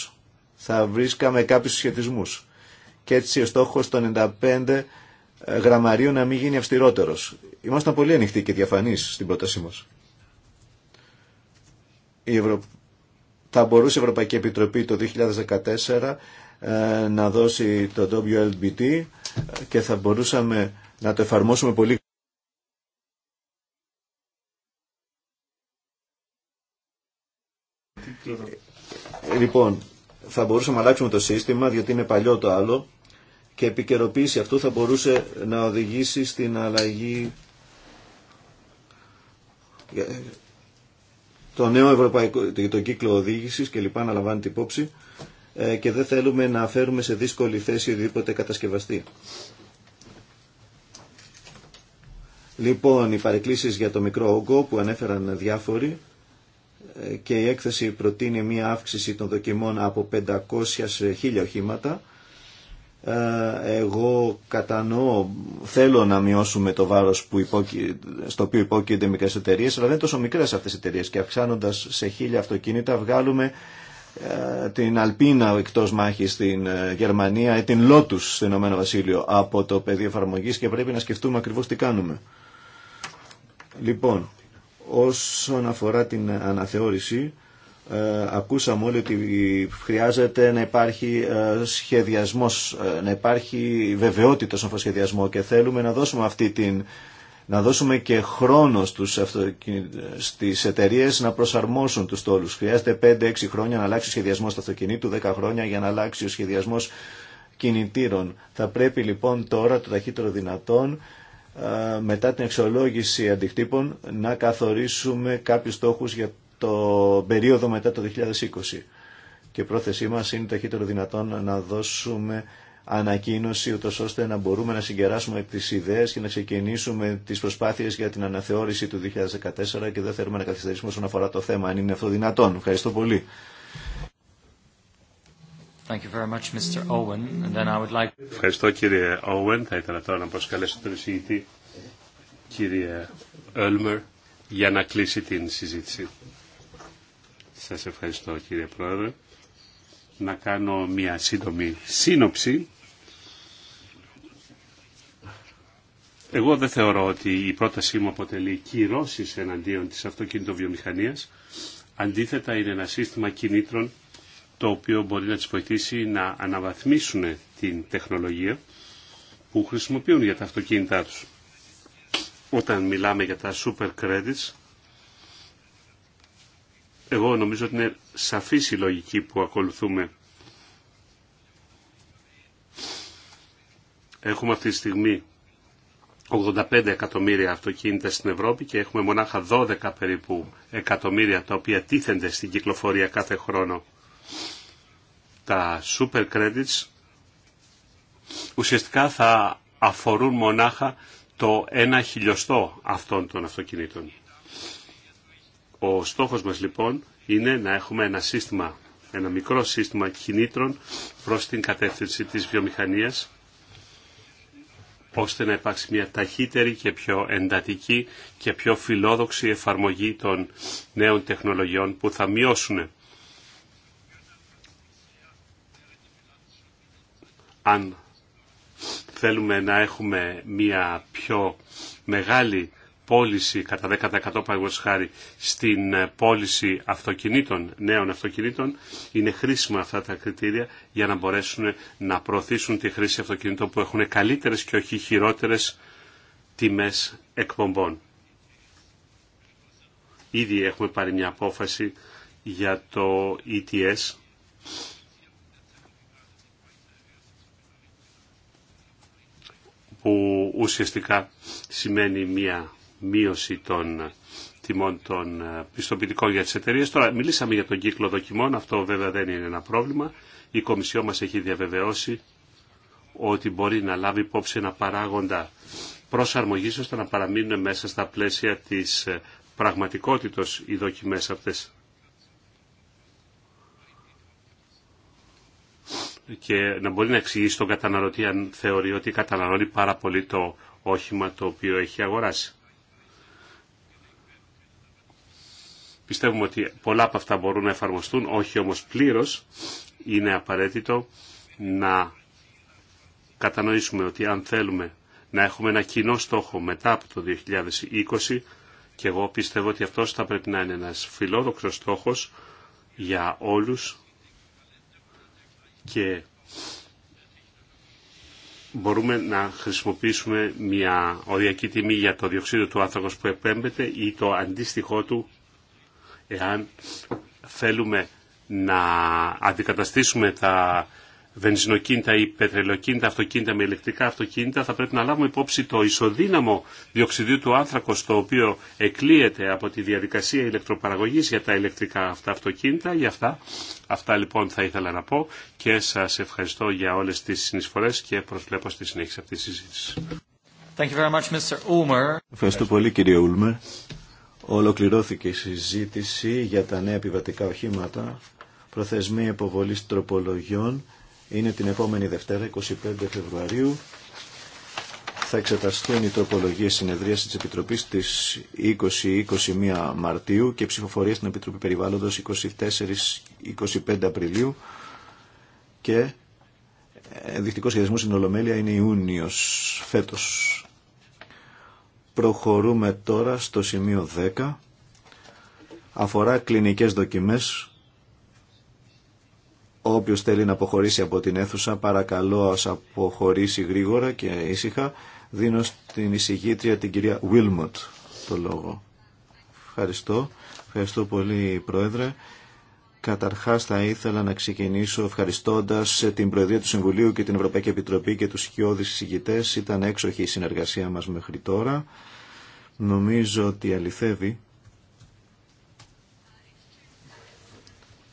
Θα βρίσκαμε κάποιου σχετισμούς. Και έτσι ο στόχο των 95 ε, γραμμαρίου να μην γίνει αυστηρότερος. Ήμασταν πολύ ανοιχτοί και διαφανεί στην πρότασή μα η θα μπορούσε η Ευρωπαϊκή Επιτροπή το 2014 ε, να δώσει το WLBT και θα μπορούσαμε να το εφαρμόσουμε πολύ Λοιπόν, θα μπορούσαμε να αλλάξουμε το σύστημα διότι είναι παλιό το άλλο και επικαιροποίηση αυτού θα μπορούσε να οδηγήσει στην αλλαγή το νέο ευρωπαϊκό, το κύκλο οδήγηση και λοιπά να την υπόψη ε, και δεν θέλουμε να φέρουμε σε δύσκολη θέση οτιδήποτε κατασκευαστή. Λοιπόν, οι παρεκκλήσει για το μικρό όγκο που ανέφεραν διάφοροι ε, και η έκθεση προτείνει μία αύξηση των δοκιμών από 500 σε 1000 οχήματα ε, εγώ κατανοώ, θέλω να μειώσουμε το βάρος που στο οποίο υπόκεινται μικρές εταιρείε, αλλά δεν είναι τόσο μικρές αυτές οι εταιρείε και αυξάνοντας σε χίλια αυτοκίνητα βγάλουμε ε, την Αλπίνα εκτός μάχης στην ε, Γερμανία ή την Λότους στο Ηνωμένο Βασίλειο από το πεδίο εφαρμογή και πρέπει να σκεφτούμε ακριβώς τι κάνουμε. Λοιπόν, όσον αφορά την αναθεώρηση ε, ακούσαμε όλοι ότι χρειάζεται να υπάρχει ε, σχεδιασμός, ε, να υπάρχει βεβαιότητα στον σχεδιασμό και θέλουμε να δώσουμε αυτή την να δώσουμε και χρόνο στους, στις εταιρείε να προσαρμόσουν τους τόλους. Χρειάζεται 5-6 χρόνια να αλλάξει ο σχεδιασμός του αυτοκινήτου, 10 χρόνια για να αλλάξει ο σχεδιασμός κινητήρων. Θα πρέπει λοιπόν τώρα το ταχύτερο δυνατόν μετά την εξολόγηση αντικτύπων να καθορίσουμε κάποιους στόχους για το περίοδο μετά το 2020. Και πρόθεσή μας είναι ταχύτερο δυνατόν να δώσουμε ανακοίνωση ούτως ώστε να μπορούμε να συγκεράσουμε τις ιδέες και να ξεκινήσουμε τις προσπάθειες για την αναθεώρηση του 2014 και δεν θέλουμε να καθυστερήσουμε όσον αφορά το θέμα, αν είναι αυτό δυνατόν. Ευχαριστώ πολύ. Ευχαριστώ κύριε Owen. Θα ήθελα τώρα να προσκαλέσω τον εισηγητή κύριε Ölmer για να κλείσει την συζήτηση. Σας ευχαριστώ κύριε Πρόεδρε. Να κάνω μια σύντομη σύνοψη. Εγώ δεν θεωρώ ότι η πρότασή μου αποτελεί κυρώσεις εναντίον της αυτοκινητοβιομηχανίας. Αντίθετα είναι ένα σύστημα κινήτρων το οποίο μπορεί να τις βοηθήσει να αναβαθμίσουν την τεχνολογία που χρησιμοποιούν για τα αυτοκίνητά τους. Όταν μιλάμε για τα super credits, εγώ νομίζω ότι είναι σαφής η λογική που ακολουθούμε. Έχουμε αυτή τη στιγμή 85 εκατομμύρια αυτοκίνητα στην Ευρώπη και έχουμε μονάχα 12 περίπου εκατομμύρια τα οποία τίθενται στην κυκλοφορία κάθε χρόνο. Τα super credits ουσιαστικά θα αφορούν μονάχα το ένα χιλιοστό αυτών των αυτοκινήτων. Ο στόχος μας λοιπόν είναι να έχουμε ένα σύστημα, ένα μικρό σύστημα κινήτρων προς την κατεύθυνση της βιομηχανίας ώστε να υπάρξει μια ταχύτερη και πιο εντατική και πιο φιλόδοξη εφαρμογή των νέων τεχνολογιών που θα μειώσουν αν θέλουμε να έχουμε μια πιο μεγάλη πώληση κατά 10% παγκόσμιο χάρη στην ε, πώληση αυτοκινήτων, νέων αυτοκινήτων, είναι χρήσιμα αυτά τα κριτήρια για να μπορέσουν να προωθήσουν τη χρήση αυτοκινήτων που έχουν καλύτερες και όχι χειρότερες τιμές εκπομπών. Ήδη έχουμε πάρει μια απόφαση για το ETS. που ουσιαστικά σημαίνει μια μείωση των τιμών των ε, πιστοποιητικών για τις εταιρείες. Τώρα μιλήσαμε για τον κύκλο δοκιμών, αυτό βέβαια δεν είναι ένα πρόβλημα. Η Κομισιό μας έχει διαβεβαιώσει ότι μπορεί να λάβει υπόψη ένα παράγοντα προσαρμογής ώστε να παραμείνουν μέσα στα πλαίσια της ε, πραγματικότητος οι δοκιμές αυτές. και να μπορεί να εξηγήσει τον καταναλωτή αν θεωρεί ότι καταναλώνει πάρα πολύ το όχημα το οποίο έχει αγοράσει. Πιστεύουμε ότι πολλά από αυτά μπορούν να εφαρμοστούν, όχι όμως πλήρως. Είναι απαραίτητο να κατανοήσουμε ότι αν θέλουμε να έχουμε ένα κοινό στόχο μετά από το 2020, και εγώ πιστεύω ότι αυτός θα πρέπει να είναι ένας φιλόδοξος στόχος για όλους και μπορούμε να χρησιμοποιήσουμε μια οριακή τιμή για το διοξείδιο του άνθρακος που επέμπεται ή το αντίστοιχό του Εάν θέλουμε να αντικαταστήσουμε τα βενζινοκίνητα ή πετρελαιοκίνητα αυτοκίνητα με ηλεκτρικά αυτοκίνητα, θα πρέπει να λάβουμε υπόψη το ισοδύναμο διοξιδίου του άνθρακος το οποίο εκλείεται από τη διαδικασία ηλεκτροπαραγωγής για τα ηλεκτρικά αυτά αυτοκίνητα. Για αυτά, αυτά λοιπόν θα ήθελα να πω και σας ευχαριστώ για όλες τις συνεισφορές και προσβλέπω στη συνέχιση αυτής της συζήτησης. πολύ κύριε Ολοκληρώθηκε η συζήτηση για τα νέα επιβατικά οχήματα. Προθεσμία υποβολής τροπολογιών είναι την επόμενη Δευτέρα, 25 Φεβρουαρίου. Θα εξεταστούν οι τροπολογίες συνεδρία τη Επιτροπής τη 20-21 Μαρτίου και ψηφοφορία στην Επιτροπή Περιβάλλοντος 24-25 Απριλίου και ε, δεικτικό σχεδιασμό στην Ολομέλεια είναι Ιούνιο φέτο. Προχωρούμε τώρα στο σημείο 10. Αφορά κλινικές δοκιμές. Όποιος θέλει να αποχωρήσει από την αίθουσα, παρακαλώ ας αποχωρήσει γρήγορα και ήσυχα. Δίνω στην εισηγήτρια την κυρία Βίλμοντ το λόγο. Ευχαριστώ. Ευχαριστώ πολύ Πρόεδρε. Καταρχάς θα ήθελα να ξεκινήσω ευχαριστώντας την Προεδρία του Συμβουλίου και την Ευρωπαϊκή Επιτροπή και τους σκιώδεις συζητητές. Ήταν έξοχη η συνεργασία μας μέχρι τώρα. Νομίζω ότι αληθεύει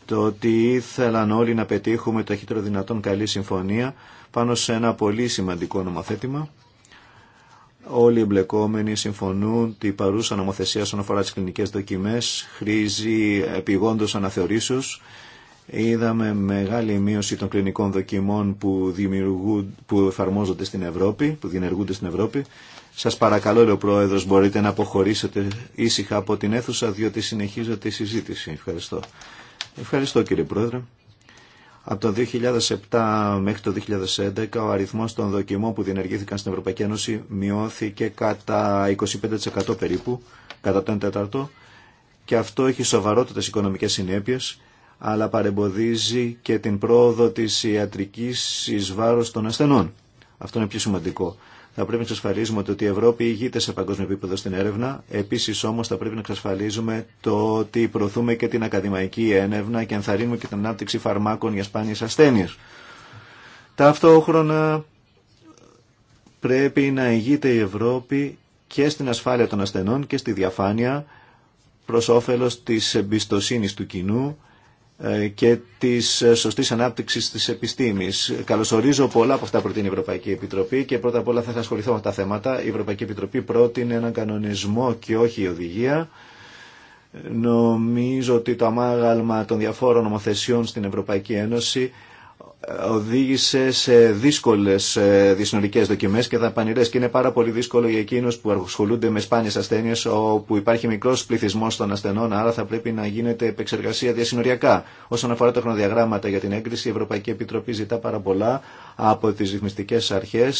το ότι ήθελαν όλοι να πετύχουμε το ταχύτερο δυνατόν καλή συμφωνία πάνω σε ένα πολύ σημαντικό νομοθέτημα Όλοι οι εμπλεκόμενοι συμφωνούν ότι η παρούσα νομοθεσία όσον αφορά τις κλινικές δοκιμές χρήζει επιγόντως αναθεωρήσεως. Είδαμε μεγάλη μείωση των κλινικών δοκιμών που, που εφαρμόζονται στην Ευρώπη, που διενεργούνται στην Ευρώπη. Σας παρακαλώ, λέει ο Πρόεδρος, μπορείτε να αποχωρήσετε ήσυχα από την αίθουσα, διότι συνεχίζεται η συζήτηση. Ευχαριστώ. Ευχαριστώ κύριε Πρόεδρε. Από το 2007 μέχρι το 2011 ο αριθμός των δοκιμών που διενεργήθηκαν στην Ευρωπαϊκή Ένωση μειώθηκε κατά 25% περίπου, κατά τον τέταρτο, και αυτό έχει σοβαρότερες οικονομικές συνέπειες, αλλά παρεμποδίζει και την πρόοδο της ιατρικής εις των ασθενών. Αυτό είναι πιο σημαντικό. Θα πρέπει να εξασφαλίζουμε ότι η Ευρώπη ηγείται σε παγκόσμιο επίπεδο στην έρευνα. Επίση όμω θα πρέπει να εξασφαλίζουμε το ότι προωθούμε και την ακαδημαϊκή έρευνα και ενθαρρύνουμε και την ανάπτυξη φαρμάκων για σπάνιε ασθένειε. Ταυτόχρονα πρέπει να ηγείται η Ευρώπη και στην ασφάλεια των ασθενών και στη διαφάνεια προ όφελο τη εμπιστοσύνη του κοινού ε, και της ε, σωστής ανάπτυξης της επιστήμης. Καλωσορίζω πολλά από αυτά που προτείνει η Ευρωπαϊκή Επιτροπή και πρώτα απ' όλα θα ασχοληθώ με αυτά τα θέματα. Η Ευρωπαϊκή Επιτροπή πρότεινε έναν κανονισμό και όχι η οδηγία. Νομίζω ότι το αμάγαλμα των διαφόρων νομοθεσιών στην Ευρωπαϊκή Ένωση οδήγησε σε δύσκολε ε, δυσνορικές δοκιμέ και δαπανηρέ. και είναι πάρα πολύ δύσκολο για εκείνου που ασχολούνται με σπάνιε ασθένειε, όπου υπάρχει μικρό πληθυσμό των ασθενών άρα θα πρέπει να γίνεται επεξεργασία διασυνοριακά. Όσον αφορά τα χρονοδιαγράμματα για την έγκριση η Ευρωπαϊκή Επιτροπή ζητά πάρα πολλά από τι ρυθμιστικέ αρχέ,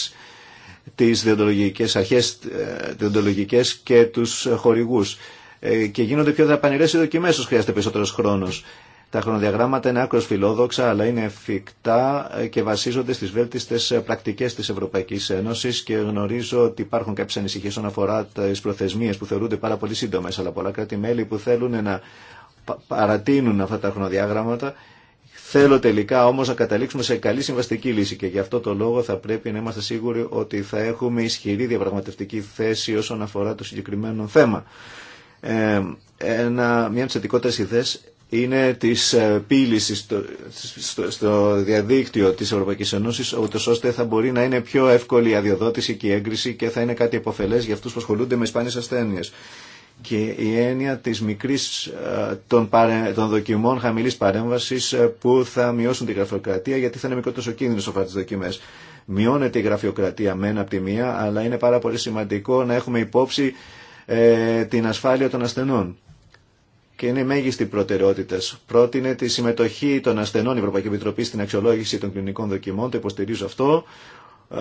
τις διοντολογικές αρχές ε, διοντολογικές και τους χορηγούς ε, και γίνονται πιο δαπανηρές οι δοκιμές όσο χρειάζεται περισσότερος χρόνος. Τα χρονοδιαγράμματα είναι άκρο φιλόδοξα, αλλά είναι εφικτά και βασίζονται στι βέλτιστε πρακτικέ τη Ευρωπαϊκή Ένωση. και γνωρίζω ότι υπάρχουν κάποιε ανησυχίε όσον αφορά τι προθεσμίε που θεωρούνται πάρα σύντομε σύντομες, αλλά πολλά κράτη-μέλη που θέλουν να παρατείνουν αυτά τα χρονοδιάγραμματα Θέλω τελικά όμως να καταλήξουμε σε καλή συμβαστική λύση και γι' αυτό το λόγο θα πρέπει να είμαστε σίγουροι ότι θα έχουμε ισχυρή διαπραγματευτική θέση όσον αφορά το συγκεκριμένο θέμα. Ε, ένα, μια από ιδέες είναι της ε, πύλης στο, στο, στο διαδίκτυο της Ευρωπαϊκής Ένωσης, ούτως ώστε θα μπορεί να είναι πιο εύκολη η αδειοδότηση και η έγκριση και θα είναι κάτι επωφελές για αυτούς που ασχολούνται με σπάνιες ασθένειες. Και η έννοια της μικρής, ε, των, παρε, των δοκιμών χαμηλής παρέμβασης ε, που θα μειώσουν τη γραφειοκρατία γιατί θα είναι μικρότερος ο κίνδυνος σοφά τις δοκιμές. Μειώνεται η γραφειοκρατία μένα από τη μία, αλλά είναι πάρα πολύ σημαντικό να έχουμε υπόψη ε, την ασφάλεια των ασθενών και είναι μέγιστη προτεραιότητα. Πρότεινε τη συμμετοχή των ασθενών η Ευρωπαϊκή Επιτροπή στην αξιολόγηση των κλινικών δοκιμών, το υποστηρίζω αυτό. Ε,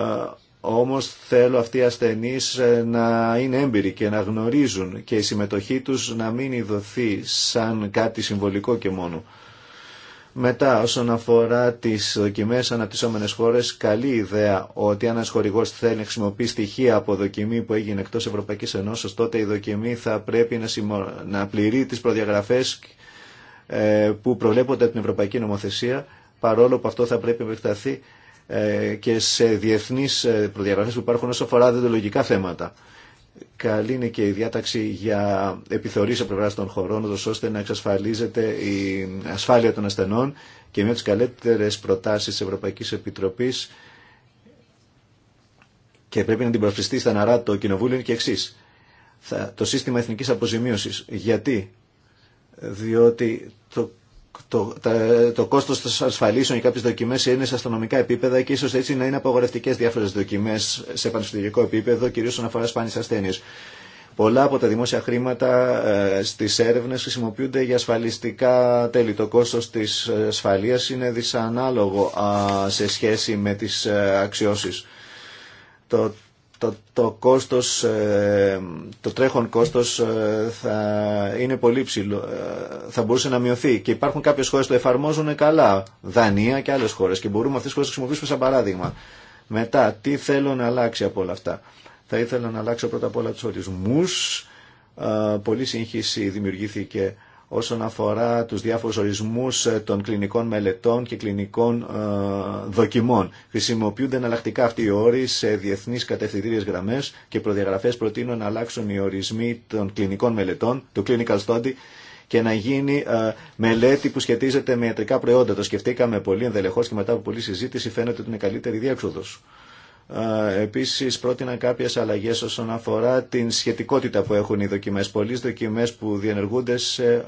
Όμω θέλω αυτοί οι ασθενεί ε, να είναι έμπειροι και να γνωρίζουν και η συμμετοχή του να μην ειδωθεί σαν κάτι συμβολικό και μόνο. Μετά, όσον αφορά τι δοκιμέ αναπτυσσόμενε χώρε, καλή ιδέα ότι αν ένα χορηγό θέλει να χρησιμοποιεί στοιχεία από δοκιμή που έγινε εκτό Ευρωπαϊκή Ενώσεω, τότε η δοκιμή θα πρέπει να, να πληρεί τι προδιαγραφέ ε, που προβλέπονται από την Ευρωπαϊκή Νομοθεσία, παρόλο που αυτό θα πρέπει να επεκταθεί ε, και σε διεθνεί ε, προδιαγραφέ που υπάρχουν όσο αφορά διδολογικά θέματα. Καλή είναι και η διάταξη για επιθεωρήσει από πλευρά των χωρών, ώστε να εξασφαλίζεται η ασφάλεια των ασθενών και μια από τι καλύτερε προτάσει τη Ευρωπαϊκή Επιτροπή και πρέπει να την προσφυστεί στα ναρά το Κοινοβούλιο είναι και εξή. Το σύστημα εθνικής αποζημίωση. Γιατί? Διότι το το, το κόστος των ασφαλίσεων για κάποιες δοκιμές είναι σε αστυνομικά επίπεδα και ίσως έτσι να είναι απαγορευτικές διάφορες δοκιμές σε πανεπιστημιακό επίπεδο, κυρίως όσον αφορά σπάνιες ασθένειες. Πολλά από τα δημόσια χρήματα ε, στις έρευνες χρησιμοποιούνται για ασφαλιστικά τέλη. Το κόστος της ασφαλείας είναι δυσανάλογο σε σχέση με τις αξιώσει. αξιώσεις. Το το, το, κόστος, ε, το τρέχον κόστος ε, θα είναι πολύ ψηλό, ε, θα μπορούσε να μειωθεί. Και υπάρχουν κάποιες χώρες που το εφαρμόζουν καλά, Δανία και άλλες χώρες και μπορούμε αυτές τις χώρες να χρησιμοποιήσουμε σαν παράδειγμα. Μετά, τι θέλω να αλλάξει από όλα αυτά. Θα ήθελα να αλλάξω πρώτα απ' όλα τους ορισμούς. πολύ σύγχυση δημιουργήθηκε όσον αφορά τους διάφορους ορισμούς ε, των κλινικών μελετών και κλινικών ε, δοκιμών. Χρησιμοποιούνται εναλλακτικά αυτοί οι όροι σε διεθνείς κατευθυντήριες γραμμές και προδιαγραφές προτείνουν να αλλάξουν οι ορισμοί των κλινικών μελετών, του clinical study, και να γίνει ε, μελέτη που σχετίζεται με ιατρικά προϊόντα. Το σκεφτήκαμε πολύ ενδελεχώς και μετά από πολλή συζήτηση φαίνεται ότι είναι καλύτερη διέξοδος. Επίσης πρότεινα κάποιες αλλαγές όσον αφορά την σχετικότητα που έχουν οι δοκιμές. Πολλοί δοκιμές που διενεργούνται σε,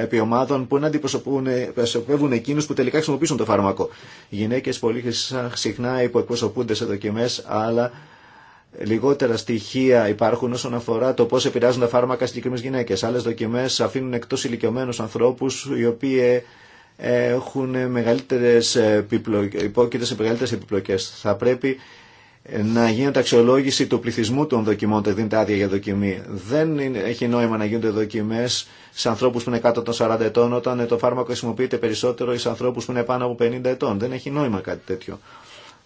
επί ομάδων που αντιπροσωπεύουν εκείνους που τελικά χρησιμοποιήσουν το φάρμακο. Οι γυναίκες πολύ συχνά υποεκπροσωπούνται σε δοκιμές, αλλά λιγότερα στοιχεία υπάρχουν όσον αφορά το πώς επηρεάζουν τα φάρμακα συγκεκριμένες γυναίκες. Άλλες δοκιμές αφήνουν εκτός ηλικιωμένους ανθρώπους οι οποίοι ε, έχουν μεγαλύτερες υπόκειται σε μεγαλύτερες επιπλοκές. Θα πρέπει να γίνεται αξιολόγηση του πληθυσμού των δοκιμών δεν δίνεται άδεια για δοκιμή. Δεν έχει νόημα να γίνονται δοκιμέ σε ανθρώπου που είναι κάτω των 40 ετών όταν ε, το φάρμακο χρησιμοποιείται περισσότερο ή σε ανθρώπου που είναι πάνω από 50 ετών. Δεν έχει νόημα κάτι τέτοιο.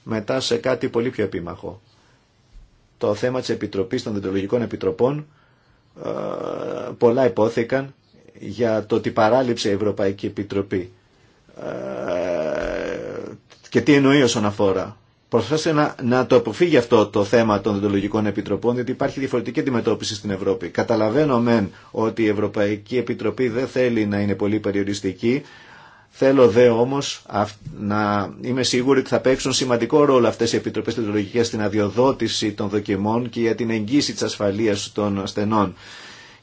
Μετά σε κάτι πολύ πιο επίμαχο. Το θέμα τη Επιτροπή των Δεντρολογικών Επιτροπών. Ε, πολλά υπόθηκαν για το ότι παράληψε η Ευρωπαϊκή Επιτροπή. Ε, και τι εννοεί όσον αφορά Προσπαθώ να, να το αποφύγει αυτό το θέμα των διοντολογικών επιτροπών, διότι υπάρχει διαφορετική αντιμετώπιση στην Ευρώπη. Καταλαβαίνω μεν ότι η Ευρωπαϊκή Επιτροπή δεν θέλει να είναι πολύ περιοριστική. Θέλω δε όμω να είμαι σίγουρη ότι θα παίξουν σημαντικό ρόλο αυτέ οι επιτροπέ δοντολογικέ στην αδειοδότηση των δοκιμών και για την εγγύηση τη ασφαλεία των ασθενών.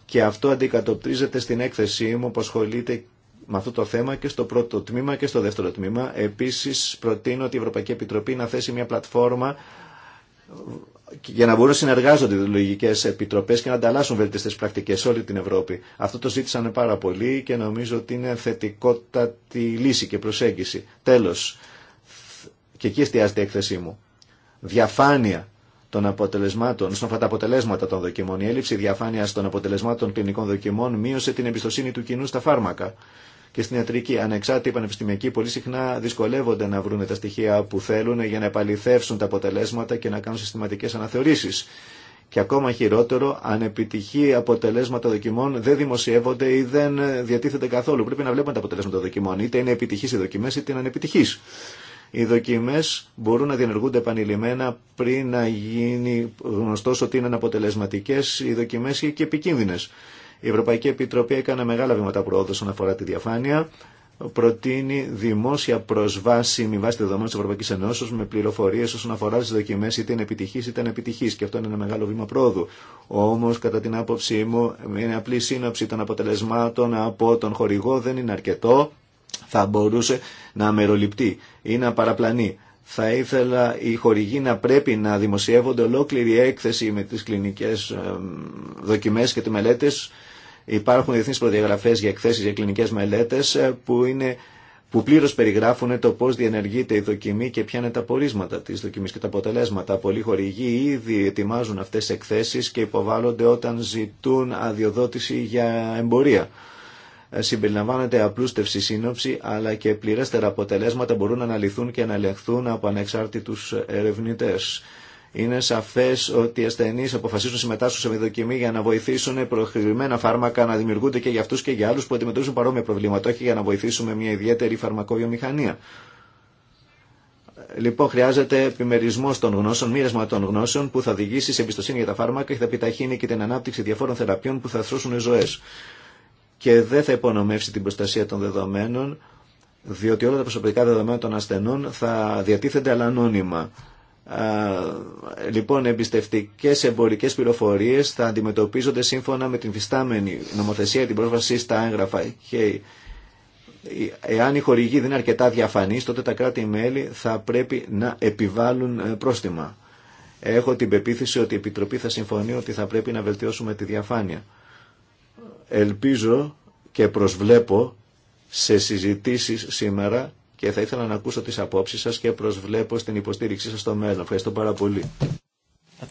Και αυτό αντικατοπτρίζεται στην έκθεσή μου που ασχολείται με αυτό το θέμα και στο πρώτο τμήμα και στο δεύτερο τμήμα. Επίσης προτείνω ότι η Ευρωπαϊκή Επιτροπή να θέσει μια πλατφόρμα για να μπορούν να συνεργάζονται οι λογικές επιτροπέ και να ανταλλάσσουν βέλτιστε πρακτικέ σε όλη την Ευρώπη. Αυτό το ζήτησαν πάρα πολύ και νομίζω ότι είναι θετικότατη λύση και προσέγγιση. Τέλο, και εκεί εστιάζεται η έκθεσή μου. Διαφάνεια των αποτελεσμάτων, όσον τα αποτελέσματα των δοκιμών. Η έλλειψη διαφάνεια των αποτελεσμάτων κλινικών δοκιμών μείωσε την εμπιστοσύνη του κοινού στα φάρμακα και στην ιατρική. Ανεξάρτητοι πανεπιστημιακοί πολύ συχνά δυσκολεύονται να βρουν τα στοιχεία που θέλουν για να επαληθεύσουν τα αποτελέσματα και να κάνουν συστηματικέ αναθεωρήσει. Και ακόμα χειρότερο, αν επιτυχεί αποτελέσματα δοκιμών δεν δημοσιεύονται ή δεν διατίθεται καθόλου. Πρέπει να βλέπουμε τα αποτελέσματα δοκιμών. Είτε είναι επιτυχεί οι δοκιμέ, είτε είναι ανεπιτυχεί. Οι δοκιμέ μπορούν να διενεργούνται επανειλημμένα πριν να γίνει γνωστό ότι είναι αποτελεσματικέ οι δοκιμέ και επικίνδυνε. Η Ευρωπαϊκή Επιτροπή έκανε μεγάλα βήματα προόδου όσον αφορά τη διαφάνεια. Προτείνει δημόσια προσβάσιμη βάση δεδομένων τη Ευρωπαϊκή Ενώσεω με πληροφορίε όσον αφορά τι δοκιμέ, είτε είναι επιτυχή είτε είναι επιτυχή. Και αυτό είναι ένα μεγάλο βήμα πρόοδου. Όμω, κατά την άποψή μου, μια απλή σύνοψη των αποτελεσμάτων από τον χορηγό δεν είναι αρκετό. Θα μπορούσε να αμεροληπτεί ή να παραπλανεί. Θα ήθελα οι χορηγοί να πρέπει να δημοσιεύονται ολόκληρη έκθεση με τι κλινικέ δοκιμέ και τι μελέτε. Υπάρχουν διεθνεί προδιαγραφέ για εκθέσει για κλινικέ μελέτε ε, που, είναι, που πλήρως περιγράφουν το πώ διενεργείται η δοκιμή και ποια είναι τα πορίσματα τη δοκιμή και τα αποτελέσματα. Πολλοί χορηγοί ήδη ετοιμάζουν αυτέ τι εκθέσεις και υποβάλλονται όταν ζητούν αδειοδότηση για εμπορία ε, συμπεριλαμβάνεται απλούστευση σύνοψη, αλλά και πληρέστερα αποτελέσματα μπορούν να αναλυθούν και να ελεγχθούν από ανεξάρτητου ερευνητέ. Είναι σαφέ ότι οι ασθενεί αποφασίζουν να συμμετάσχουν σε δοκιμή για να βοηθήσουν προχειρημένα φάρμακα να δημιουργούνται και για αυτού και για άλλου που αντιμετωπίζουν παρόμοια προβλήματα, όχι για να βοηθήσουμε μια ιδιαίτερη φαρμακοβιομηχανία. Λοιπόν, χρειάζεται επιμερισμό των γνώσεων, μοίρασμα των γνώσεων που θα οδηγήσει σε εμπιστοσύνη για τα φάρμακα και θα επιταχύνει και την ανάπτυξη διαφόρων θεραπείων που θα θρώσουν ζωέ. Και δεν θα υπονομεύσει την προστασία των δεδομένων, διότι όλα τα προσωπικά δεδομένα των ασθενών θα διατίθενται αλλά ανώνυμα λοιπόν, εμπιστευτικές εμπορικές πληροφορίες θα αντιμετωπίζονται σύμφωνα με την φυστάμενη νομοθεσία την πρόσβαση στα έγγραφα και εάν η χορηγή δεν είναι αρκετά διαφανής τότε τα κράτη-μέλη θα πρέπει να επιβάλλουν ε, πρόστιμα. Έχω την πεποίθηση ότι η Επιτροπή θα συμφωνεί ότι θα πρέπει να βελτιώσουμε τη διαφάνεια. Ελπίζω και προσβλέπω σε συζητήσεις σήμερα και θα ήθελα να ακούσω τις απόψεις σας και προσβλέπω στην υποστήριξή σας στο μέλλον. Ευχαριστώ πάρα πολύ.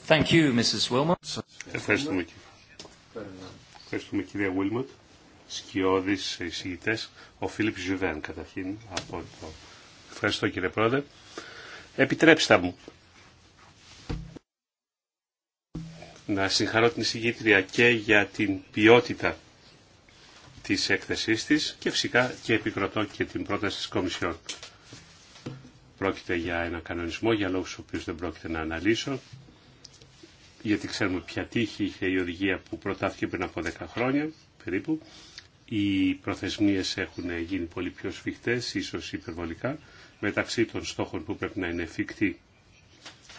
Thank you, Mrs. Wilmot. Ευχαριστούμε, Ευχαριστούμε κύριε Wilmot. Σκιώδης εισηγητές, ο Φίλιπ Ζουβέν καταρχήν από το... Ευχαριστώ κύριε Πρόεδρε. Επιτρέψτε μου να συγχαρώ την εισηγήτρια και για την ποιότητα Τη έκθεσής τη και φυσικά και επικροτώ και την πρόταση της Κομισιόν. Πρόκειται για ένα κανονισμό για λόγους ο οποίους δεν πρόκειται να αναλύσω γιατί ξέρουμε ποια τύχη είχε η οδηγία που προτάθηκε πριν από 10 χρόνια περίπου. Οι πρόθεσμίε έχουν γίνει πολύ πιο σφιχτές, ίσως υπερβολικά, μεταξύ των στόχων που πρέπει να είναι εφικτοί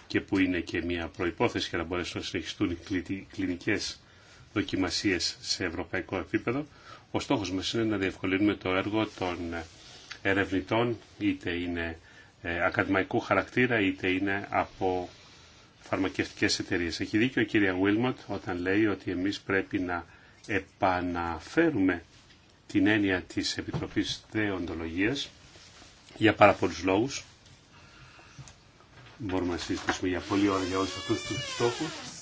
και που είναι και μια προϋπόθεση για να μπορέσουν να συνεχιστούν οι κλινικές δοκιμασίες σε ευρωπαϊκό επίπεδο ο στόχος μας είναι να διευκολύνουμε το έργο των ερευνητών, είτε είναι ε, ακαδημαϊκού χαρακτήρα, είτε είναι από φαρμακευτικές εταιρείες. Έχει δίκιο η κυρία Βίλμοντ όταν λέει ότι εμείς πρέπει να επαναφέρουμε την έννοια της Επιτροπής Δεοντολογίας για πάρα πολλούς λόγους. Μπορούμε να συζητήσουμε για πολλή ώρα για όλους αυτούς τους στόχους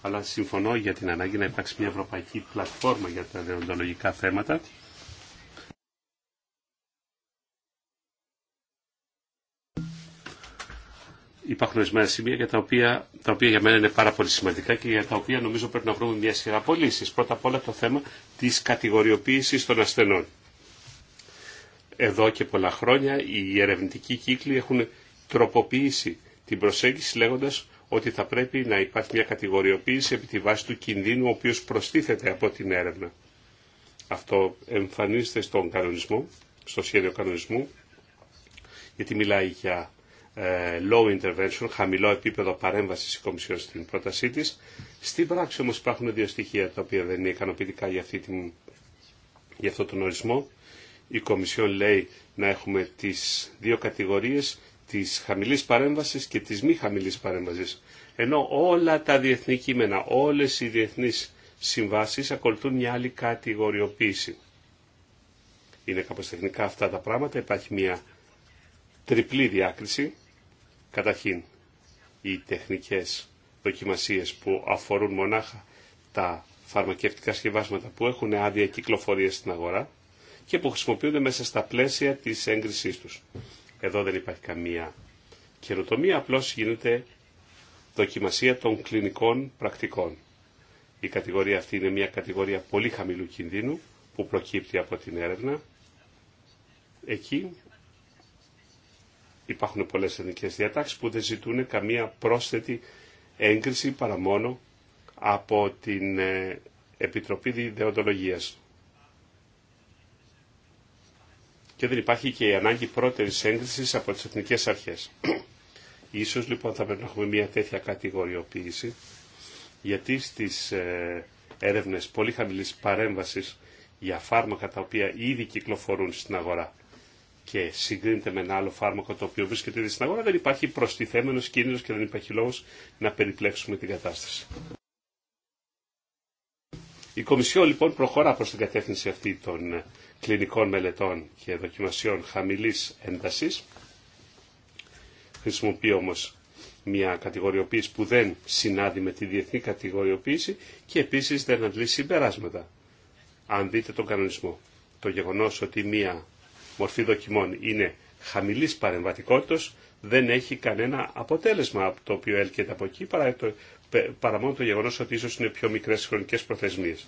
αλλά συμφωνώ για την ανάγκη να υπάρξει μια ευρωπαϊκή πλατφόρμα για τα δεοντολογικά θέματα. Υπάρχουν ορισμένα σημεία για τα οποία, τα οποία για μένα είναι πάρα πολύ σημαντικά και για τα οποία νομίζω πρέπει να βρούμε μια σειρά από Πρώτα απ' όλα το θέμα της κατηγοριοποίησης των ασθενών. Εδώ και πολλά χρόνια οι ερευνητικοί κύκλοι έχουν τροποποιήσει την προσέγγιση λέγοντας ότι θα πρέπει να υπάρχει μια κατηγοριοποίηση επί τη βάση του κινδύνου ο οποίος προστίθεται από την έρευνα. Αυτό εμφανίζεται στον κανονισμό, στο σχέδιο κανονισμού, γιατί μιλάει για ε, low intervention, χαμηλό επίπεδο παρέμβασης η Κομισιόν στην πρότασή της. Στην πράξη όμως υπάρχουν δύο στοιχεία τα οποία δεν είναι ικανοποιητικά για, αυτή την, για αυτό τον ορισμό. Η Κομισιόν λέει να έχουμε τις δύο κατηγορίες της χαμηλής παρέμβασης και της μη χαμηλής παρέμβασης. Ενώ όλα τα διεθνή κείμενα, όλες οι διεθνείς συμβάσεις ακολουθούν μια άλλη κατηγοριοποίηση. Είναι κάπως τεχνικά αυτά τα πράγματα, υπάρχει μια τριπλή διάκριση. Καταρχήν, οι τεχνικές δοκιμασίες που αφορούν μονάχα τα φαρμακευτικά σκευάσματα που έχουν άδεια κυκλοφορία στην αγορά και που χρησιμοποιούνται μέσα στα πλαίσια της έγκρισής τους. Εδώ δεν υπάρχει καμία καινοτομία, απλώς γίνεται δοκιμασία των κλινικών πρακτικών. Η κατηγορία αυτή είναι μια κατηγορία πολύ χαμηλού κινδύνου που προκύπτει από την έρευνα. Εκεί υπάρχουν πολλές εθνικές διατάξεις που δεν ζητούν καμία πρόσθετη έγκριση παρά μόνο από την ε, Επιτροπή του. και δεν υπάρχει και η ανάγκη πρώτερη έγκριση από τι εθνικέ αρχέ. Ίσως λοιπόν θα πρέπει να έχουμε μια τέτοια κατηγοριοποίηση, γιατί στι ε, έρευνες πολύ χαμηλή παρέμβαση για φάρμακα τα οποία ήδη κυκλοφορούν στην αγορά και συγκρίνεται με ένα άλλο φάρμακο το οποίο βρίσκεται ήδη στην αγορά, δεν υπάρχει προστιθέμενος κίνδυνο και δεν υπάρχει λόγο να περιπλέξουμε την κατάσταση. Η Κομισιό λοιπόν προχωρά προ την κατεύθυνση αυτή των ε, κλινικών μελετών και δοκιμασιών χαμηλής έντασης. Χρησιμοποιεί όμως μια κατηγοριοποίηση που δεν συνάδει με τη διεθνή κατηγοριοποίηση και επίσης δεν αντλεί συμπεράσματα. Αν δείτε τον κανονισμό, το γεγονός ότι μια μορφή δοκιμών είναι χαμηλής παρεμβατικότητα, δεν έχει κανένα αποτέλεσμα από το οποίο έλκεται από εκεί παρά, το, μόνο το γεγονός ότι ίσως είναι πιο μικρές χρονικές προθεσμίες.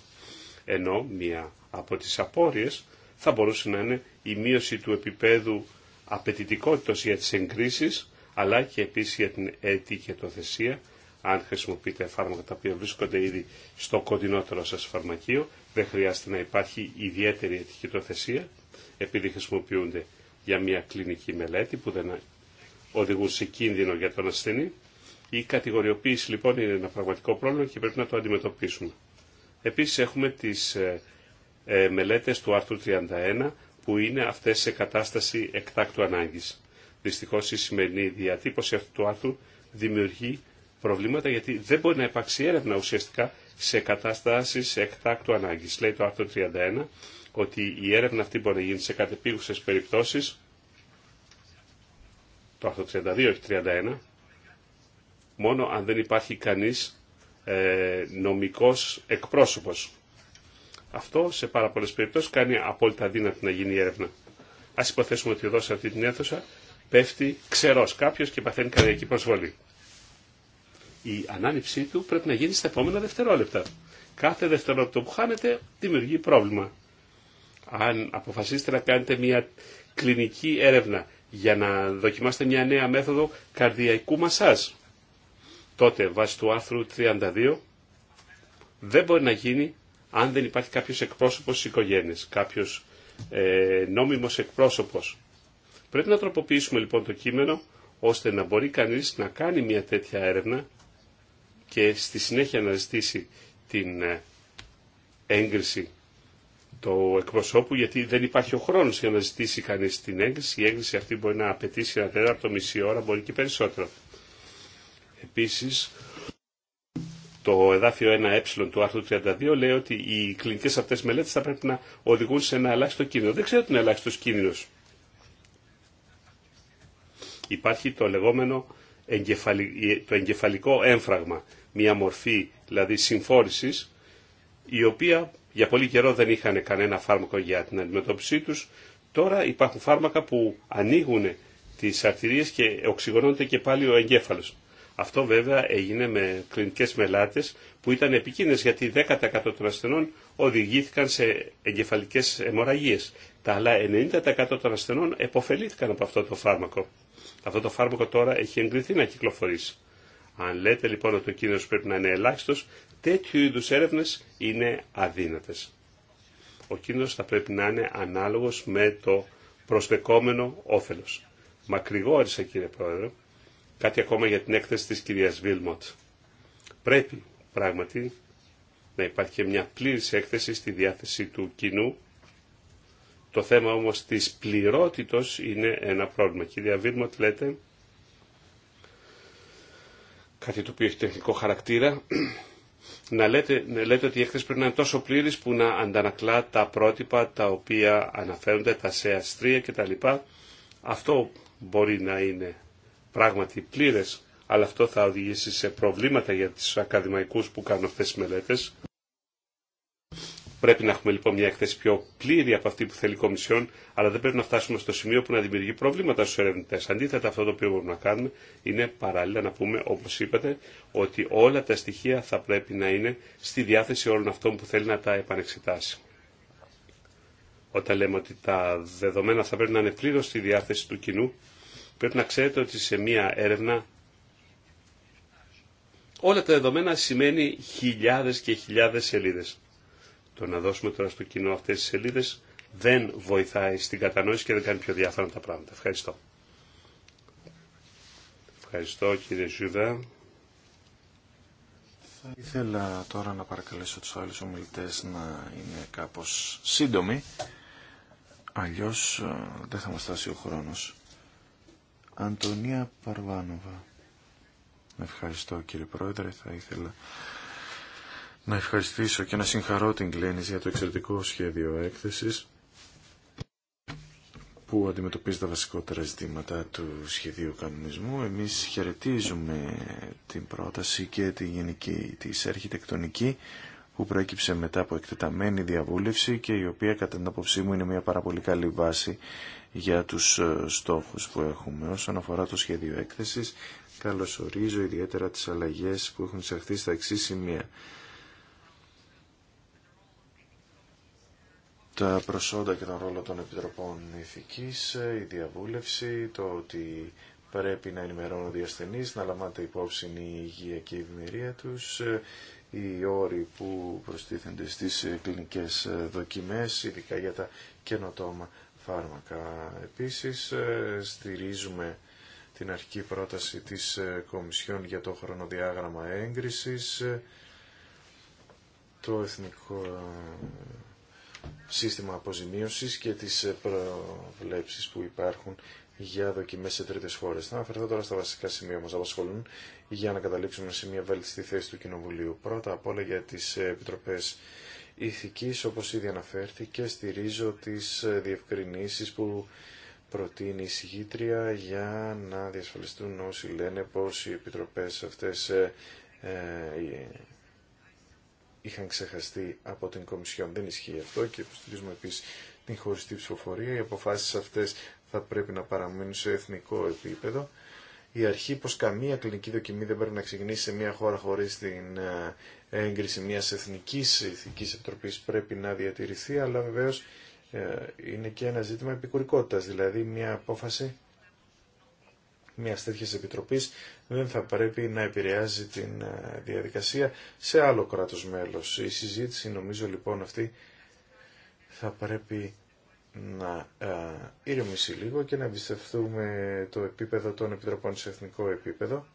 Ενώ μία από τις απόρριες θα μπορούσε να είναι η μείωση του επίπεδου απαιτητικότητας για τις εγκρίσεις, αλλά και επίσης για την ετικετοθεσία, αν χρησιμοποιείτε φάρμακα τα οποία βρίσκονται ήδη στο κοντινότερο σας φαρμακείο, δεν χρειάζεται να υπάρχει ιδιαίτερη ετικετοθεσία, επειδή χρησιμοποιούνται για μια κλινική μελέτη που δεν οδηγούν σε κίνδυνο για τον ασθενή. Η κατηγοριοποίηση λοιπόν είναι ένα πραγματικό πρόβλημα και πρέπει να το αντιμετωπίσουμε. Επίσης έχουμε τις ε, ε, μελέτες του άρθρου 31 που είναι αυτές σε κατάσταση εκτάκτου ανάγκης. Δυστυχώς η σημερινή διατύπωση αυτού του άρθρου δημιουργεί προβλήματα γιατί δεν μπορεί να υπάρξει έρευνα ουσιαστικά σε κατάσταση εκτάκτου ανάγκης. Λέει το άρθρο 31 ότι η έρευνα αυτή μπορεί να γίνει σε κατεπίγουσες περιπτώσεις το άρθρο 32 όχι 31 μόνο αν δεν υπάρχει κανείς ε, νομικός εκπρόσωπος. Αυτό σε πάρα πολλέ περιπτώσει κάνει απόλυτα δύνατη να γίνει η έρευνα. Α υποθέσουμε ότι εδώ σε αυτή την αίθουσα πέφτει ξερό κάποιο και παθαίνει καρδιακή προσβολή. Η ανάληψή του πρέπει να γίνει στα επόμενα δευτερόλεπτα. Κάθε δευτερόλεπτο που χάνεται δημιουργεί πρόβλημα. Αν αποφασίσετε να κάνετε μια κλινική έρευνα για να δοκιμάσετε μια νέα μέθοδο καρδιακού μασάζ, τότε βάσει του άρθρου 32 δεν μπορεί να γίνει αν δεν υπάρχει κάποιος εκπρόσωπος της οικογένειας, κάποιος ε, νόμιμος εκπρόσωπος. Πρέπει να τροποποιήσουμε λοιπόν το κείμενο ώστε να μπορεί κανείς να κάνει μια τέτοια έρευνα και στη συνέχεια να ζητήσει την ε, έγκριση του εκπροσώπου γιατί δεν υπάρχει ο χρόνος για να ζητήσει κανείς την έγκριση. Η έγκριση αυτή μπορεί να απαιτήσει ένα τέταρτο, μισή ώρα, μπορεί και περισσότερο. Επίσης, το εδάφιο 1ε του άρθρου 32 λέει ότι οι κλινικέ αυτέ μελέτε θα πρέπει να οδηγούν σε ένα ελάχιστο κίνδυνο. Δεν ξέρω τι είναι ελάχιστο κίνδυνο. Υπάρχει το λεγόμενο το εγκεφαλικό έμφραγμα, μια μορφή δηλαδή συμφόρηση, η οποία για πολύ καιρό δεν είχαν κανένα φάρμακο για την αντιμετώπιση του. Τώρα υπάρχουν φάρμακα που ανοίγουν τις αρτηρίες και οξυγονώνεται και πάλι ο εγκέφαλο. Αυτό βέβαια έγινε με κλινικές μελάτε που ήταν επικίνδυνες γιατί 10% των ασθενών οδηγήθηκαν σε εγκεφαλικές αιμορραγίες. Τα άλλα 90% των ασθενών επωφελήθηκαν από αυτό το φάρμακο. Αυτό το φάρμακο τώρα έχει εγκριθεί να κυκλοφορήσει. Αν λέτε λοιπόν ότι ο κίνδυνος πρέπει να είναι ελάχιστο, τέτοιου είδου έρευνε είναι αδύνατε. Ο κίνδυνο θα πρέπει να είναι ανάλογο με το προσδεκόμενο όφελο. Μακρηγόρησα κύριε Πρόεδρε, Κάτι ακόμα για την έκθεση της κυρίας Βίλμοτ. Πρέπει πράγματι να υπάρχει και μια πλήρης έκθεση στη διάθεση του κοινού. Το θέμα όμως της πληρότητος είναι ένα πρόβλημα. Κυρία Βίλμοτ λέτε κάτι το οποίο έχει τεχνικό χαρακτήρα, να λέτε, να λέτε ότι η έκθεση πρέπει να είναι τόσο πλήρης που να αντανακλά τα πρότυπα τα οποία αναφέρονται, τα σε αστρία κτλ. Αυτό μπορεί να είναι πράγματι πλήρες, αλλά αυτό θα οδηγήσει σε προβλήματα για τους ακαδημαϊκούς που κάνουν αυτές τις μελέτες. Πρέπει να έχουμε λοιπόν μια εκθέση πιο πλήρη από αυτή που θέλει η Κομισιόν, αλλά δεν πρέπει να φτάσουμε στο σημείο που να δημιουργεί προβλήματα στου ερευνητέ. Αντίθετα, αυτό το οποίο μπορούμε να κάνουμε είναι παράλληλα να πούμε, όπω είπατε, ότι όλα τα στοιχεία θα πρέπει να είναι στη διάθεση όλων αυτών που θέλει να τα επανεξετάσει. Όταν λέμε ότι τα δεδομένα θα πρέπει να είναι πλήρω στη διάθεση του κοινού, Πρέπει να ξέρετε ότι σε μία έρευνα όλα τα δεδομένα σημαίνει χιλιάδες και χιλιάδες σελίδες. Το να δώσουμε τώρα στο κοινό αυτές τις σελίδες δεν βοηθάει στην κατανόηση και δεν κάνει πιο διάφορα τα πράγματα. Ευχαριστώ. Ευχαριστώ κύριε Ζούδα. Θα ήθελα τώρα να παρακαλέσω τους άλλους ομιλητές να είναι κάπως σύντομοι, αλλιώς ε, δεν θα μας φτάσει ο χρόνος. Αντωνία Παρβάνοβα. Ευχαριστώ κύριε Πρόεδρε, θα ήθελα να ευχαριστήσω και να συγχαρώ την Κλένης για το εξαιρετικό σχέδιο έκθεσης που αντιμετωπίζει τα βασικότερα ζητήματα του σχεδίου κανονισμού. Εμείς χαιρετίζουμε την πρόταση και τη γενική της αρχιτεκτονική που προέκυψε μετά από εκτεταμένη διαβούλευση και η οποία κατά την απόψή μου είναι μια πάρα πολύ καλή βάση για τους ε, στόχους που έχουμε. Όσον αφορά το σχέδιο έκθεσης, καλωσορίζω ιδιαίτερα τις αλλαγές που έχουν εισαχθεί στα εξή σημεία. Τα προσόντα και τον ρόλο των Επιτροπών Ηθικής, ε, η διαβούλευση, το ότι πρέπει να ενημερώνουν οι να λαμβάνεται υπόψη η υγεία και η ευημερία τους, ε, οι όροι που προστίθενται στις κλινικές δοκιμές, ειδικά για τα καινοτόμα φάρμακα. Επίσης ε, στηρίζουμε την αρχική πρόταση της ε, Κομισιόν για το χρονοδιάγραμμα έγκρισης, το Εθνικό ε, Σύστημα Αποζημίωσης και τις προβλέψεις που υπάρχουν για δοκιμές σε τρίτες χώρες. Θα αναφερθώ τώρα στα βασικά σημεία που μας απασχολούν για να καταλήξουμε σε μια βέλτιστη θέση του Κοινοβουλίου. Πρώτα απ' όλα για τις επιτροπές ηθικής, όπως ήδη αναφέρθηκε, στηρίζω τις ε, διευκρινήσεις που προτείνει η συγγήτρια για να διασφαλιστούν όσοι λένε πως οι επιτροπές αυτές ε, ε, είχαν ξεχαστεί από την Κομισιόν. Δεν ισχύει αυτό και υποστηρίζουμε επίσης την χωριστή ψηφοφορία. Οι αποφάσεις αυτές θα πρέπει να παραμείνουν σε εθνικό επίπεδο η αρχή πως καμία κλινική δοκιμή δεν πρέπει να ξεκινήσει σε μια χώρα χωρίς την ε, έγκριση μιας εθνικής ηθικής επιτροπής πρέπει να διατηρηθεί, αλλά βεβαίως ε, είναι και ένα ζήτημα επικουρικότητας, δηλαδή μια απόφαση μια τέτοια επιτροπή δεν θα πρέπει να επηρεάζει την ε, διαδικασία σε άλλο κράτο μέλο. Η συζήτηση νομίζω λοιπόν αυτή θα πρέπει να ε, ηρεμήσει λίγο και να εμπιστευτούμε το επίπεδο των επιτροπών σε εθνικό επίπεδο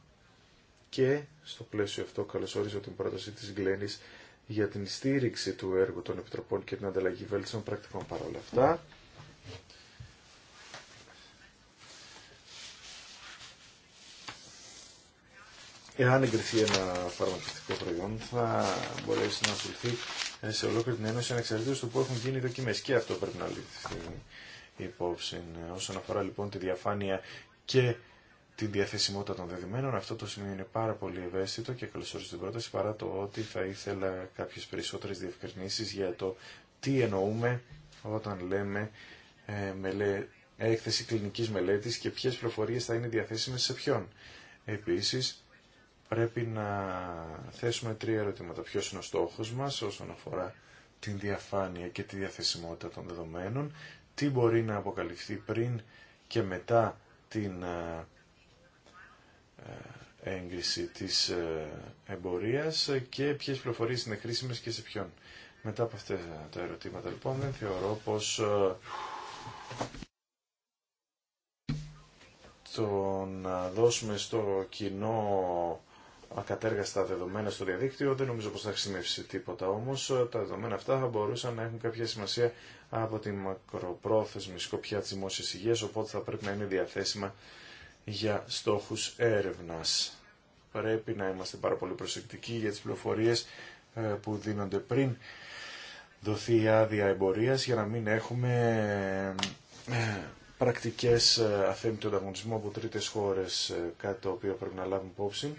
και στο πλαίσιο αυτό καλωσορίζω την πρόταση της Γκλένης για την στήριξη του έργου των επιτροπών και την ανταλλαγή βέλτιστων πρακτικών παρόλα αυτά. εάν εγκριθεί ένα φαρμακευτικό προϊόν, θα μπορέσει να ασχοληθεί σε ολόκληρη την Ένωση ανεξαρτήτως του που έχουν γίνει οι δοκιμές. Και αυτό πρέπει να ληφθεί υπόψη. Όσον αφορά λοιπόν τη διαφάνεια και την διαθεσιμότητα των δεδομένων, αυτό το σημείο είναι πάρα πολύ ευαίσθητο και καλωσορίζω την πρόταση παρά το ότι θα ήθελα κάποιε περισσότερε διευκρινήσει για το τι εννοούμε όταν λέμε ε, έκθεση κλινική μελέτη και ποιε πληροφορίε θα είναι διαθέσιμε σε ποιον. Επίσης, πρέπει να θέσουμε τρία ερωτήματα. ποιο είναι ο στόχο μας όσον αφορά την διαφάνεια και τη διαθεσιμότητα των δεδομένων, τι μπορεί να αποκαλυφθεί πριν και μετά την ε, ε, έγκριση της ε, εμπορίας και ποιες πληροφορίες είναι χρήσιμες και σε ποιον. Μετά από αυτά τα ερωτήματα λοιπόν δεν θεωρώ πως το να δώσουμε στο κοινό ακατέργαστα δεδομένα στο διαδίκτυο. Δεν νομίζω πως θα χρησιμεύσει τίποτα όμως. Τα δεδομένα αυτά θα μπορούσαν να έχουν κάποια σημασία από τη μακροπρόθεσμη σκοπιά της δημόσιας υγείας, οπότε θα πρέπει να είναι διαθέσιμα για στόχους έρευνας. Πρέπει να είμαστε πάρα πολύ προσεκτικοί για τις πληροφορίες ε, που δίνονται πριν δοθεί η άδεια εμπορίας για να μην έχουμε ε, πρακτικές ε, του ανταγωνισμού από τρίτες χώρες, κάτι το οποίο πρέπει να λάβουμε υπόψη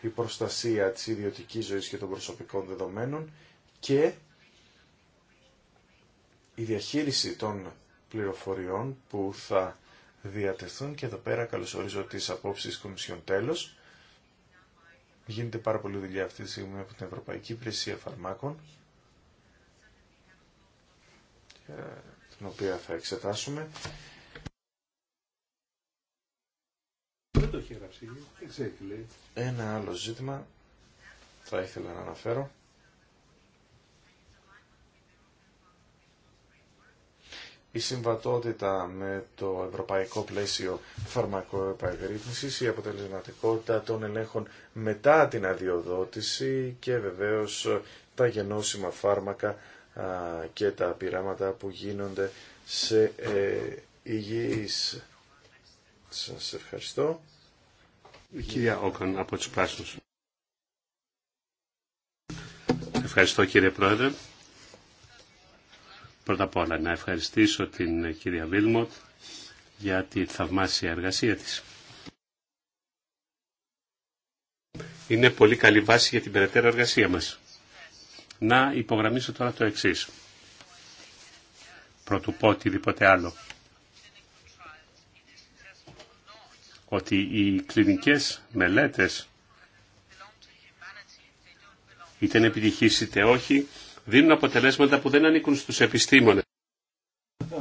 η προστασία της ιδιωτικής ζωής και των προσωπικών δεδομένων και η διαχείριση των πληροφοριών που θα διατεθούν και εδώ πέρα καλωσορίζω τις απόψεις Κομισιόν τέλος. Γίνεται πάρα πολύ δουλειά αυτή τη στιγμή από την Ευρωπαϊκή Υπηρεσία Φαρμάκων ε, την οποία θα εξετάσουμε Ένα άλλο ζήτημα θα ήθελα να αναφέρω. η συμβατότητα με το ευρωπαϊκό πλαίσιο φαρμακοεπαγρύπνησης, η αποτελεσματικότητα των ελέγχων μετά την αδειοδότηση και βεβαίως τα γενώσιμα φάρμακα και τα πειράματα που γίνονται σε ε, υγιείς σας ευχαριστώ. Η κυρία Όκον από τους Πράσινους. Ευχαριστώ κύριε Πρόεδρε. Πρώτα απ' όλα να ευχαριστήσω την κυρία Βίλμοτ για τη θαυμάσια εργασία της. Είναι πολύ καλή βάση για την περαιτέρω εργασία μας. Να υπογραμμίσω τώρα το εξής. Πρωτού πω οτιδήποτε άλλο. ότι οι κλινικές μελέτες είτε είναι επιτυχής είτε όχι, δίνουν αποτελέσματα που δεν ανήκουν στους επιστήμονες,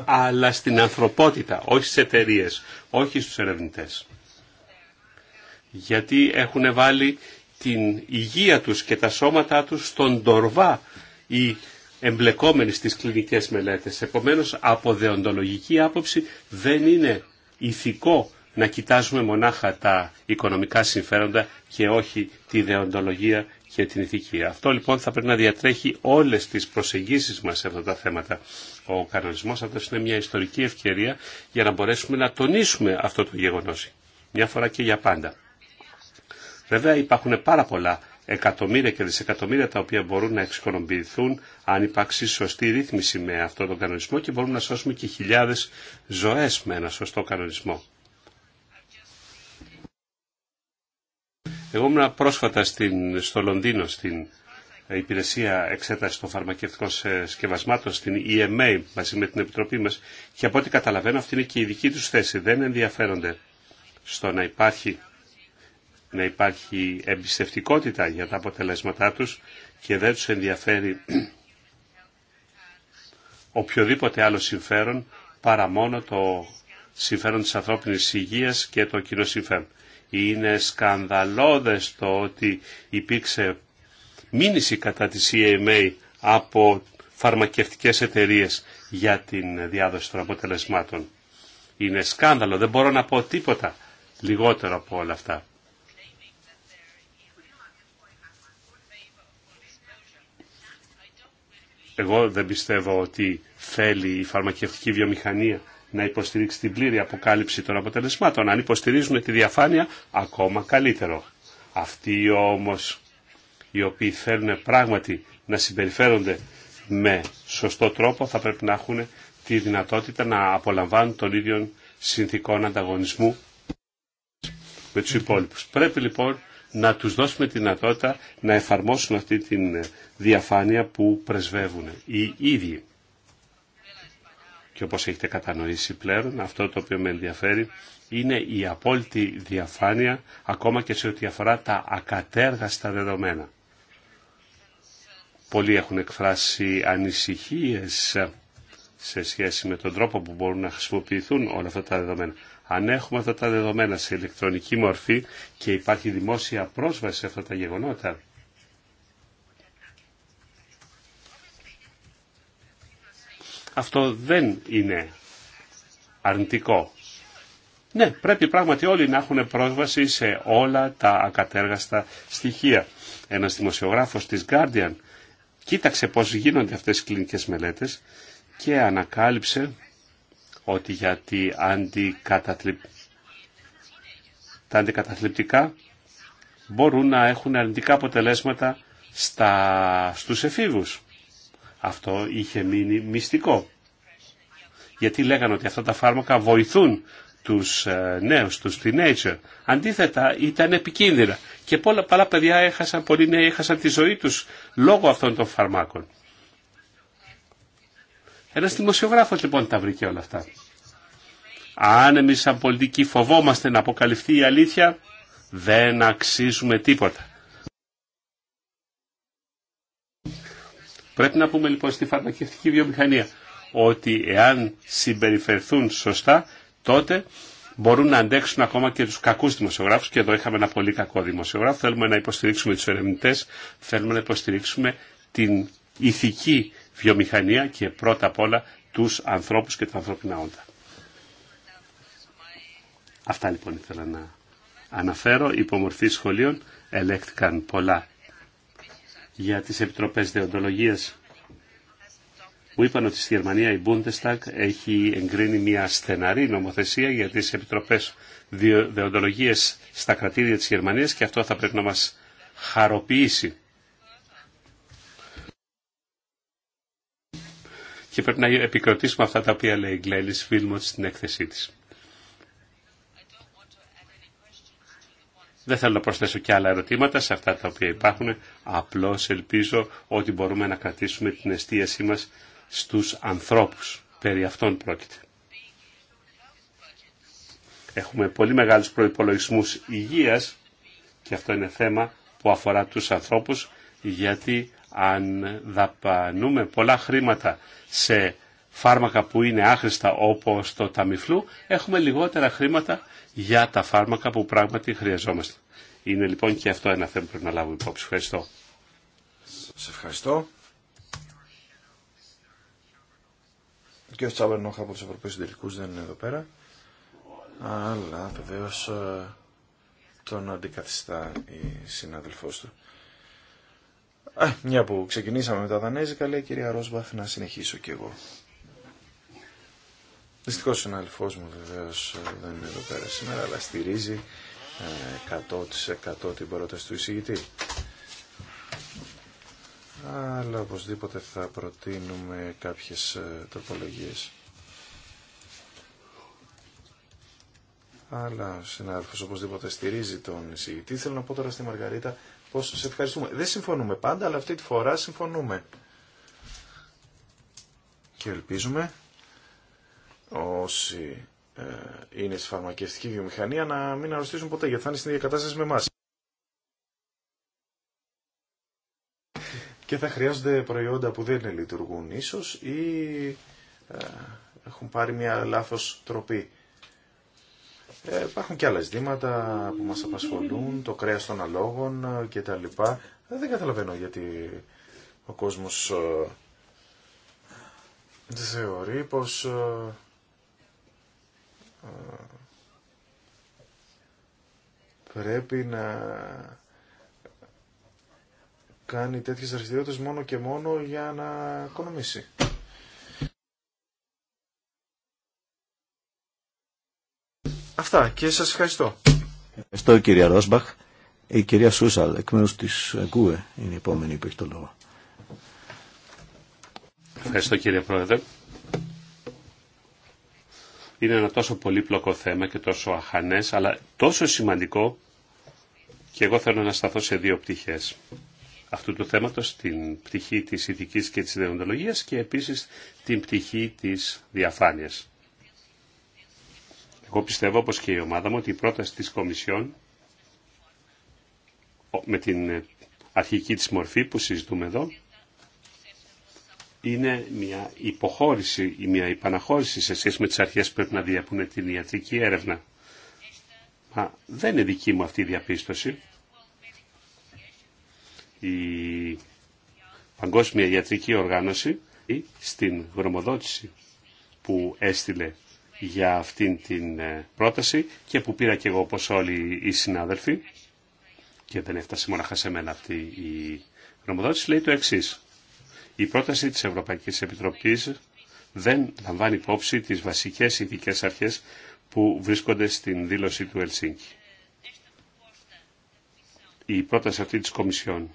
αλλά στην ανθρωπότητα, όχι στις εταιρείε, όχι στους ερευνητές. Γιατί έχουν βάλει την υγεία τους και τα σώματά τους στον τορβά οι εμπλεκόμενοι στις κλινικές μελέτες. Επομένως, από δεοντολογική άποψη δεν είναι ηθικό να κοιτάζουμε μονάχα τα οικονομικά συμφέροντα και όχι τη δεοντολογία και την ηθική. Αυτό λοιπόν θα πρέπει να διατρέχει όλες τις προσεγγίσεις μας σε αυτά τα θέματα. Ο κανονισμός αυτός είναι μια ιστορική ευκαιρία για να μπορέσουμε να τονίσουμε αυτό το γεγονός. Μια φορά και για πάντα. Βέβαια υπάρχουν πάρα πολλά εκατομμύρια και δισεκατομμύρια τα οποία μπορούν να εξοικονομηθούν αν υπάρξει σωστή ρύθμιση με αυτόν τον κανονισμό και μπορούμε να σώσουμε και χιλιάδες ζωές με ένα σωστό κανονισμό. Εγώ ήμουν πρόσφατα στην, στο Λονδίνο στην υπηρεσία εξέταση των φαρμακευτικών σκευασμάτων, στην EMA μαζί με την Επιτροπή μας και από ό,τι καταλαβαίνω αυτή είναι και η δική τους θέση. Δεν ενδιαφέρονται στο να υπάρχει, να υπάρχει εμπιστευτικότητα για τα αποτελέσματά τους και δεν τους ενδιαφέρει οποιοδήποτε άλλο συμφέρον παρά μόνο το συμφέρον της ανθρώπινης υγείας και το κοινό συμφέρον. Είναι σκανδαλώδες το ότι υπήρξε μήνυση κατά τη CMA e από φαρμακευτικές εταιρείες για την διάδοση των αποτελεσμάτων. Είναι σκάνδαλο, δεν μπορώ να πω τίποτα λιγότερο από όλα αυτά. Εγώ δεν πιστεύω ότι θέλει η φαρμακευτική βιομηχανία να υποστηρίξει την πλήρη αποκάλυψη των αποτελεσμάτων. Αν υποστηρίζουν τη διαφάνεια, ακόμα καλύτερο. Αυτοί όμως οι οποίοι θέλουν πράγματι να συμπεριφέρονται με σωστό τρόπο θα πρέπει να έχουν τη δυνατότητα να απολαμβάνουν τον ίδιο συνθήκων ανταγωνισμού με τους υπόλοιπους. Πρέπει λοιπόν να τους δώσουμε τη δυνατότητα να εφαρμόσουν αυτή τη διαφάνεια που πρεσβεύουν οι ίδιοι. Και όπως έχετε κατανοήσει πλέον, αυτό το οποίο με ενδιαφέρει είναι η απόλυτη διαφάνεια ακόμα και σε ό,τι αφορά τα ακατέργαστα δεδομένα. Πολλοί έχουν εκφράσει ανησυχίες σε σχέση με τον τρόπο που μπορούν να χρησιμοποιηθούν όλα αυτά τα δεδομένα. Αν έχουμε αυτά τα δεδομένα σε ηλεκτρονική μορφή και υπάρχει δημόσια πρόσβαση σε αυτά τα γεγονότα, Αυτό δεν είναι αρνητικό. Ναι, πρέπει πράγματι όλοι να έχουν πρόσβαση σε όλα τα ακατέργαστα στοιχεία. Ένας δημοσιογράφος της Guardian κοίταξε πώς γίνονται αυτές οι κλινικές μελέτες και ανακάλυψε ότι γιατί τα αντικαταθλιπτικά μπορούν να έχουν αρνητικά αποτελέσματα στα... στους εφήβους. Αυτό είχε μείνει μυστικό. Γιατί λέγανε ότι αυτά τα φάρμακα βοηθούν τους ε, νέους, τους teenager. Αντίθετα ήταν επικίνδυνα και πολλά πολλά παιδιά έχασαν, πολλοί νέοι έχασαν τη ζωή τους λόγω αυτών των φαρμάκων. Ένας δημοσιογράφος λοιπόν τα βρήκε όλα αυτά. Αν εμείς σαν πολιτικοί φοβόμαστε να αποκαλυφθεί η αλήθεια, δεν αξίζουμε τίποτα. Πρέπει να πούμε λοιπόν στη φαρμακευτική βιομηχανία ότι εάν συμπεριφερθούν σωστά, τότε μπορούν να αντέξουν ακόμα και τους κακούς δημοσιογράφους και εδώ είχαμε ένα πολύ κακό δημοσιογράφο. Θέλουμε να υποστηρίξουμε τους ερευνητέ, θέλουμε να υποστηρίξουμε την ηθική βιομηχανία και πρώτα απ' όλα τους ανθρώπους και τα ανθρώπινα όντα. Αυτά λοιπόν ήθελα να αναφέρω υπό σχολείων. Ελέγχθηκαν πολλά για τις επιτροπές δεοντολογίας που είπαν ότι στη Γερμανία η Bundestag έχει εγκρίνει μια στεναρή νομοθεσία για τις επιτροπές δεοντολογίας στα κρατήρια της Γερμανίας και αυτό θα πρέπει να μας χαροποιήσει. Και πρέπει να επικροτήσουμε αυτά τα οποία λέει η Γκλέλης Φίλμοντ στην έκθεσή της. Δεν θέλω να προσθέσω και άλλα ερωτήματα σε αυτά τα οποία υπάρχουν. Απλώς ελπίζω ότι μπορούμε να κρατήσουμε την εστίασή μας στους ανθρώπους. Περί αυτών πρόκειται. Έχουμε πολύ μεγάλους προϋπολογισμούς υγείας και αυτό είναι θέμα που αφορά τους ανθρώπους γιατί αν δαπανούμε πολλά χρήματα σε φάρμακα που είναι άχρηστα όπως το ταμιφλού, έχουμε λιγότερα χρήματα για τα φάρμακα που πράγματι χρειαζόμαστε. Είναι λοιπόν και αυτό ένα θέμα που πρέπει να λάβουμε υπόψη. Ευχαριστώ. Σε ευχαριστώ. Ο κ. Τσάβερνόχα από του Ευρωπαίου Συντελικού δεν είναι εδώ πέρα. Αλλά βεβαίω ε, τον αντικαθιστά η συνάδελφό του. Α, ε, μια που ξεκινήσαμε με τα Δανέζικα, λέει η κυρία Ρόσμπαχ, να συνεχίσω κι εγώ. Δυστυχώ ο αδελφό μου βεβαίω ε, δεν είναι εδώ πέρα σήμερα, αλλά στηρίζει ε, 100% την πρόταση του εισηγητή. Αλλά οπωσδήποτε θα προτείνουμε κάποιες ε, τροπολογίες. Αλλά ο συνάδελφος οπωσδήποτε στηρίζει τον εισηγητή. Θέλω να πω τώρα στη Μαργαρίτα πως σε ευχαριστούμε. Δεν συμφωνούμε πάντα, αλλά αυτή τη φορά συμφωνούμε. Και ελπίζουμε όσοι ε, είναι στη φαρμακευτική βιομηχανία να μην αρρωστήσουν ποτέ γιατί θα είναι στην ίδια κατάσταση με εμά. Και θα χρειάζονται προϊόντα που δεν λειτουργούν ίσως ή ε, έχουν πάρει μια λάθος τροπή. Ε, υπάρχουν και άλλα ζητήματα που μας απασχολούν, το κρέας των αλόγων ε, και τα λοιπά. Δεν καταλαβαίνω γιατί ο κόσμος θεωρεί πως πρέπει να κάνει τέτοιες δραστηριότητες μόνο και μόνο για να οικονομήσει. Αυτά και σας ευχαριστώ. Ευχαριστώ κυρία Ρόσμπαχ. Η κυρία Σούσαλ, εκ μέρους της ΚΟΥΕ, είναι η επόμενη που έχει το λόγο. Ευχαριστώ κύριε Πρόεδρε είναι ένα τόσο πολύπλοκο θέμα και τόσο αχανές, αλλά τόσο σημαντικό και εγώ θέλω να σταθώ σε δύο πτυχές αυτού του θέματος, την πτυχή της ηθικής και της ιδεοντολογίας και επίσης την πτυχή της διαφάνειας. Εγώ πιστεύω, όπως και η ομάδα μου, ότι η πρόταση της Κομισιόν με την αρχική της μορφή που συζητούμε εδώ είναι μια υποχώρηση ή μια υπαναχώρηση σε σχέση με τις αρχές που πρέπει να διέπουν την ιατρική έρευνα. δεν είναι δική μου αυτή η διαπίστωση. Η Παγκόσμια Ιατρική Οργάνωση στην γρομοδότηση που έστειλε για αυτήν την ε, πρόταση και που πήρα και εγώ όπως όλοι οι συνάδελφοι και δεν έφτασε μόνο σε αυτή η γνωμοδότηση λέει το εξής η πρόταση της Ευρωπαϊκής Επιτροπής δεν λαμβάνει υπόψη τις βασικές ειδικές αρχές που βρίσκονται στην δήλωση του Ελσίνκη. Η πρόταση αυτή της Κομισιόν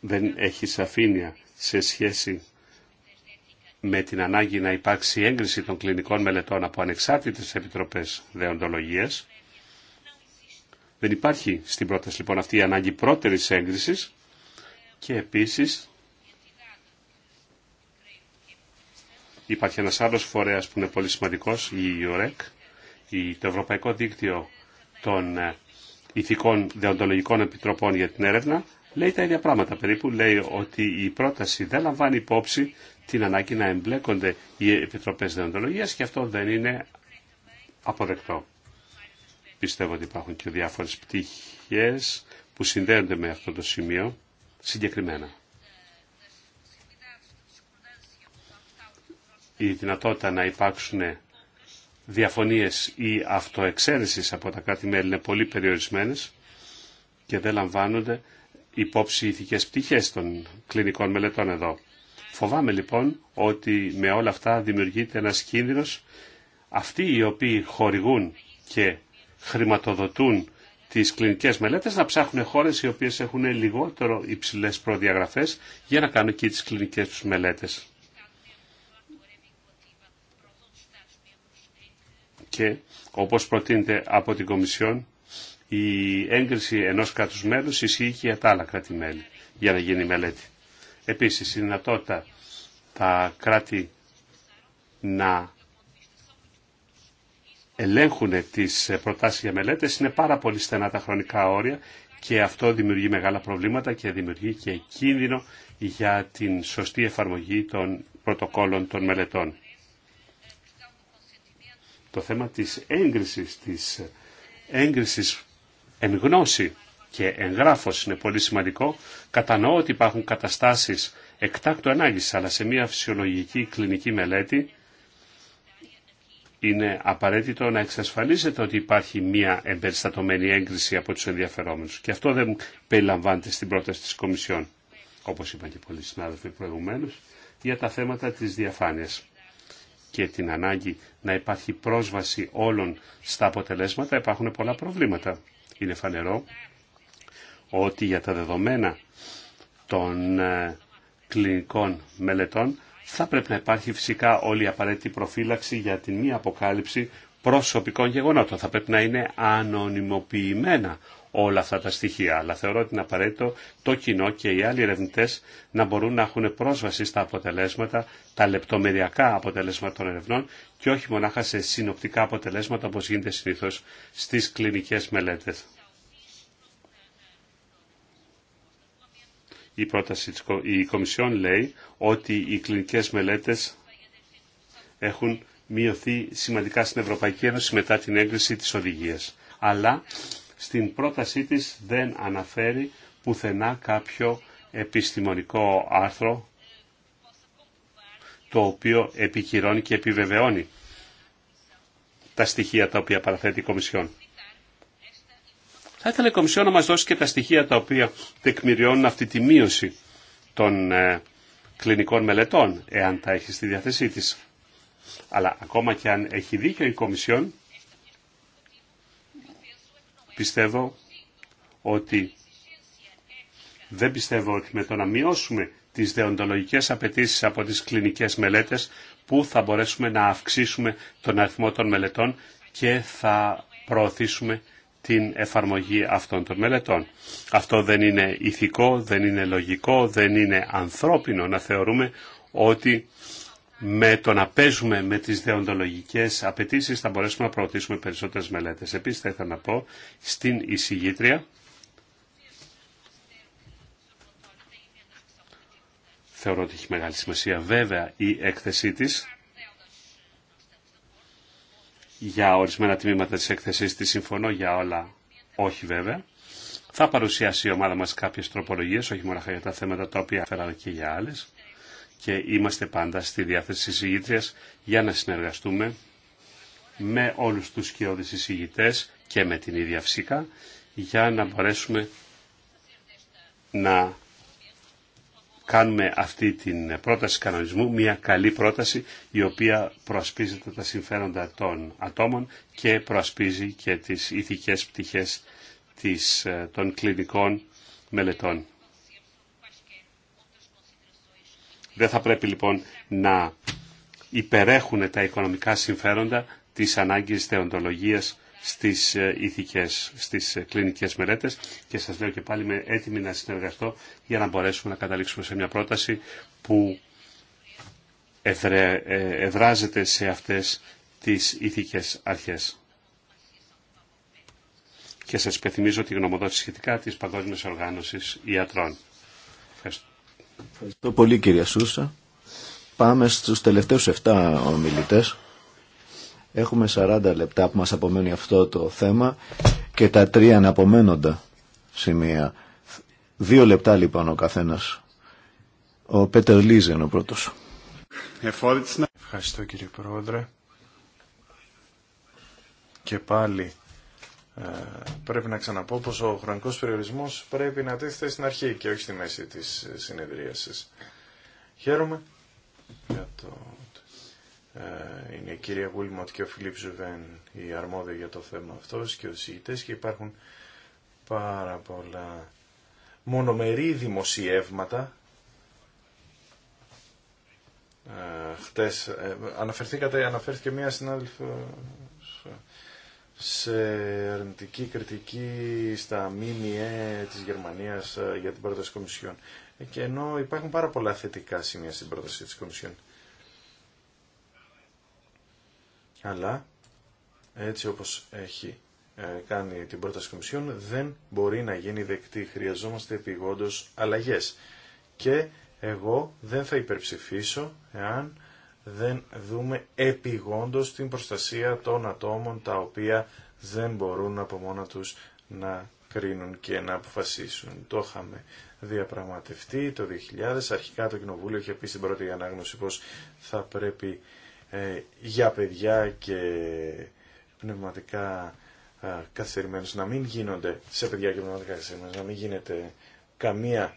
δεν έχει σαφήνεια σε σχέση με την ανάγκη να υπάρξει έγκριση των κλινικών μελετών από ανεξάρτητες επιτροπές δεοντολογίας. Δεν υπάρχει στην πρόταση λοιπόν αυτή η ανάγκη πρώτερης έγκρισης και επίσης υπάρχει ένας άλλος φορέας που είναι πολύ σημαντικός, η ΙΟΡΕΚ, το Ευρωπαϊκό Δίκτυο των ε, Ηθικών Διοντολογικών Επιτροπών για την Έρευνα, λέει τα ίδια πράγματα περίπου. Λέει ότι η πρόταση δεν λαμβάνει υπόψη την ανάγκη να εμπλέκονται οι Επιτροπές Δεοντολογίας και αυτό δεν είναι αποδεκτό. Πιστεύω ότι υπάρχουν και διάφορες πτυχές που συνδέονται με αυτό το σημείο συγκεκριμένα. Η δυνατότητα να υπάρξουν διαφωνίες ή αυτοεξαίρεσης από τα κράτη-μέλη είναι πολύ περιορισμένες και δεν λαμβάνονται υπόψη ηθικές πτυχές των κλινικών μελετών εδώ. Φοβάμαι λοιπόν ότι με όλα αυτά δημιουργείται ένας κίνδυνος αυτοί οι οποίοι χορηγούν και χρηματοδοτούν τις κλινικές μελέτες να ψάχνουν χώρες οι οποίες έχουν λιγότερο υψηλές προδιαγραφές για να κάνουν και τις κλινικές τους μελέτες. Και όπως προτείνεται από την Κομισιόν, η έγκριση ενός κράτους μέλους ισχύει και για τα άλλα κράτη-μέλη για να γίνει η μελέτη. Επίσης, η δυνατότητα τα κράτη να ελέγχουν τις ε, προτάσεις για μελέτες είναι πάρα πολύ στενά τα χρονικά όρια και αυτό δημιουργεί μεγάλα προβλήματα και δημιουργεί και κίνδυνο για την σωστή εφαρμογή των πρωτοκόλων των μελετών. Το θέμα της έγκρισης, της έγκρισης εν γνώση και εγγράφος είναι πολύ σημαντικό. Κατανοώ ότι υπάρχουν καταστάσεις εκτάκτου ανάγκης, αλλά σε μια φυσιολογική κλινική μελέτη είναι απαραίτητο να εξασφαλίσετε ότι υπάρχει μια εμπεριστατωμένη έγκριση από τους ενδιαφερόμενους. Και αυτό δεν περιλαμβάνεται στην πρόταση της Κομισιόν, όπως είπαν και πολλοί συνάδελφοι προηγουμένω, για τα θέματα της διαφάνειας και την ανάγκη να υπάρχει πρόσβαση όλων στα αποτελέσματα υπάρχουν πολλά προβλήματα. Είναι φανερό ότι για τα δεδομένα των ε, κλινικών μελετών θα πρέπει να υπάρχει φυσικά όλη η απαραίτητη προφύλαξη για την μη αποκάλυψη προσωπικών γεγονότων. Θα πρέπει να είναι ανωνυμοποιημένα όλα αυτά τα στοιχεία. Αλλά θεωρώ ότι είναι απαραίτητο το κοινό και οι άλλοι ερευνητέ να μπορούν να έχουν πρόσβαση στα αποτελέσματα, τα λεπτομεριακά αποτελέσματα των ερευνών και όχι μονάχα σε συνοπτικά αποτελέσματα όπω γίνεται συνήθω στι κλινικέ μελέτε. η πρόταση της η Κομισιόν λέει ότι οι κλινικές μελέτες έχουν μειωθεί σημαντικά στην Ευρωπαϊκή Ένωση μετά την έγκριση της οδηγίας. Αλλά στην πρότασή της δεν αναφέρει πουθενά κάποιο επιστημονικό άρθρο το οποίο επικυρώνει και επιβεβαιώνει τα στοιχεία τα οποία παραθέτει η Κομισιόν. Θα ήθελα η Κομισιόν να μας δώσει και τα στοιχεία τα οποία τεκμηριώνουν αυτή τη μείωση των ε, κλινικών μελετών, εάν τα έχει στη διάθεσή της. Αλλά ακόμα και αν έχει δίκιο η Κομισιόν, πιστεύω ότι δεν πιστεύω ότι με το να μειώσουμε τις δεοντολογικές απαιτήσεις από τις κλινικές μελέτες που θα μπορέσουμε να αυξήσουμε τον αριθμό των μελετών και θα προωθήσουμε την εφαρμογή αυτών των μελετών. Αυτό δεν είναι ηθικό, δεν είναι λογικό, δεν είναι ανθρώπινο να θεωρούμε ότι με το να παίζουμε με τις δεοντολογικές απαιτήσεις θα μπορέσουμε να προωθήσουμε περισσότερες μελέτες. Επίσης θα ήθελα να πω στην εισηγήτρια θεωρώ ότι έχει μεγάλη σημασία βέβαια η έκθεσή της για ορισμένα τμήματα της έκθεσης της συμφωνώ, για όλα όχι βέβαια. Θα παρουσιάσει η ομάδα μας κάποιες τροπολογίες, όχι μόνο για τα θέματα τα οποία έφεραν και για άλλες. Και είμαστε πάντα στη διάθεση της για να συνεργαστούμε με όλους τους σκιώδεις εισηγητές και με την ίδια φυσικά για να μπορέσουμε να κάνουμε αυτή την πρόταση κανονισμού μια καλή πρόταση η οποία προασπίζεται τα συμφέροντα των ατόμων και προασπίζει και τις ηθικές πτυχές της, ε, των κλινικών μελετών. Δεν θα πρέπει λοιπόν να υπερέχουν τα οικονομικά συμφέροντα της ανάγκης θεοντολογίας στις ε, ηθικές, στις ε, κλινικές μελέτες και σας λέω και πάλι με έτοιμη να συνεργαστώ για να μπορέσουμε να καταλήξουμε σε μια πρόταση που ευράζεται ε, σε αυτές τις ηθικές αρχές. Και σας υπενθυμίζω τη γνωμοδότηση σχετικά της Παγκόσμιας Οργάνωσης Ιατρών. Ευχαριστώ. πολύ κυρία Σούσα. Πάμε στους τελευταίους 7 ομιλητές. Έχουμε 40 λεπτά που μας απομένει αυτό το θέμα και τα τρία αναπομένοντα σημεία. Δύο λεπτά λοιπόν ο καθένας. Ο Πέτερ Λίζε ο πρώτος. Ευχαριστώ κύριε Πρόεδρε. Και πάλι ε, πρέπει να ξαναπώ πως ο χρονικός περιορισμός πρέπει να τίθεται στην αρχή και όχι στη μέση της συνεδρίασης. Χαίρομαι για το είναι η κυρία Γουλμότ και ο Φιλίπ Ζουβέν οι αρμόδιοι για το θέμα αυτό και ο συγητές και υπάρχουν πάρα πολλά μονομερή δημοσιεύματα. Ε, χτες ε, αναφερθήκατε, αναφέρθηκε μία συνάδελφο σε αρνητική κριτική στα ΜΜΕ της Γερμανίας ε, για την πρόταση Κομισιόν. Ε, και ενώ υπάρχουν πάρα πολλά θετικά σημεία στην πρόταση της Κομισιόν. αλλά έτσι όπως έχει ε, κάνει την πρόταση Κομισιόν δεν μπορεί να γίνει δεκτή. Χρειαζόμαστε επιγόντως αλλαγές. Και εγώ δεν θα υπερψηφίσω εάν δεν δούμε επιγόντως την προστασία των ατόμων τα οποία δεν μπορούν από μόνα τους να κρίνουν και να αποφασίσουν. Το είχαμε διαπραγματευτεί το 2000. Αρχικά το Κοινοβούλιο είχε πει στην πρώτη ανάγνωση πως θα πρέπει ε, για παιδιά και πνευματικά ε, καθυστερημένους, να μην γίνονται σε παιδιά και πνευματικά καθυστερημένους, να μην γίνεται καμία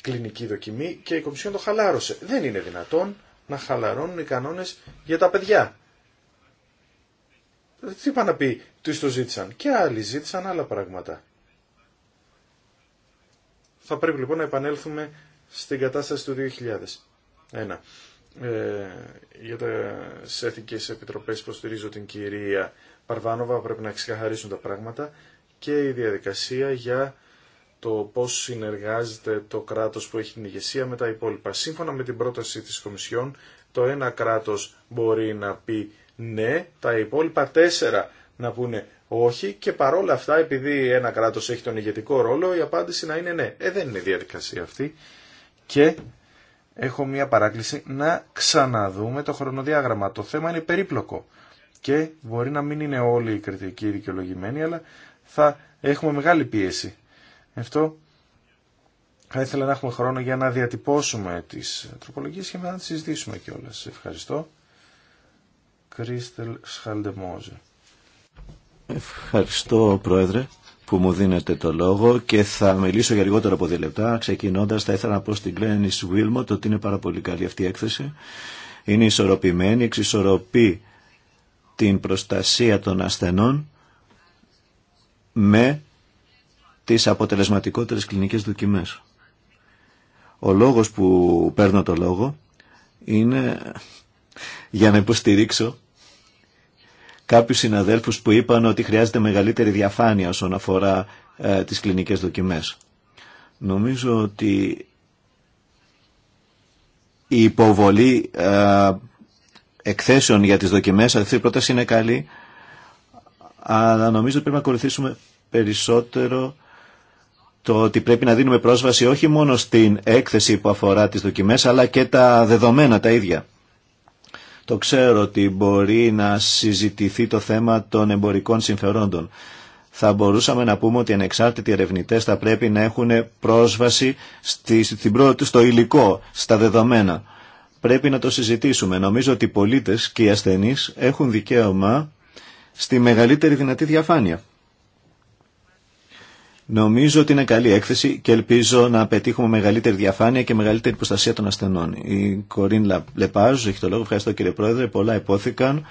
κλινική δοκιμή και η Κομισιόν το χαλάρωσε. Δεν είναι δυνατόν να χαλαρώνουν οι κανόνες για τα παιδιά. Τι είπα να πει, τους το ζήτησαν. Και άλλοι ζήτησαν άλλα πράγματα. Θα πρέπει λοιπόν να επανέλθουμε στην κατάσταση του 2001. Ε, για τις Εθνικές Επιτροπές στηρίζω την κυρία Παρβάνοβα, πρέπει να ξεκαθαρίσουν τα πράγματα και η διαδικασία για το πώς συνεργάζεται το κράτος που έχει την ηγεσία με τα υπόλοιπα. Σύμφωνα με την πρόταση της Κομισιόν, το ένα κράτος μπορεί να πει ναι, τα υπόλοιπα τέσσερα να πούνε όχι και παρόλα αυτά επειδή ένα κράτος έχει τον ηγετικό ρόλο η απάντηση να είναι ναι. Ε, δεν είναι διαδικασία αυτή και έχω μία παράκληση να ξαναδούμε το χρονοδιάγραμμα. Το θέμα είναι περίπλοκο και μπορεί να μην είναι όλοι οι κριτικοί δικαιολογημένοι, αλλά θα έχουμε μεγάλη πίεση. Αυτό θα ήθελα να έχουμε χρόνο για να διατυπώσουμε τις τροπολογίες και να τις συζητήσουμε κιόλας. Ευχαριστώ. Κρίστελ Σχαλντεμόζε. Ευχαριστώ, Πρόεδρε που μου δίνετε το λόγο και θα μιλήσω για λιγότερο από δύο λεπτά. Ξεκινώντα, θα ήθελα να πω στην Κλένη Βίλμοτ ότι είναι πάρα πολύ καλή αυτή η έκθεση. Είναι ισορροπημένη, εξισορροπεί την προστασία των ασθενών με τις αποτελεσματικότερες κλινικές δοκιμές. Ο λόγος που παίρνω το λόγο είναι για να υποστηρίξω κάποιους συναδέλφους που είπαν ότι χρειάζεται μεγαλύτερη διαφάνεια όσον αφορά ε, τις κλινικές δοκιμές. Νομίζω ότι η υποβολή ε, εκθέσεων για τις δοκιμές, αυτή η πρόταση είναι καλή, αλλά νομίζω ότι πρέπει να ακολουθήσουμε περισσότερο το ότι πρέπει να δίνουμε πρόσβαση όχι μόνο στην έκθεση που αφορά τις δοκιμές, αλλά και τα δεδομένα τα ίδια. Το ξέρω ότι μπορεί να συζητηθεί το θέμα των εμπορικών συμφερόντων. Θα μπορούσαμε να πούμε ότι οι ανεξάρτητοι ερευνητέ θα πρέπει να έχουν πρόσβαση στη, στο υλικό, στα δεδομένα. Πρέπει να το συζητήσουμε. Νομίζω ότι οι πολίτες και οι ασθενείς έχουν δικαίωμα στη μεγαλύτερη δυνατή διαφάνεια. Νομίζω ότι είναι καλή έκθεση και ελπίζω να πετύχουμε μεγαλύτερη διαφάνεια και μεγαλύτερη προστασία των ασθενών. Η Κορίν Λεπάζ έχει το λόγο. Ευχαριστώ κύριε Πρόεδρε. Πολλά υπόθηκαν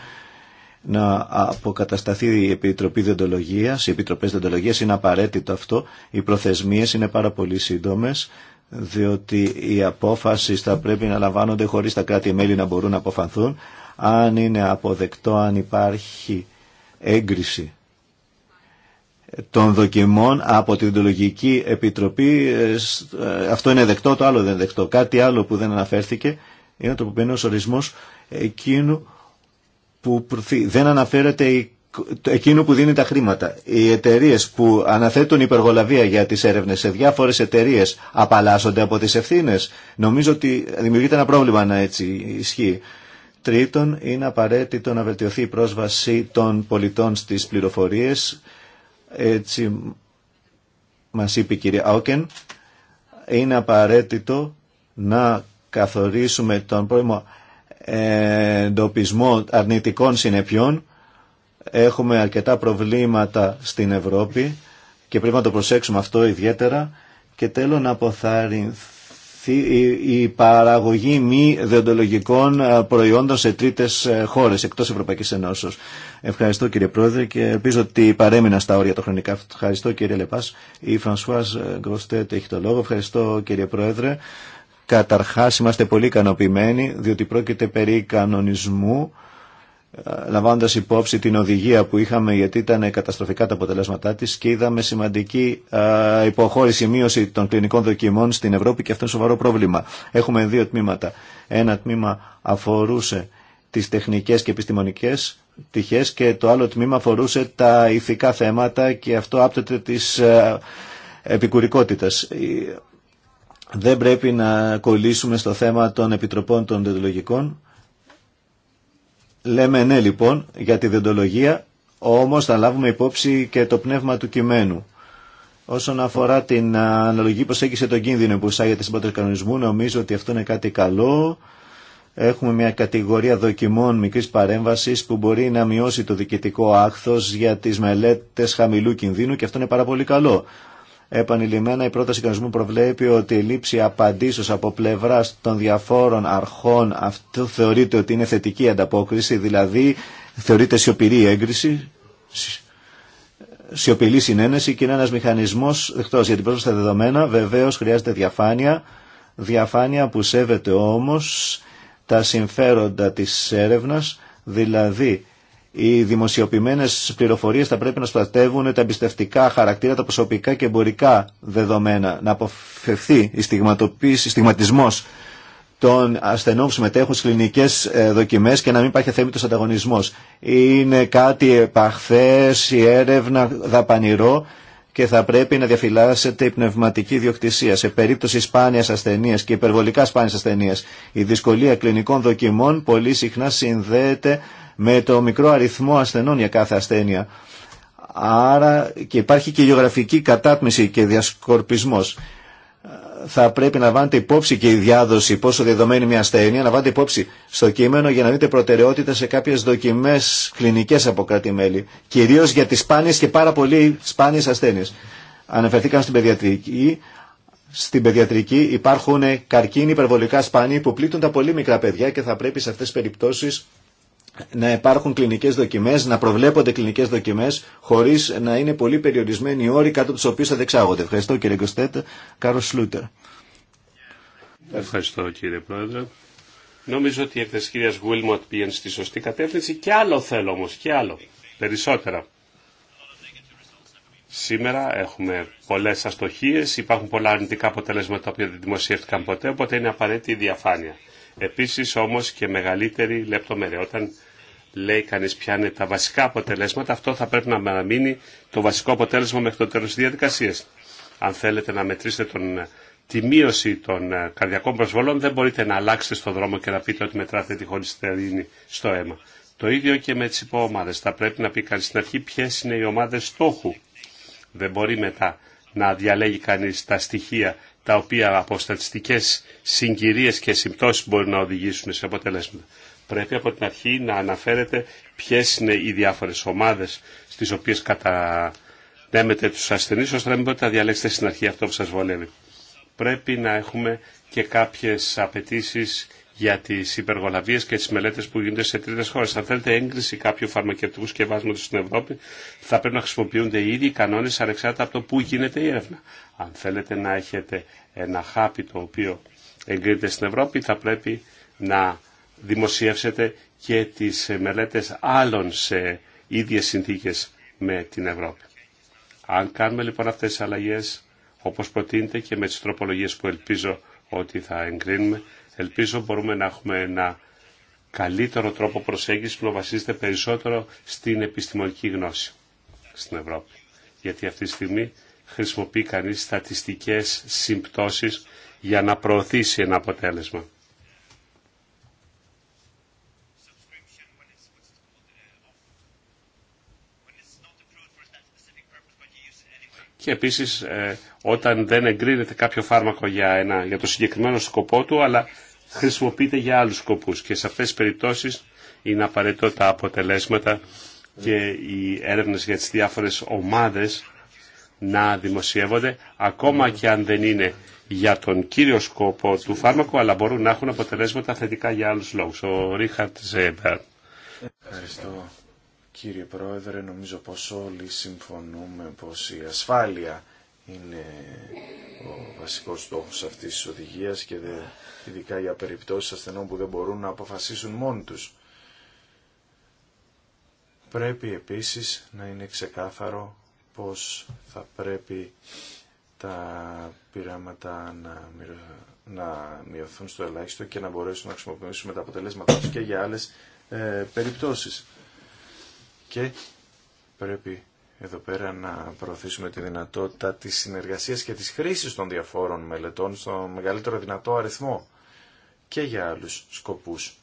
να αποκατασταθεί η Επιτροπή Διοντολογία. Οι Επιτροπές Διοντολογία είναι απαραίτητο αυτό. Οι προθεσμίες είναι πάρα πολύ σύντομε διότι οι απόφαση θα πρέπει να λαμβάνονται χωρίς τα κράτη-μέλη να μπορούν να αποφανθούν. Αν είναι αποδεκτό, αν υπάρχει έγκριση των δοκιμών από την Ιντολογική Επιτροπή. Ε, ε, αυτό είναι δεκτό, το άλλο δεν είναι δεκτό. Κάτι άλλο που δεν αναφέρθηκε είναι το ποπενός ορισμός εκείνου που δεν αναφέρεται εκείνο που δίνει τα χρήματα. Οι εταιρείε που αναθέτουν υπεργολαβία για τις έρευνες σε διάφορες εταιρείε απαλλάσσονται από τις ευθύνε. Νομίζω ότι δημιουργείται ένα πρόβλημα να έτσι ισχύει. Τρίτον, είναι απαραίτητο να βελτιωθεί η πρόσβαση των πολιτών στις πληροφορίες έτσι μας είπε η κυρία Άουκεν, είναι απαραίτητο να καθορίσουμε τον πρώιμο εντοπισμό αρνητικών συνεπιών Έχουμε αρκετά προβλήματα στην Ευρώπη και πρέπει να το προσέξουμε αυτό ιδιαίτερα και τέλος να αποθαρρυνθώ η παραγωγή μη δεοντολογικών ε, προϊόντων σε τρίτες ε, χώρες εκτός Ευρωπαϊκής Ενώσεως. Ευχαριστώ κύριε Πρόεδρε και ελπίζω ότι παρέμεινα στα όρια το χρονικά. Ευχαριστώ κύριε Λεπάς. Η Φρανσουάς ε, Γκροστέτ έχει το λόγο. Ευχαριστώ κύριε Πρόεδρε. Καταρχάς είμαστε πολύ ικανοποιημένοι διότι πρόκειται περί κανονισμού ε, λαμβάνοντας υπόψη την οδηγία που είχαμε γιατί ήταν καταστροφικά τα αποτελέσματά της και είδαμε σημαντική υποχώρηση, μείωση των κλινικών δοκιμών στην Ευρώπη και αυτό είναι σοβαρό πρόβλημα. Έχουμε δύο τμήματα. Ένα τμήμα αφορούσε τις τεχνικές και επιστημονικές τυχές και το άλλο τμήμα αφορούσε τα ηθικά θέματα και αυτό άπτεται της επικουρικότητας. Δεν πρέπει να κολλήσουμε στο θέμα των επιτροπών των διδολογικών. Λέμε ναι λοιπόν για τη δεντολογία, όμως θα λάβουμε υπόψη και το πνεύμα του κειμένου. Όσον αφορά την αναλογική προσέγγιση των κίνδυνων που εισάγεται στην πρώτη κανονισμού, νομίζω ότι αυτό είναι κάτι καλό. Έχουμε μια κατηγορία δοκιμών μικρής παρέμβασης που μπορεί να μειώσει το διοικητικό άχθος για τις μελέτες χαμηλού κινδύνου και αυτό είναι πάρα πολύ καλό. Επανειλημμένα η πρόταση κανονισμού προβλέπει ότι η λήψη απαντήσεω από πλευρά των διαφόρων αρχών αυτό θεωρείται ότι είναι θετική ανταπόκριση, δηλαδή θεωρείται σιωπηρή έγκριση, σιωπηλή συνένεση και είναι ένα μηχανισμό εκτός για την πρόσβαση στα δεδομένα. βεβαίω χρειάζεται διαφάνεια, διαφάνεια που σέβεται όμω, τα συμφέροντα τη έρευνα, δηλαδή οι δημοσιοποιημένε πληροφορίε θα πρέπει να στατεύουν τα εμπιστευτικά χαρακτήρα, τα προσωπικά και εμπορικά δεδομένα. Να αποφευθεί η στιγματοποίηση, στιγματισμό των ασθενών που συμμετέχουν στι κλινικέ ε, δοκιμέ και να μην υπάρχει θέμητο ανταγωνισμό. Είναι κάτι επαχθέ, η έρευνα δαπανηρό και θα πρέπει να διαφυλάσσεται η πνευματική διοκτησία. Σε περίπτωση σπάνια ασθενεία και υπερβολικά σπάνια ασθενεία, η δυσκολία κλινικών δοκιμών πολύ συχνά συνδέεται με το μικρό αριθμό ασθενών για κάθε ασθένεια. Άρα και υπάρχει και γεωγραφική κατάτμιση και διασκορπισμός. Θα πρέπει να βάλετε υπόψη και η διάδοση, πόσο διαδομένη μια ασθένεια, να βάλετε υπόψη στο κείμενο για να δείτε προτεραιότητα σε κάποιε δοκιμέ κλινικέ από κράτη-μέλη. Κυρίω για τι σπάνιε και πάρα πολύ σπάνιε ασθένειε. Αναφερθήκαμε στην παιδιατρική. Στην παιδιατρική υπάρχουν καρκίνοι υπερβολικά σπάνιοι που πλήττουν τα πολύ μικρά παιδιά και θα πρέπει σε αυτέ τι περιπτώσει να υπάρχουν κλινικέ δοκιμέ, να προβλέπονται κλινικέ δοκιμέ χωρί να είναι πολύ περιορισμένοι οι όροι κάτω του οποίου θα δεξάγονται. Ευχαριστώ κύριε Γκοστέτ. Κάρο Σλούτερ. Ευχαριστώ κύριε Πρόεδρε. Νομίζω ότι η έκθεση κυρία Γουίλμοντ πήγαινε στη σωστή κατεύθυνση και άλλο θέλω όμω και άλλο, περισσότερα. Σήμερα έχουμε πολλέ αστοχίες, υπάρχουν πολλά αρνητικά αποτελέσματα τα δεν δημοσιεύτηκαν ποτέ, οπότε είναι απαραίτητη η διαφάνεια. Επίσης όμως και μεγαλύτερη λεπτομέρεια. Όταν λέει κανείς ποια είναι τα βασικά αποτελέσματα, αυτό θα πρέπει να παραμείνει το βασικό αποτέλεσμα μέχρι το τέλος της διαδικασίας. Αν θέλετε να μετρήσετε τον, τη μείωση των ε, καρδιακών προσβολών, δεν μπορείτε να αλλάξετε στον δρόμο και να πείτε ότι μετράτε τη χοληστερίνη στο αίμα. Το ίδιο και με τις υποομάδες. Θα πρέπει να πει κανείς στην αρχή ποιε είναι οι ομάδες στόχου. Δεν μπορεί μετά να διαλέγει κανείς τα στοιχεία τα οποία από στατιστικές συγκυρίες και συμπτώσεις μπορεί να οδηγήσουν σε αποτελέσματα. Πρέπει από την αρχή να αναφέρετε ποιες είναι οι διάφορες ομάδες στις οποίες κατανέμετε τους ασθενείς, ώστε να μην μπορείτε να διαλέξετε στην αρχή αυτό που σας βολεύει. Πρέπει να έχουμε και κάποιες απαιτήσει για τις υπεργολαβίες και τις μελέτες που γίνονται σε τρίτες χώρες. Αν θέλετε έγκριση κάποιου φαρμακευτικού σκευάσματος στην Ευρώπη, θα πρέπει να χρησιμοποιούνται οι ίδιοι κανόνες ανεξάρτητα από το πού γίνεται η έρευνα. Αν θέλετε να έχετε ένα χάπι το οποίο εγκρίνεται στην Ευρώπη θα πρέπει να δημοσιεύσετε και τις μελέτες άλλων σε ίδιες συνθήκες με την Ευρώπη. Αν κάνουμε λοιπόν αυτές τις αλλαγές όπως προτείνεται και με τις τροπολογίες που ελπίζω ότι θα εγκρίνουμε, ελπίζω μπορούμε να έχουμε ένα καλύτερο τρόπο προσέγγισης που βασίζεται περισσότερο στην επιστημονική γνώση στην Ευρώπη. Γιατί αυτή τη στιγμή χρησιμοποιεί κανείς στατιστικές συμπτώσεις για να προωθήσει ένα αποτέλεσμα. Και επίσης ε, όταν δεν εγκρίνεται κάποιο φάρμακο για, ένα, για το συγκεκριμένο σκοπό του, αλλά χρησιμοποιείται για άλλους σκοπούς. Και σε αυτές τις περιπτώσεις είναι απαραίτητο τα αποτελέσματα και οι έρευνες για τις διάφορες ομάδες να δημοσιεύονται ακόμα και αν δεν είναι για τον κύριο σκοπό του φάρμακου αλλά μπορούν να έχουν αποτελέσματα θετικά για άλλους λόγους. Ο Ρίχαρτ Ζέμπερ. Ευχαριστώ κύριε Πρόεδρε. Νομίζω πως όλοι συμφωνούμε πως η ασφάλεια είναι ο βασικός στόχος αυτής της οδηγίας και ειδικά για περιπτώσεις ασθενών που δεν μπορούν να αποφασίσουν μόνοι τους. Πρέπει επίσης να είναι ξεκάθαρο πως θα πρέπει τα πειράματα να, να μειωθούν στο ελάχιστο και να μπορέσουν να χρησιμοποιήσουμε τα αποτελέσματά τους και για άλλες ε, περιπτώσεις. Και πρέπει εδώ πέρα να προωθήσουμε τη δυνατότητα της συνεργασίας και της χρήσης των διαφόρων μελετών στο μεγαλύτερο δυνατό αριθμό και για άλλους σκοπούς.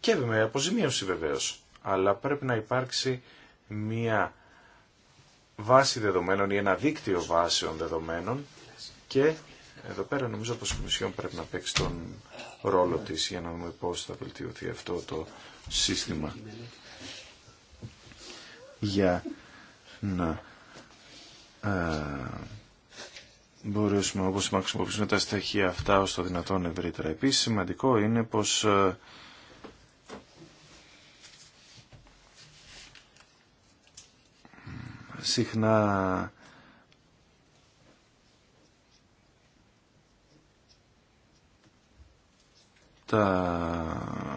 Και με αποζημίωση βεβαίως, αλλά πρέπει να υπάρξει μία βάση δεδομένων ή ένα δίκτυο βάσεων δεδομένων και εδώ πέρα νομίζω πως η Κομισιόν πρέπει να παίξει τον ρόλο της για να δούμε πώς θα βελτιωθεί αυτό το σύστημα για να α, ε, μπορέσουμε όπως να χρησιμοποιήσουμε τα στοιχεία αυτά ως το δυνατόν ευρύτερα. Επίσης σημαντικό είναι πως ε, συχνά τα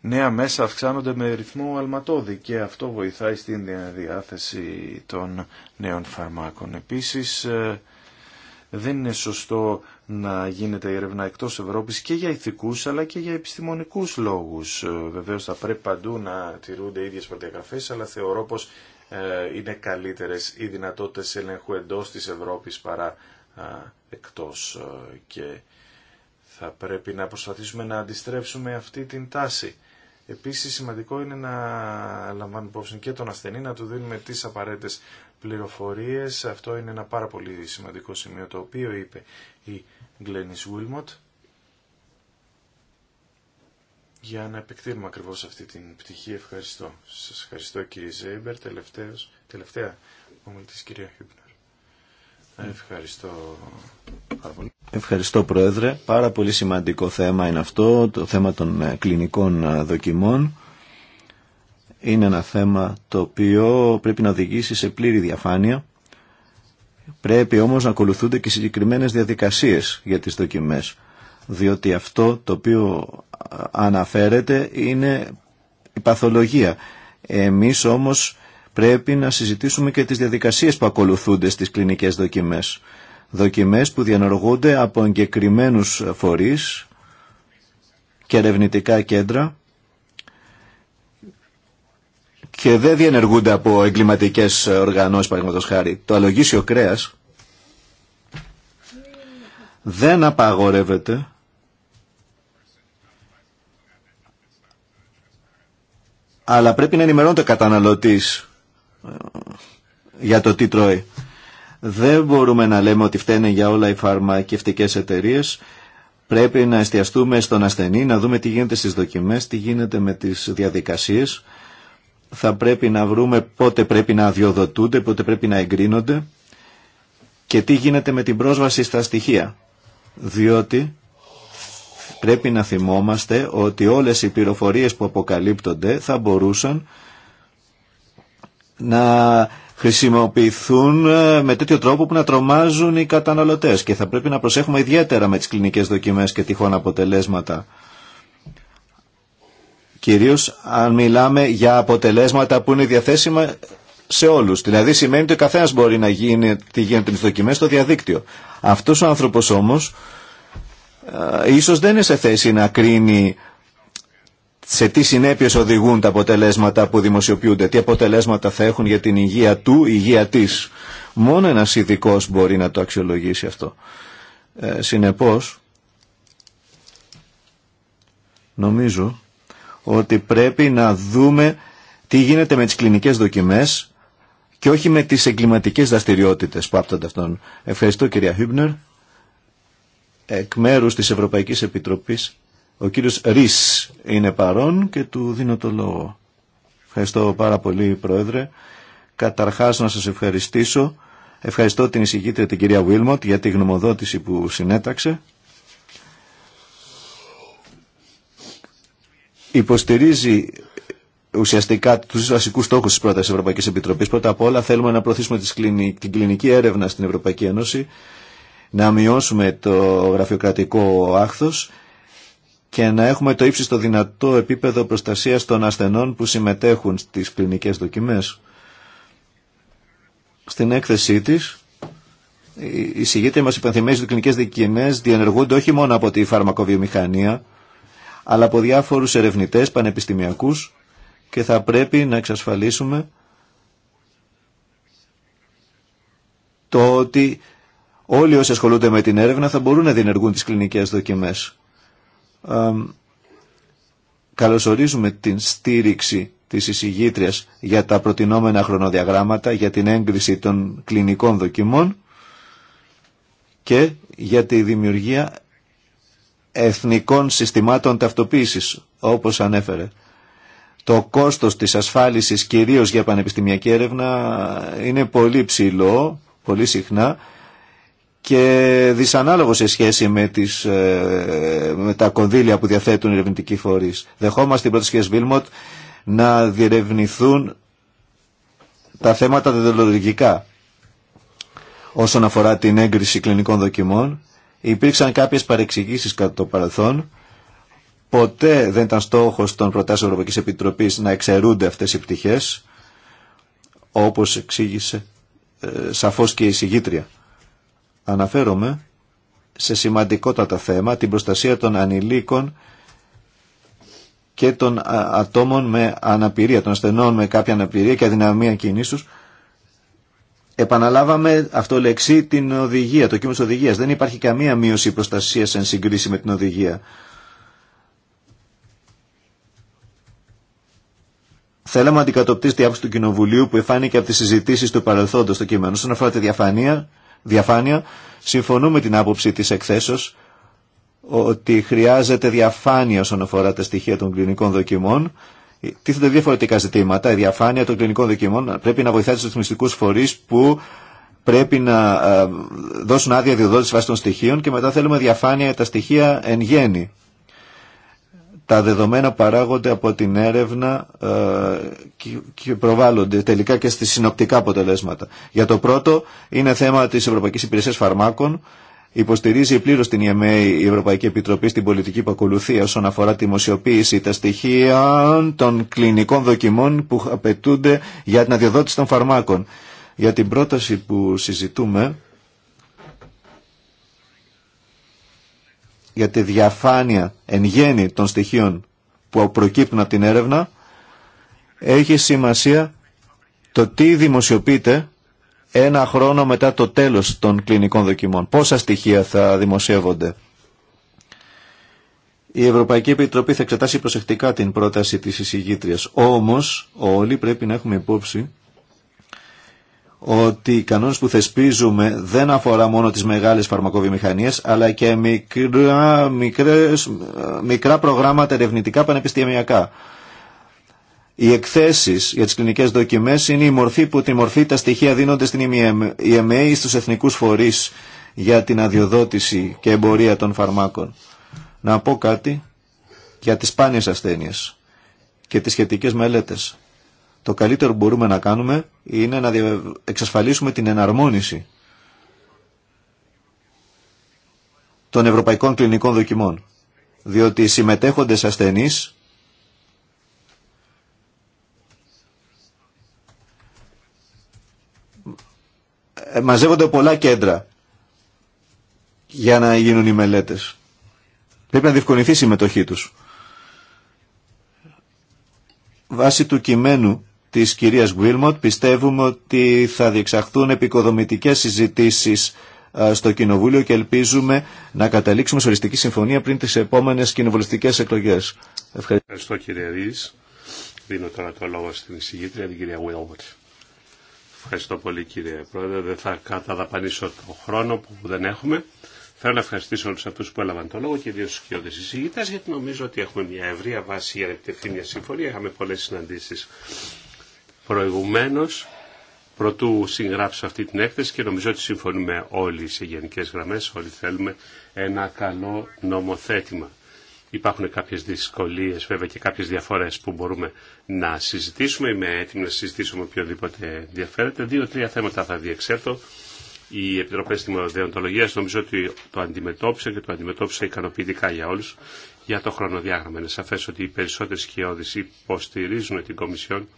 νέα μέσα αυξάνονται με ρυθμό αλματώδη και αυτό βοηθάει στην διάθεση των νέων φαρμάκων. Επίσης ε, δεν είναι σωστό να γίνεται η έρευνα εκτός Ευρώπης και για ηθικούς αλλά και για επιστημονικούς λόγους. Ε, βεβαίως θα πρέπει παντού να τηρούνται οι ίδιες προδιαγραφές αλλά θεωρώ πως ε, είναι καλύτερες οι δυνατότητες ελέγχου εντός της Ευρώπης παρά εκτός ε, και θα πρέπει να προσπαθήσουμε να αντιστρέψουμε αυτή την τάση. Επίσης σημαντικό είναι να λαμβάνουμε υπόψη και τον ασθενή, να του δίνουμε τις απαραίτητες πληροφορίες. Αυτό είναι ένα πάρα πολύ σημαντικό σημείο το οποίο είπε η Γκλένις Βίλμοτ για να επεκτείνουμε ακριβώ αυτή την πτυχή. Ευχαριστώ. Σας ευχαριστώ κύριε Ζέιμπερ. τελευταία ομιλητή, κυρία Χιούμπνερ. Ευχαριστώ Ευχαριστώ Πρόεδρε. Πάρα πολύ σημαντικό θέμα είναι αυτό, το θέμα των ε, κλινικών ε, δοκιμών. Είναι ένα θέμα το οποίο πρέπει να οδηγήσει σε πλήρη διαφάνεια. Πρέπει όμως να ακολουθούνται και συγκεκριμένες διαδικασίες για τις δοκιμές. Διότι αυτό το οποίο ε, αναφέρεται είναι η παθολογία. Εμείς όμως πρέπει να συζητήσουμε και τις διαδικασίες που ακολουθούνται στις κλινικές δοκιμές. Δοκιμές που διενεργούνται από εγκεκριμένου φορείς και ερευνητικά κέντρα και δεν διενεργούνται από εγκληματικές οργανώσεις, παραδείγματος χάρη. Το αλογίσιο κρέας δεν απαγορεύεται αλλά πρέπει να ενημερώνεται ο καταναλωτής για το τι τρώει. Δεν μπορούμε να λέμε ότι φταίνε για όλα οι φαρμακευτικές εταιρείες. Πρέπει να εστιαστούμε στον ασθενή, να δούμε τι γίνεται στις δοκιμές, τι γίνεται με τις διαδικασίες. Θα πρέπει να βρούμε πότε πρέπει να αδειοδοτούνται, πότε πρέπει να εγκρίνονται και τι γίνεται με την πρόσβαση στα στοιχεία. Διότι πρέπει να θυμόμαστε ότι όλες οι πληροφορίες που αποκαλύπτονται θα μπορούσαν να χρησιμοποιηθούν ε, με τέτοιο τρόπο που να τρομάζουν οι καταναλωτές και θα πρέπει να προσέχουμε ιδιαίτερα με τις κλινικές δοκιμές και τυχόν αποτελέσματα. Κυρίως αν μιλάμε για αποτελέσματα που είναι διαθέσιμα σε όλους. Δηλαδή σημαίνει ότι ο καθένας μπορεί να γίνει, τη γίνεται τις δοκιμές στο διαδίκτυο. Αυτός ο άνθρωπος όμως ε, ίσως δεν είναι σε θέση να κρίνει σε τι συνέπειες οδηγούν τα αποτελέσματα που δημοσιοποιούνται, τι αποτελέσματα θα έχουν για την υγεία του, η υγεία της. Μόνο ένας ειδικό μπορεί να το αξιολογήσει αυτό. Ε, συνεπώς, νομίζω ότι πρέπει να δούμε τι γίνεται με τις κλινικές δοκιμές και όχι με τις εγκληματικές δραστηριότητες που άπτονται αυτών. Ευχαριστώ κυρία Χίμπνερ. Εκ μέρους της Ευρωπαϊκής Επιτροπής ο κύριος Ρίς είναι παρόν και του δίνω το λόγο. Ευχαριστώ πάρα πολύ, Πρόεδρε. Καταρχάς να σας ευχαριστήσω. Ευχαριστώ την εισηγήτρια την κυρία Βίλμοτ για τη γνωμοδότηση που συνέταξε. Υποστηρίζει ουσιαστικά τους βασικούς στόχους της πρώτας Ευρωπαϊκής Επιτροπής. Πρώτα απ' όλα θέλουμε να προωθήσουμε την κλινική έρευνα στην Ευρωπαϊκή Ένωση, να μειώσουμε το γραφειοκρατικό άχθος και να έχουμε το ύψιστο δυνατό επίπεδο προστασίας των ασθενών που συμμετέχουν στις κλινικές δοκιμές. Στην έκθεσή της, η συγγήτρια μας υπενθυμίζει ότι οι κλινικές δοκιμές διενεργούνται όχι μόνο από τη φαρμακοβιομηχανία, αλλά από διάφορους ερευνητές πανεπιστημιακούς και θα πρέπει να εξασφαλίσουμε το ότι όλοι όσοι ασχολούνται με την έρευνα θα μπορούν να διενεργούν τις κλινικές δοκιμές καλωσορίζουμε την στήριξη της εισηγήτριας για τα προτινόμενα χρονοδιαγράμματα, για την έγκριση των κλινικών δοκιμών και για τη δημιουργία εθνικών συστημάτων ταυτοποίησης, όπως ανέφερε. Το κόστος της ασφάλισης κυρίως για πανεπιστημιακή έρευνα είναι πολύ ψηλό, πολύ συχνά και δυσανάλογο σε σχέση με, τις, ε, με τα κονδύλια που διαθέτουν οι ερευνητικοί φορεί, Δεχόμαστε την πρόταση κ. να διερευνηθούν τα θέματα δεδολογικά όσον αφορά την έγκριση κλινικών δοκιμών. Υπήρξαν κάποιες παρεξηγήσεις κατά το παρελθόν. Ποτέ δεν ήταν στόχος των προτάσεων Ευρωπαϊκής Επιτροπής να εξαιρούνται αυτές οι πτυχές, όπως εξήγησε ε, σαφώς και η συγγήτρια. Αναφέρομαι σε σημαντικότατα θέμα την προστασία των ανηλίκων και των ατόμων με αναπηρία, των ασθενών με κάποια αναπηρία και αδυναμία κινήσεως. Επαναλάβαμε αυτό λεξί την οδηγία, το κείμενο της οδηγίας. Δεν υπάρχει καμία μείωση προστασίας εν συγκρίση με την οδηγία. Θέλαμε να αντικατοπτήσει τη άποψη του Κοινοβουλίου που εφάνηκε από τι συζητήσει του παρελθόντο στο κείμενο. Όσον αφορά τη διαφάνεια, διαφάνεια. Συμφωνούμε την άποψη της εκθέσεως ότι χρειάζεται διαφάνεια όσον αφορά τα στοιχεία των κλινικών δοκιμών. Τίθενται διαφορετικά ζητήματα. Η διαφάνεια των κλινικών δοκιμών πρέπει να βοηθάει του ρυθμιστικούς φορείς που πρέπει να ε, δώσουν άδεια διοδότηση βάσει των στοιχείων και μετά θέλουμε διαφάνεια τα στοιχεία εν γέννη τα δεδομένα παράγονται από την έρευνα ε, και προβάλλονται τελικά και στις συνοπτικά αποτελέσματα. Για το πρώτο είναι θέμα της Ευρωπαϊκής Υπηρεσίας Φαρμάκων. Υποστηρίζει πλήρως την EMA η Ευρωπαϊκή Επιτροπή στην πολιτική που ακολουθεί όσον αφορά τη δημοσιοποίηση τα στοιχεία των κλινικών δοκιμών που απαιτούνται για την αδειοδότηση των φαρμάκων. Για την πρόταση που συζητούμε για τη διαφάνεια εν γέννη των στοιχείων που προκύπτουν από την έρευνα έχει σημασία το τι δημοσιοποιείται ένα χρόνο μετά το τέλος των κλινικών δοκιμών. Πόσα στοιχεία θα δημοσιεύονται. Η Ευρωπαϊκή Επιτροπή θα εξετάσει προσεκτικά την πρόταση της εισηγήτριας. Όμως όλοι πρέπει να έχουμε υπόψη ότι οι κανόνες που θεσπίζουμε δεν αφορά μόνο τις μεγάλες φαρμακοβιομηχανίες αλλά και μικρά, μικρές, μικρά προγράμματα ερευνητικά πανεπιστημιακά. Οι εκθέσεις για τις κλινικές δοκιμές είναι η μορφή που τη μορφή τα στοιχεία δίνονται στην EMA ή e στους εθνικούς φορείς για την αδειοδότηση και εμπορία των φαρμάκων. Να πω κάτι για τις σπάνιες ασθένειες και τις σχετικές μελέτες. Το καλύτερο που μπορούμε να κάνουμε είναι να εξασφαλίσουμε την εναρμόνιση των ευρωπαϊκών κλινικών δοκιμών. Διότι οι συμμετέχοντες ασθενείς ε, μαζεύονται πολλά κέντρα για να γίνουν οι μελέτες. Πρέπει να διευκολυνθεί η συμμετοχή τους. Βάσει του κειμένου της κυρίας Γουίλμοτ πιστεύουμε ότι θα διεξαχθούν επικοδομητικές συζητήσεις στο Κοινοβούλιο και ελπίζουμε να καταλήξουμε σε οριστική συμφωνία πριν τις επόμενες κοινοβουλευτικές εκλογές. Ευχαριστώ, Ευχαριστώ κύριε Ρίς. Δίνω τώρα το λόγο στην εισηγήτρια την κυρία Γουίλμοτ. Ευχαριστώ πολύ κύριε Πρόεδρε. Δεν θα καταδαπανίσω το χρόνο που δεν έχουμε. Θέλω να ευχαριστήσω όλου αυτού που έλαβαν το λόγο και ιδίω του εισηγητέ, γιατί νομίζω ότι έχουμε μια ευρεία βάση για να επιτευχθεί μια συμφωνία. Είχαμε πολλέ συναντήσει προηγουμένως προτού συγγράψω αυτή την έκθεση και νομίζω ότι συμφωνούμε όλοι σε γενικές γραμμές, όλοι θέλουμε ένα καλό νομοθέτημα. Υπάρχουν κάποιες δυσκολίες βέβαια και κάποιες διαφορές που μπορούμε να συζητήσουμε. Είμαι έτοιμο να συζητήσω με οποιοδήποτε ενδιαφέρεται. Δύο-τρία θέματα θα διεξέλθω. Οι Επιτροπέ Δημοδεοντολογία νομίζω ότι το αντιμετώπισε και το αντιμετώπισε ικανοποιητικά για όλου για το χρονοδιάγραμμα. Είναι σαφέ ότι οι περισσότερε σκιώδει υποστηρίζουν την Κομισιόν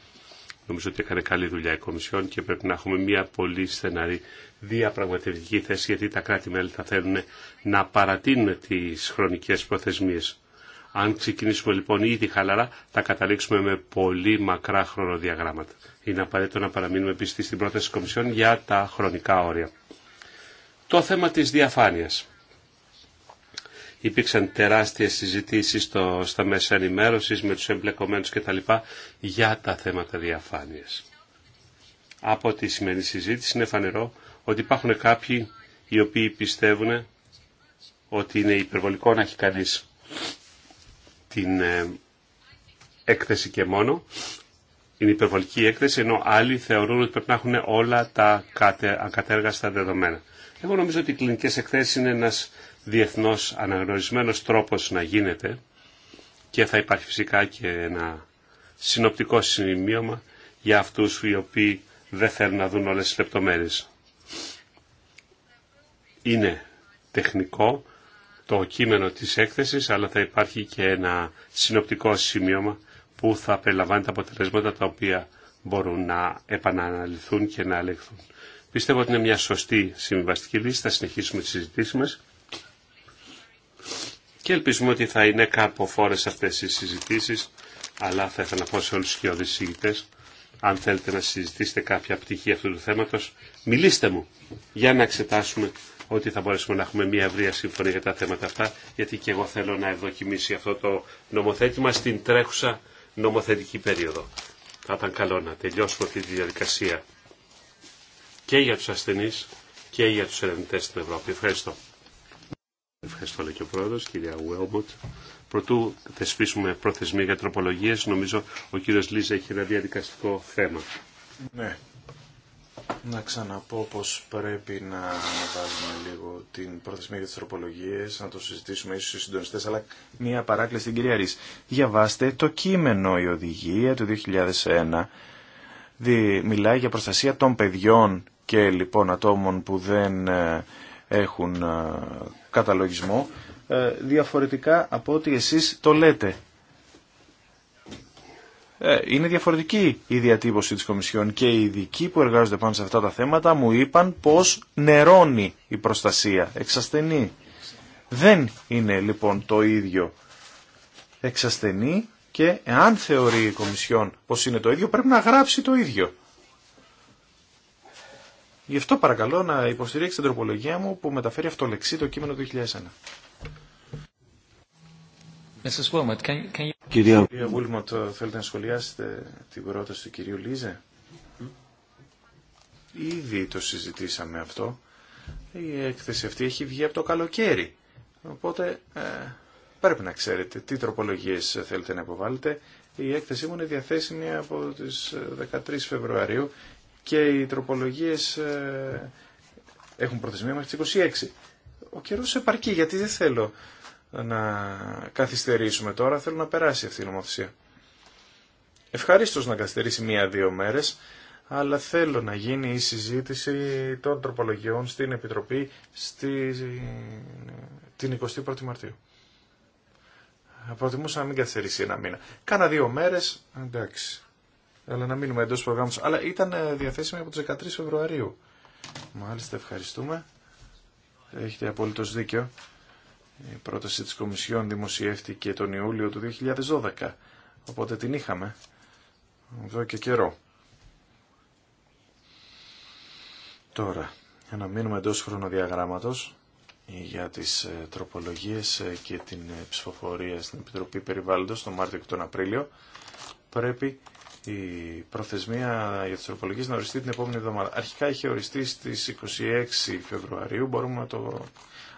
Νομίζω ότι έκανε καλή δουλειά η Κομισιόν και πρέπει να έχουμε μια πολύ στεναρή διαπραγματευτική θέση γιατί τα κράτη-μέλη θα θέλουν να παρατείνουν τις χρονικές προθεσμίες. Αν ξεκινήσουμε λοιπόν ήδη χαλαρά θα καταλήξουμε με πολύ μακρά χρονοδιαγράμματα. Είναι απαραίτητο να παραμείνουμε πιστοί στην πρόταση της Κομισιόν για τα χρονικά όρια. Το θέμα της διαφάνειας. Υπήρξαν τεράστιες συζητήσεις στα μέσα ενημέρωσης με τους εμπλεκομένους κτλ. για τα θέματα διαφάνειας. Από τη σημερινή συζήτηση είναι φανερό ότι υπάρχουν κάποιοι οι οποίοι πιστεύουν ότι είναι υπερβολικό να έχει κανείς την ε, έκθεση και μόνο. Είναι υπερβολική έκθεση, ενώ άλλοι θεωρούν ότι πρέπει να έχουν όλα τα ακατέργαστα δεδομένα. Εγώ νομίζω ότι οι κλινικές εκθέσεις είναι ένας διεθνώς αναγνωρισμένος τρόπος να γίνεται και θα υπάρχει φυσικά και ένα συνοπτικό σημείωμα για αυτούς οι οποίοι δεν θέλουν να δουν όλες τις λεπτομέρειες. Είναι τεχνικό το κείμενο της έκθεσης, αλλά θα υπάρχει και ένα συνοπτικό σημείωμα που θα περιλαμβάνει τα αποτελέσματα τα οποία μπορούν να επαναναλυθούν και να ελεγχθούν. Πιστεύω ότι είναι μια σωστή συμβιβαστική λύση, θα συνεχίσουμε τις συζητήσεις μας και ελπίζουμε ότι θα είναι φορές αυτές οι συζητήσεις, αλλά θα ήθελα να πω σε όλους του κοιόδης συζητητές, αν θέλετε να συζητήσετε κάποια πτυχή αυτού του θέματος, μιλήστε μου για να εξετάσουμε ότι θα μπορέσουμε να έχουμε μια ευρεία συμφωνία για τα θέματα αυτά, γιατί και εγώ θέλω να ευδοκιμήσει αυτό το νομοθέτημα στην τρέχουσα νομοθετική περίοδο. Θα ήταν καλό να τελειώσουμε αυτή τη διαδικασία και για τους ασθενείς και για τους ερευνητές στην Ευρώπη. Ευχαριστώ. Ευχαριστώ λέει και ο πρόεδρο, κυρία Βουέλμποτ. Πρωτού θεσπίσουμε προθεσμία για τροπολογίε, νομίζω ο κύριο Λίζα έχει ένα διαδικαστικό θέμα. Ναι. Να ξαναπώ πω πρέπει να βάζουμε λίγο την προθεσμία για τι τροπολογίε, να το συζητήσουμε ίσω οι συντονιστέ, αλλά μία παράκληση στην κυρία Ρης. Διαβάστε το κείμενο η οδηγία του 2001, μιλάει για προστασία των παιδιών και λοιπόν ατόμων που δεν ε, έχουν ε, καταλογισμό ε, διαφορετικά από ό,τι εσείς το λέτε. Ε, είναι διαφορετική η διατύπωση της Κομισιόν και οι ειδικοί που εργάζονται πάνω σε αυτά τα θέματα μου είπαν πως νερώνει η προστασία, εξασθενεί. Δεν είναι λοιπόν το ίδιο εξασθενεί και εάν θεωρεί η Κομισιόν πως είναι το ίδιο πρέπει να γράψει το ίδιο. Γι' αυτό παρακαλώ να υποστηρίξετε την τροπολογία μου που μεταφέρει αυτό το κείμενο του 2001. Κυρία Βούλμοντ, θέλετε να σχολιάσετε την πρόταση του κυρίου Λίζε. Ήδη το συζητήσαμε αυτό. Η έκθεση αυτή έχει βγει από το καλοκαίρι. Οπότε ε, πρέπει να ξέρετε τι τροπολογίες θέλετε να υποβάλλετε. Η έκθεσή μου είναι διαθέσιμη από τις 13 ε, Φεβρουαρίου και οι τροπολογίες ε, έχουν προθεσμία μέχρι τι 26. Ο καιρός επαρκεί γιατί δεν θέλω να καθυστερήσουμε τώρα, θέλω να περάσει αυτή η νομοθεσία. Ευχαρίστω να καθυστερήσει μία-δύο μέρες, αλλά θέλω να γίνει η συζήτηση των τροπολογιών στην Επιτροπή στη... την 21η Μαρτίου. Προτιμούσα να μην καθυστερήσει ένα μήνα. Κάνα δύο μέρε. εντάξει αλλά να μείνουμε εντό. προγράμματος. Αλλά ήταν ε, διαθέσιμη από τι 13 Φεβρουαρίου. Μάλιστα, ευχαριστούμε. Έχετε απολύτω δίκιο. Η πρόταση τη Κομισιόν δημοσιεύτηκε τον Ιούλιο του 2012, οπότε την είχαμε εδώ και καιρό. Τώρα, για να μείνουμε εντό χρονοδιαγράμματος για τις ε, τροπολογίες ε, και την ψηφοφορία στην Επιτροπή περιβάλλοντο τον Μάρτιο και τον Απρίλιο, πρέπει η προθεσμία για τις τροπολογίες να οριστεί την επόμενη εβδομάδα. Αρχικά είχε οριστεί στις 26 Φεβρουαρίου, μπορούμε να το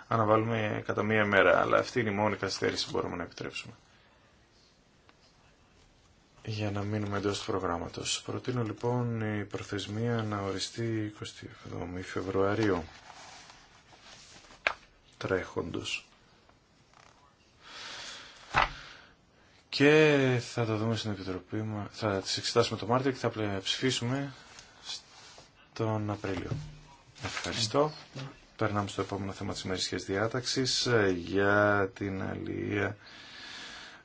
αναβάλουμε κατά μία μέρα, αλλά αυτή είναι η μόνη καθυστέρηση που μπορούμε να επιτρέψουμε. Για να μείνουμε εντός του προγράμματος. Προτείνω λοιπόν η προθεσμία να οριστεί 27 Φεβρουαρίου τρέχοντος. και θα τα δούμε στην Επιτροπή θα τις εξετάσουμε το Μάρτιο και θα ψηφίσουμε τον Απρίλιο. Ευχαριστώ. Περνάμε στο επόμενο θέμα τη ημερησία διάταξη ε, για την αλληλεία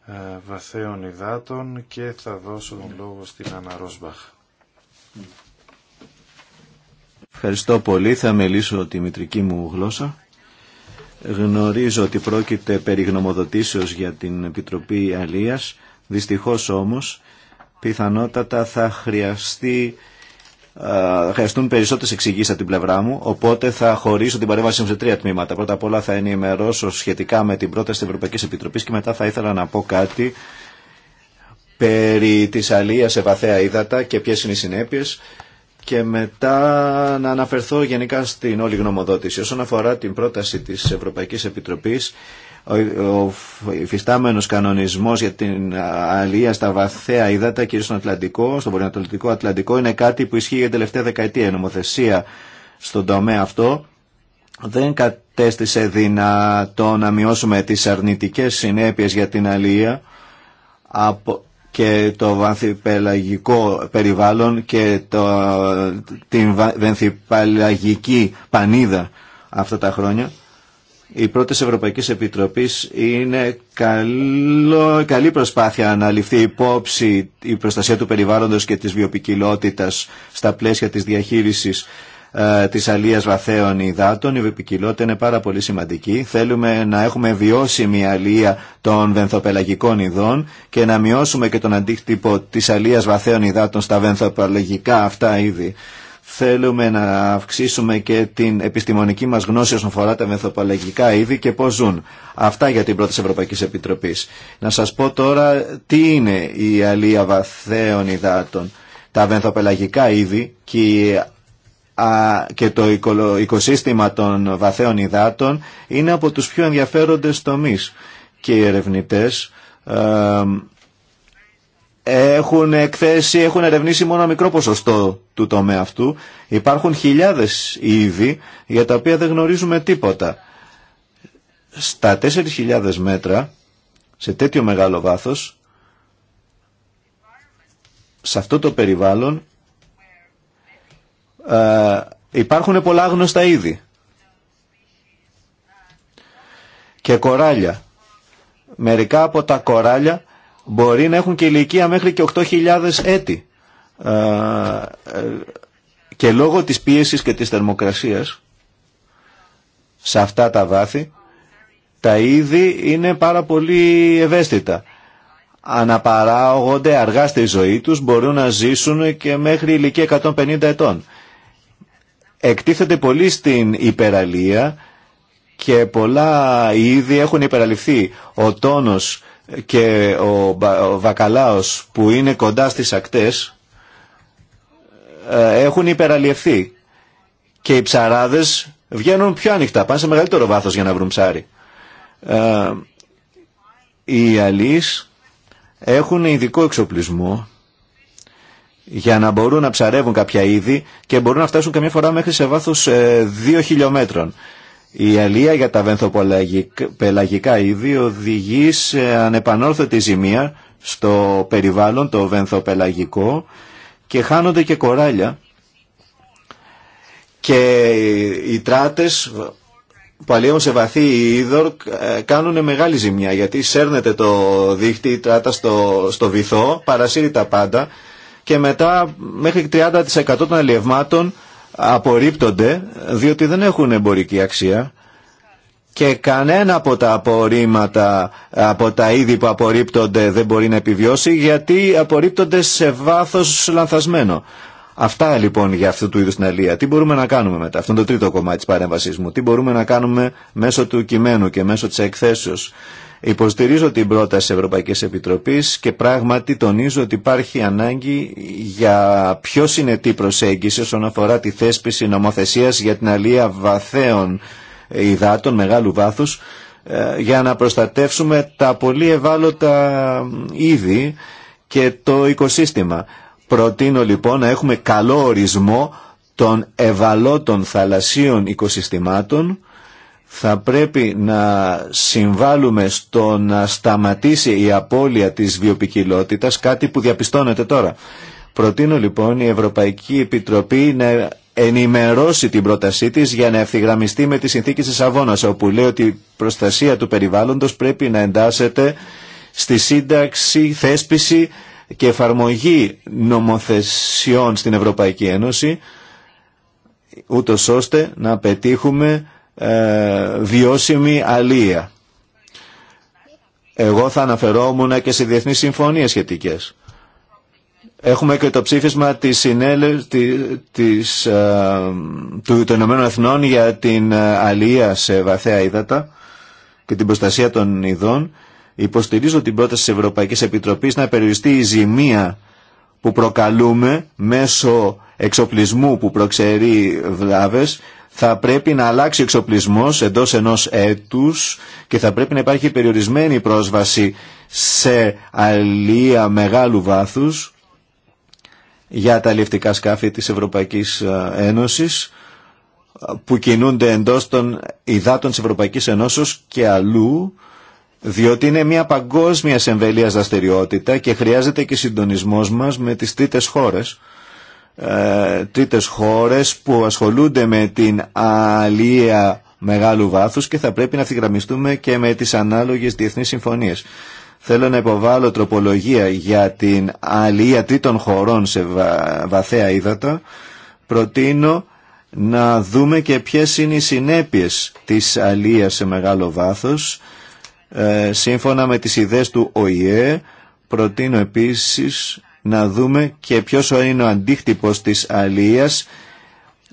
ε, βαθέων υδάτων και θα δώσω τον λόγο στην Άννα Ρόσμπαχ. Ευχαριστώ πολύ. Θα μελήσω τη μητρική μου γλώσσα. Γνωρίζω ότι πρόκειται περί γνωμοδοτήσεως για την Επιτροπή Αλίας. Δυστυχώς όμως πιθανότατα θα χρειαστεί χρειαστούν περισσότερες εξηγήσεις από την πλευρά μου, οπότε θα χωρίσω την παρέμβασή μου σε τρία τμήματα. Πρώτα απ' όλα θα ενημερώσω σχετικά με την πρόταση της Ευρωπαϊκής Επιτροπής και μετά θα ήθελα να πω κάτι περί της αλίας σε βαθαία ύδατα και ποιες είναι οι συνέπειες και μετά να αναφερθώ γενικά στην όλη γνωμοδότηση. Όσον αφορά την πρόταση της Ευρωπαϊκής Επιτροπής, ο υφιστάμενος κανονισμός για την αλληλεία στα βαθαία υδάτα, κυρίως στον Ατλαντικό, στον Βορειοανατολικό Ατλαντικό, είναι κάτι που ισχύει για την τελευταία δεκαετία. Η νομοθεσία στον τομέα αυτό δεν κατέστησε δυνατό να μειώσουμε τις αρνητικές συνέπειες για την αλληλεία και το βανθυπελαγικό περιβάλλον και το, την βανθυπελαγική πανίδα αυτά τα χρόνια. η πρώτη Ευρωπαϊκή Επιτροπή είναι καλό, καλή προσπάθεια να ληφθεί υπόψη η προστασία του περιβάλλοντος και της βιοπικιλότητας στα πλαίσια της διαχείρισης ε, της αλίας υδάτων. Η επικοινότητα είναι πάρα πολύ σημαντική. Θέλουμε να έχουμε βιώσιμη αλία των βενθοπελαγικών ειδών και να μειώσουμε και τον αντίκτυπο της αλίας βαθέων υδάτων στα βενθοπελαγικά αυτά είδη. Θέλουμε να αυξήσουμε και την επιστημονική μας γνώση όσον αφορά τα μεθοπαλλαγικά είδη και πώς ζουν. Αυτά για την πρώτη Ευρωπαϊκή Επιτροπή. Να σας πω τώρα τι είναι η αλία βαθέων υδάτων. Τα βενθοπελαγικά είδη και και το οικοσύστημα των βαθέων υδάτων είναι από τους πιο ενδιαφέροντες τομείς και οι ερευνητές έχουν εκθέσει, έχουν ερευνήσει μόνο μικρό ποσοστό του τομέα αυτού. Υπάρχουν χιλιάδες είδη για τα οποία δεν γνωρίζουμε τίποτα. Στα 4.000 μέτρα, σε τέτοιο μεγάλο βάθος, σε αυτό το περιβάλλον ε, υπάρχουν πολλά γνωστά είδη. Και κοράλια. Μερικά από τα κοράλια μπορεί να έχουν και ηλικία μέχρι και 8.000 έτη. Ε, ε, και λόγω της πίεσης και της θερμοκρασίας σε αυτά τα βάθη τα είδη είναι πάρα πολύ ευαίσθητα. Αναπαράγονται αργά στη ζωή τους, μπορούν να ζήσουν και μέχρι ηλικία 150 ετών εκτίθεται πολύ στην υπεραλία και πολλά είδη έχουν υπεραληφθεί. Ο τόνος και ο βακαλάος που είναι κοντά στις ακτές ε, έχουν υπεραλειφθεί και οι ψαράδες βγαίνουν πιο ανοιχτά, πάνε σε μεγαλύτερο βάθος για να βρουν ψάρι. Ε, οι αλείς έχουν ειδικό εξοπλισμό για να μπορούν να ψαρεύουν κάποια είδη και μπορούν να φτάσουν καμιά φορά μέχρι σε βάθος 2 ε, χιλιόμετρων. Η αλία για τα βενθοπελαγικά είδη οδηγεί σε ανεπανόρθωτη ζημία στο περιβάλλον το βενθοπελαγικό και χάνονται και κοράλια και οι τράτες που αλλιεύουν σε βαθύ είδωρ ε, κάνουν μεγάλη ζημιά γιατί σέρνεται το δίχτυ η τράτα στο, στο βυθό, παρασύρει τα πάντα και μετά μέχρι 30% των αλλιευμάτων απορρίπτονται διότι δεν έχουν εμπορική αξία και κανένα από τα απορρίμματα, από τα είδη που απορρίπτονται δεν μπορεί να επιβιώσει γιατί απορρίπτονται σε βάθος λανθασμένο. Αυτά λοιπόν για αυτού του είδους την αλία. Τι μπορούμε να κάνουμε μετά, αυτό είναι το τρίτο κομμάτι της παρέμβασής μου. Τι μπορούμε να κάνουμε μέσω του κειμένου και μέσω της εκθέσεως. Υποστηρίζω την πρόταση Ευρωπαϊκής Επιτροπής και πράγματι τονίζω ότι υπάρχει ανάγκη για πιο συνετή προσέγγιση όσον αφορά τη θέσπιση νομοθεσίας για την αλία βαθέων υδάτων μεγάλου βάθους ε, για να προστατεύσουμε τα πολύ ευάλωτα ε, είδη και το οικοσύστημα. Προτείνω λοιπόν να έχουμε καλό ορισμό των ευαλώτων θαλασσίων οικοσυστημάτων θα πρέπει να συμβάλλουμε στο να σταματήσει η απώλεια της βιοπικιλότητας, κάτι που διαπιστώνεται τώρα. Προτείνω λοιπόν η Ευρωπαϊκή Επιτροπή να ενημερώσει την πρότασή της για να ευθυγραμμιστεί με τη συνθήκη της Αβώνας, όπου λέει ότι η προστασία του περιβάλλοντος πρέπει να εντάσσεται στη σύνταξη, θέσπιση και εφαρμογή νομοθεσιών στην Ευρωπαϊκή Ένωση, ούτως ώστε να πετύχουμε ε, βιώσιμη αλία. Εγώ θα αναφερόμουν και σε διεθνείς συμφωνίες σχετικές. Έχουμε και το ψήφισμα της συνέλε, ε, του, των Εθνών για την ε, αλία σε βαθέα ύδατα και την προστασία των ειδών. Υποστηρίζω την πρόταση της Ευρωπαϊκής Επιτροπής να περιοριστεί η ζημία που προκαλούμε μέσω εξοπλισμού που προξερεί βλάβες θα πρέπει να αλλάξει ο εξοπλισμός εντός ενός έτους και θα πρέπει να υπάρχει περιορισμένη πρόσβαση σε αλία μεγάλου βάθους για τα λευτικά σκάφη της Ευρωπαϊκής ε, Ένωσης που κινούνται εντός των υδάτων της Ευρωπαϊκής Ένωσης και αλλού διότι είναι μια παγκόσμια εμβελίας δραστηριότητα και χρειάζεται και συντονισμός μας με τις τρίτες χώρες ε, τρίτες χώρες που ασχολούνται με την αλία μεγάλου βάθους και θα πρέπει να θυγραμιστούμε και με τις ανάλογες διεθνείς συμφωνίες. Θέλω να υποβάλω τροπολογία για την αλία τρίτων χωρών σε βα... βαθαία ύδατα. Προτείνω να δούμε και ποιες είναι οι συνέπειες της αλίας σε μεγάλο βάθος. Ε, σύμφωνα με τις ιδέες του ΟΗΕ, προτείνω επίσης να δούμε και ποιος είναι ο αντίκτυπος της αλίας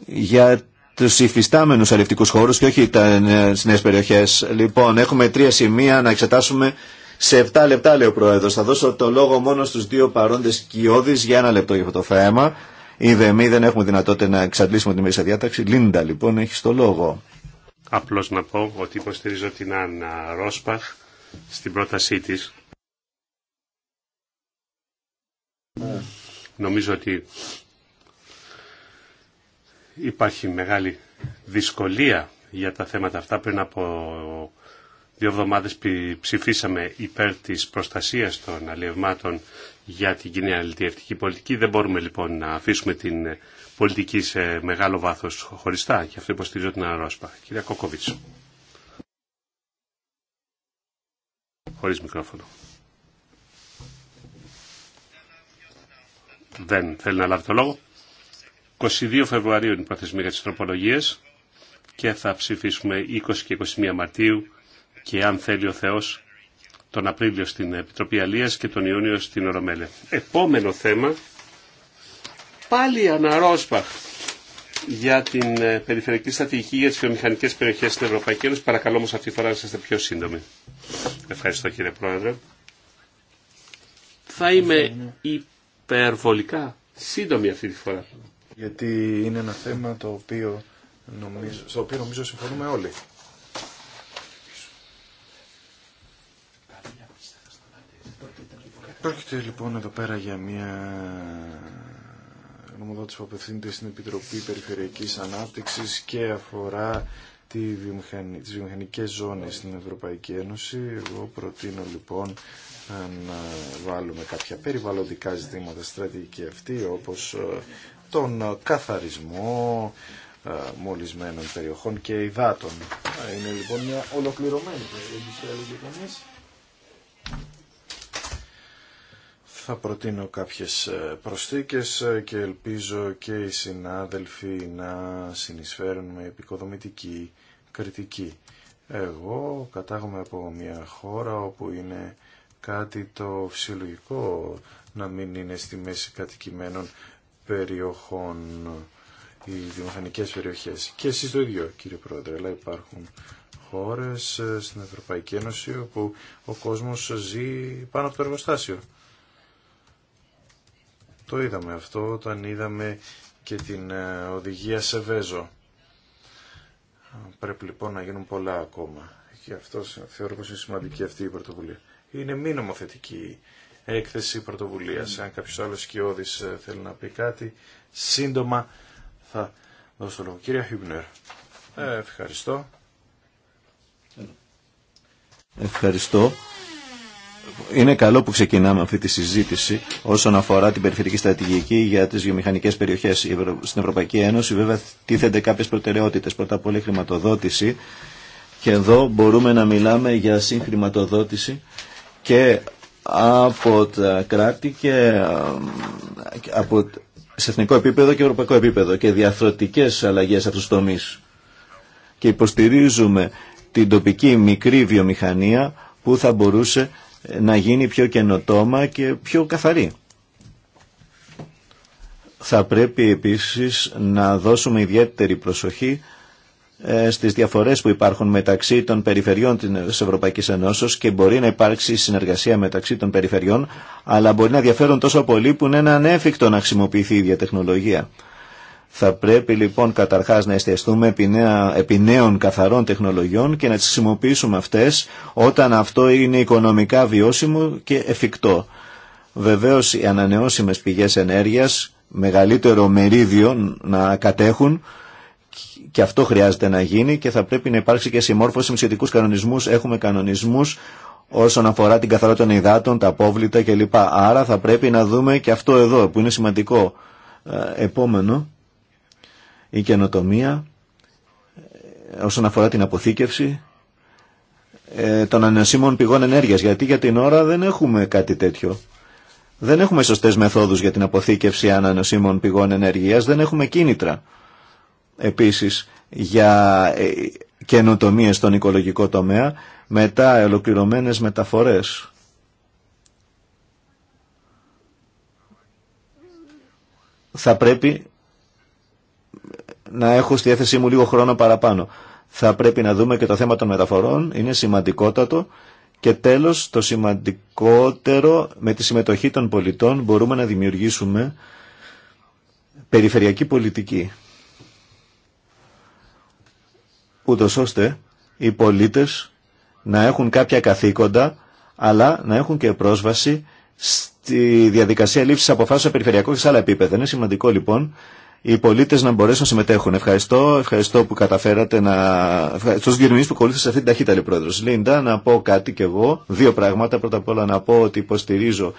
για τους υφιστάμενους αλληλευτικούς χώρους και όχι τα νέες περιοχές. Λοιπόν, έχουμε τρία σημεία να εξετάσουμε σε 7 λεπτά, λέει ο Πρόεδρος. Θα δώσω το λόγο μόνο στους δύο παρόντες κοιόδης για ένα λεπτό για αυτό το θέμα. Είδε ΔΕΜΗ δεν έχουμε δυνατότητα να εξαντλήσουμε τη μέσα διάταξη. Λίντα, λοιπόν, έχει το λόγο. Απλώς να πω ότι υποστηρίζω την Άννα Ρόσπαχ στην πρότασή τη. Νομίζω ότι υπάρχει μεγάλη δυσκολία για τα θέματα αυτά. Πριν από δύο εβδομάδες ψηφίσαμε υπέρ της προστασίας των αλλιευμάτων για την κοινή αλληλευτική πολιτική. Δεν μπορούμε λοιπόν να αφήσουμε την πολιτική σε μεγάλο βάθος χωριστά και αυτό υποστηρίζω την ΑΡΟΣΠΑ Κυρία Κοκοβίτσου. Χωρίς μικρόφωνο. δεν θέλει να λάβει το λόγο. 22 Φεβρουαρίου είναι η προθεσμία για τις τροπολογίες και θα ψηφίσουμε 20 και 21 Μαρτίου και αν θέλει ο Θεός τον Απρίλιο στην Επιτροπή Αλίας και τον Ιούνιο στην Ορομέλεια. Επόμενο θέμα, πάλι αναρόσπαχ για την ε, περιφερειακή στρατηγική για τις βιομηχανικές περιοχές στην Ευρωπαϊκή Ένωση. Παρακαλώ όμως αυτή τη φορά να είστε πιο σύντομοι. Ευχαριστώ κύριε Πρόεδρε. Θα υπερβολικά σύντομη αυτή τη φορά. Γιατί είναι ένα θέμα το οποίο νομίζω, στο οποίο νομίζω συμφωνούμε όλοι. Πρόκειται λοιπόν εδώ πέρα για μια νομοδότηση που απευθύνεται στην Επιτροπή Περιφερειακής Ανάπτυξης και αφορά τη βιομηχανι... τις βιομηχανικές ζώνες στην Ευρωπαϊκή Ένωση. Εγώ προτείνω λοιπόν αν ε, βάλουμε κάποια περιβαλλοντικά ζητήματα στρατηγική αυτή όπως ε, τον καθαρισμό ε, μολυσμένων περιοχών και υδάτων. Είναι λοιπόν μια ολοκληρωμένη περιοχή Θα προτείνω κάποιες προσθήκες και ελπίζω και οι συνάδελφοι να συνεισφέρουν με επικοδομητική κριτική. Εγώ κατάγομαι από μια χώρα όπου είναι κάτι το φυσιολογικό να μην είναι στη μέση κατοικημένων περιοχών οι δημοφανικές περιοχές. Και εσείς το ίδιο κύριε Πρόεδρε, αλλά υπάρχουν χώρες ε, στην Ευρωπαϊκή Ένωση όπου ο κόσμος ζει πάνω από το εργοστάσιο. Το είδαμε αυτό όταν είδαμε και την ε, οδηγία σε Βέζο. Πρέπει λοιπόν να γίνουν πολλά ακόμα. Και αυτό θεωρώ πως είναι σημαντική αυτή η πρωτοβουλία είναι μη νομοθετική έκθεση πρωτοβουλίας. Αν κάποιο άλλο σκιώδης ε, θέλει να πει κάτι, σύντομα θα δώσω το λόγο. Κύριε Χιμπνερ, ε, ευχαριστώ. Ευχαριστώ. Είναι καλό που ξεκινάμε αυτή τη συζήτηση όσον αφορά την περιφερειακή στρατηγική για τι βιομηχανικέ περιοχέ. Στην Ευρωπαϊκή Ένωση βέβαια τίθενται κάποιε προτεραιότητε. Πρώτα απ' όλα η χρηματοδότηση. Και εδώ μπορούμε να μιλάμε για συγχρηματοδότηση και από τα κράτη και ε, από, σε εθνικό επίπεδο και ευρωπαϊκό επίπεδο και διαθροτικές αλλαγές αυτού αυτούς τους Και υποστηρίζουμε την τοπική μικρή βιομηχανία που θα μπορούσε να γίνει πιο καινοτόμα και πιο καθαρή. Θα πρέπει επίσης να δώσουμε ιδιαίτερη προσοχή ε, στις διαφορές που υπάρχουν μεταξύ των περιφερειών της Ευρωπαϊκής Ενώσεως και μπορεί να υπάρξει συνεργασία μεταξύ των περιφερειών, αλλά μπορεί να διαφέρουν τόσο πολύ που είναι ανέφικτο να χρησιμοποιηθεί η ίδια τεχνολογία. Θα πρέπει λοιπόν καταρχάς να εστιαστούμε επί, νέων καθαρών τεχνολογιών και να τις χρησιμοποιήσουμε αυτές όταν αυτό είναι οικονομικά βιώσιμο και εφικτό. Βεβαίως οι ανανεώσιμες πηγές ενέργειας μεγαλύτερο μερίδιο να κατέχουν και αυτό χρειάζεται να γίνει και θα πρέπει να υπάρξει και συμμόρφωση με σχετικού κανονισμού. Έχουμε κανονισμού όσον αφορά την καθαρότητα των υδάτων, τα απόβλητα κλπ. Άρα θα πρέπει να δούμε και αυτό εδώ που είναι σημαντικό. Ε, επόμενο, η καινοτομία ε, όσον αφορά την αποθήκευση ε, των ανασύμων πηγών ενέργειας. Γιατί για την ώρα δεν έχουμε κάτι τέτοιο. Δεν έχουμε σωστές μεθόδους για την αποθήκευση ανανοσίμων πηγών ενέργειας, δεν έχουμε κίνητρα επίσης για ε, καινοτομίε στον οικολογικό τομέα, μετά ολοκληρωμένες μεταφορές. Θα πρέπει να έχω στη διάθεσή μου λίγο χρόνο παραπάνω. Θα πρέπει να δούμε και το θέμα των μεταφορών, είναι σημαντικότατο. Και τέλος, το σημαντικότερο, με τη συμμετοχή των πολιτών μπορούμε να δημιουργήσουμε περιφερειακή πολιτική ούτως ώστε οι πολίτες να έχουν κάποια καθήκοντα, αλλά να έχουν και πρόσβαση στη διαδικασία λήψης αποφάσεων περιφερειακών και σε άλλα επίπεδα. Είναι σημαντικό λοιπόν οι πολίτες να μπορέσουν να συμμετέχουν. Ευχαριστώ, ευχαριστώ που καταφέρατε να... Ευχαριστώ στους διερμηνείς που ακολούθησαν σε αυτή την ταχύτητα, λέει πρόεδρος. Λίντα, να πω κάτι κι εγώ, δύο πράγματα. Πρώτα απ' όλα να πω ότι υποστηρίζω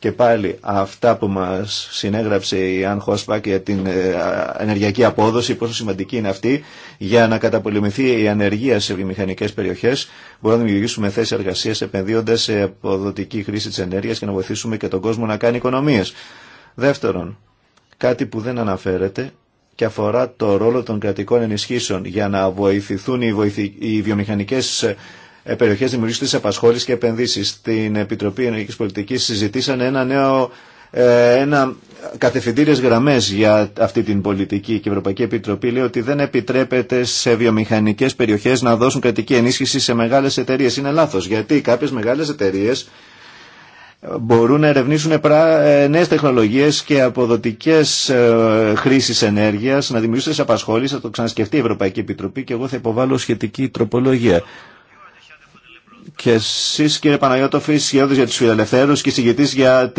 και πάλι αυτά που μας συνέγραψε η Αν Χόσπακ για την ε, ενεργειακή απόδοση, πόσο σημαντική είναι αυτή για να καταπολεμηθεί η ανεργία σε βιομηχανικές περιοχές, μπορούμε να δημιουργήσουμε θέσεις εργασίας επενδύοντας σε αποδοτική χρήση της ενέργειας και να βοηθήσουμε και τον κόσμο να κάνει οικονομίες. Δεύτερον, κάτι που δεν αναφέρεται και αφορά το ρόλο των κρατικών ενισχύσεων για να βοηθηθούν οι, βιομηχανικές ε, περιοχέ δημιουργήσεω τη απασχόληση και επενδύσει. Στην Επιτροπή Ενεργική Πολιτική συζητήσαν ένα νέο ε, ένα κατευθυντήριε γραμμέ για αυτή την πολιτική. Και η Ευρωπαϊκή Επιτροπή λέει ότι δεν επιτρέπεται σε βιομηχανικέ περιοχέ να δώσουν κρατική ενίσχυση σε μεγάλε εταιρείε. Είναι λάθο, γιατί κάποιε μεγάλε εταιρείε μπορούν να ερευνήσουν ε, νέε τεχνολογίε και αποδοτικέ χρήσει ενέργεια να δημιουργήσουν απασχόληση, θα το ξανασκεφτεί η Ευρωπαϊκή Επιτροπή και εγώ θα υποβάλω σχετική τροπολογία. Και εσεί, κύριε Παναγιώτοφη, σχεδόν για του φιλελευθέρου και συγκητή για,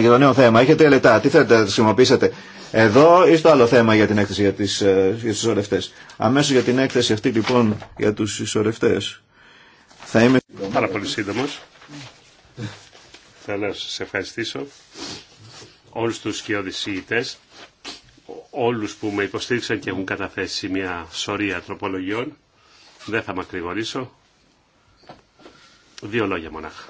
για το νέο θέμα. Έχετε λεπτά. Τι θέλετε να χρησιμοποιήσετε εδώ ή στο άλλο θέμα για την έκθεση για, ε, του ισορρευτέ. Αμέσω για την έκθεση αυτή, λοιπόν, για του ισορρευτέ. Θα είμαι. Πάρα πολύ σύντομο. Θέλω να σα ευχαριστήσω όλους τους σκιώδησίητες, όλους που με υποστήριξαν και έχουν καταθέσει μια σωρία τροπολογιών. Δεν θα μακρηγορήσω. Δύο λόγια μονάχα.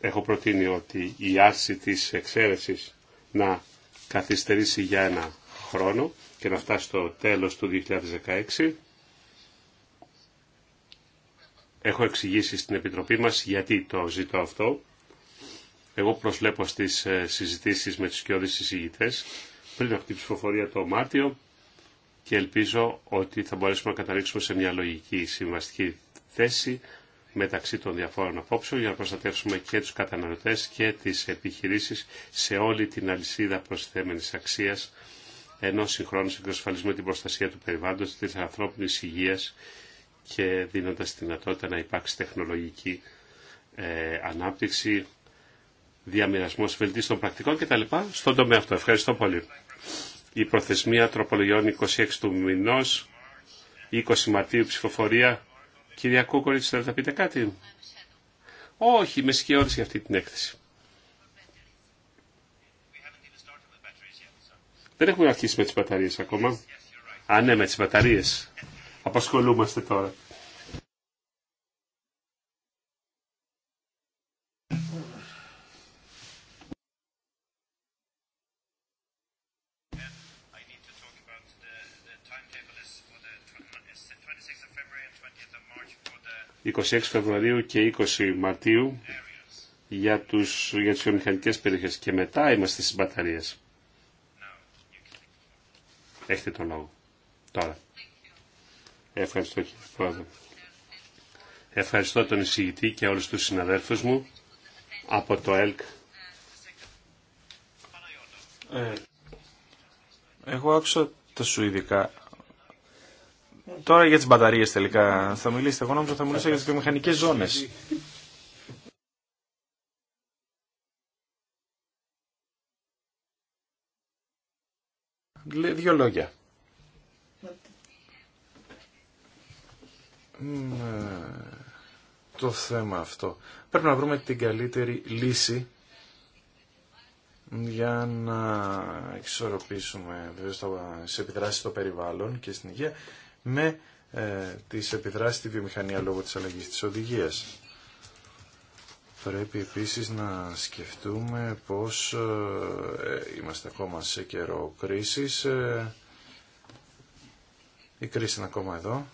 Έχω προτείνει ότι η άρση της εξαίρεσης να καθυστερήσει για ένα χρόνο και να φτάσει στο τέλος του 2016. Έχω εξηγήσει στην Επιτροπή μας γιατί το ζητώ αυτό. Εγώ προσλέπω στις ε, συζητήσεις με τους κοιόδης συζητητές πριν από την ψηφοφορία το Μάρτιο και ελπίζω ότι θα μπορέσουμε να καταλήξουμε σε μια λογική συμβαστική θέση μεταξύ των διαφόρων απόψεων για να προστατεύσουμε και τους καταναλωτές και τις επιχειρήσεις σε όλη την αλυσίδα προσθέμενης αξίας ενώ συγχρόνως εξασφαλίζουμε την προστασία του περιβάλλοντος, της ανθρώπινης υγείας και δίνοντας τη δυνατότητα να υπάρξει τεχνολογική ε, ανάπτυξη, διαμοιρασμός βελτίστων πρακτικών κτλ. στον τομέα αυτό. Ευχαριστώ πολύ η προθεσμία τροπολογιών 26 του μηνός, 20 Μαρτίου ψηφοφορία. Κυρία Κούκορη, θέλετε να πείτε κάτι. Όχι, με σκιώδης για αυτή την έκθεση. Δεν έχουμε αρχίσει με τις μπαταρίες ακόμα. Α, ναι, με τις μπαταρίες. Απασχολούμαστε τώρα. 26 Φεβρουαρίου και 20 Μαρτίου για, τους, για τις βιομηχανικές περιοχές και μετά είμαστε στις μπαταρίες. Έχετε τον λόγο. Τώρα. Ευχαριστώ κύριε Πρόεδρε. Ευχαριστώ τον εισηγητή και όλους τους συναδέλφους μου από το ΕΛΚ. Ε, εγώ άκουσα τα ειδικά. Τώρα για τις μπαταρίες τελικά θα μιλήσετε. Εγώ νόμιζα θα μιλήσω για τις μηχανικές ζώνες. Δύο λόγια. Ε, το θέμα αυτό. Πρέπει να βρούμε την καλύτερη λύση για να εξορροπήσουμε βέβαια σε επιδράσεις στο περιβάλλον και στην υγεία με ε, τις επιδράσεις στη βιομηχανία λόγω της αλλαγής της οδηγίας. Πρέπει επίσης να σκεφτούμε πως ε, είμαστε ακόμα σε καιρό κρίσης. Ε, η κρίση είναι ακόμα εδώ.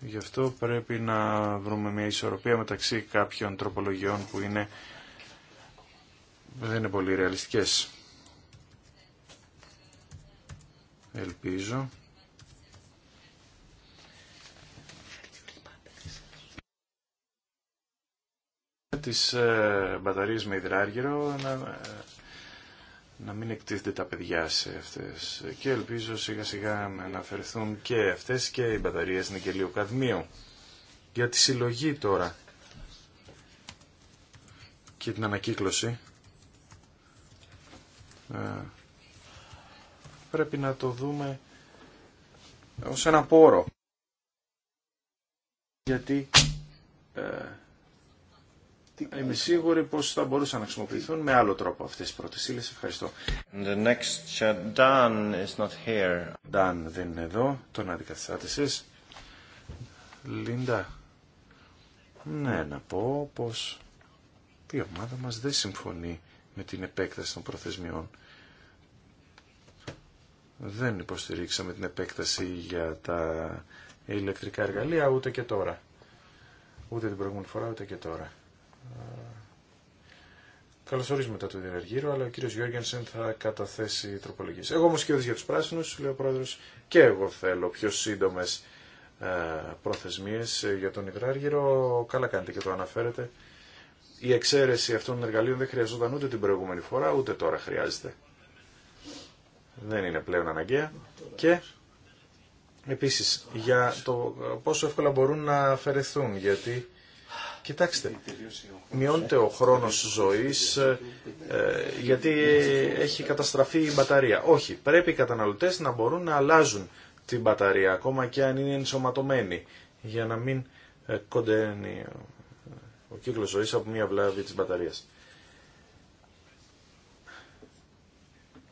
Γι' αυτό πρέπει να βρούμε μια ισορροπία μεταξύ κάποιων τροπολογιών που είναι, δεν είναι πολύ ρεαλιστικές. Ελπίζω τις ε, μπαταρίες με υδράργυρο να, ε, να μην εκτίθενται τα παιδιά σε αυτές. Και ελπίζω σιγά σιγά να αναφερθούν και αυτές και οι μπαταρίες νικελίου καδμίου. Για τη συλλογή τώρα και την ανακύκλωση ε, πρέπει να το δούμε ως ένα πόρο. Γιατί Είμαι σίγουρη πως θα μπορούσαν να χρησιμοποιηθούν με άλλο τρόπο αυτές οι πρώτες Ευχαριστώ. The next Dan is not here. Dan δεν είναι εδώ. Τον αντικαθιστάτε εσείς. Λίντα. Ναι, να πω πως η ομάδα μας δεν συμφωνεί με την επέκταση των προθεσμιών. Δεν υποστηρίξαμε την επέκταση για τα ηλεκτρικά εργαλεία ούτε και τώρα. Ούτε την προηγούμενη φορά ούτε και τώρα. Ε, καλωσορίζουμε μετά του Διενεργύρου, αλλά ο κύριο Γιώργενσεν θα καταθέσει τροπολογίε. Εγώ όμω και για του πράσινου, λέει ο πρόεδρο, και εγώ θέλω πιο σύντομε προθεσμίε ε, για τον Υδράργυρο. Καλά κάνετε και το αναφέρετε. Η εξαίρεση αυτών των εργαλείων δεν χρειαζόταν ούτε την προηγούμενη φορά, ούτε τώρα χρειάζεται. Δεν είναι πλέον αναγκαία. Και επίση για το πόσο εύκολα μπορούν να αφαιρεθούν, γιατί Κοιτάξτε, μειώνεται ο χρόνος ζωής ε, γιατί έχει καταστραφεί η μπαταρία. Όχι, πρέπει οι καταναλωτές να μπορούν να αλλάζουν την μπαταρία ακόμα και αν είναι ενσωματωμένοι για να μην ε, κοντένει ο κύκλος ζωής από μια βλάβη της μπαταρίας.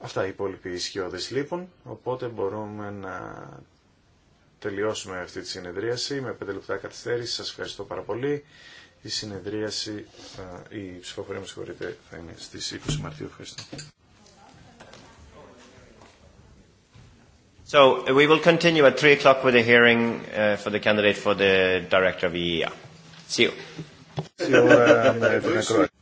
Αυτά οι υπόλοιποι ισχυώδεις λείπουν, οπότε μπορούμε να τελειώσουμε αυτή τη συνεδρίαση με 5 λεπτά καθυστέρηση. Σας ευχαριστώ πάρα πολύ. Η συνεδρίαση, θα, η ψηφοφορία μου συγχωρείτε, θα είναι στις 20 Μαρτίου. Ευχαριστώ. So we will continue at 3 o'clock with the hearing uh, for the candidate for the director of EEA. See you.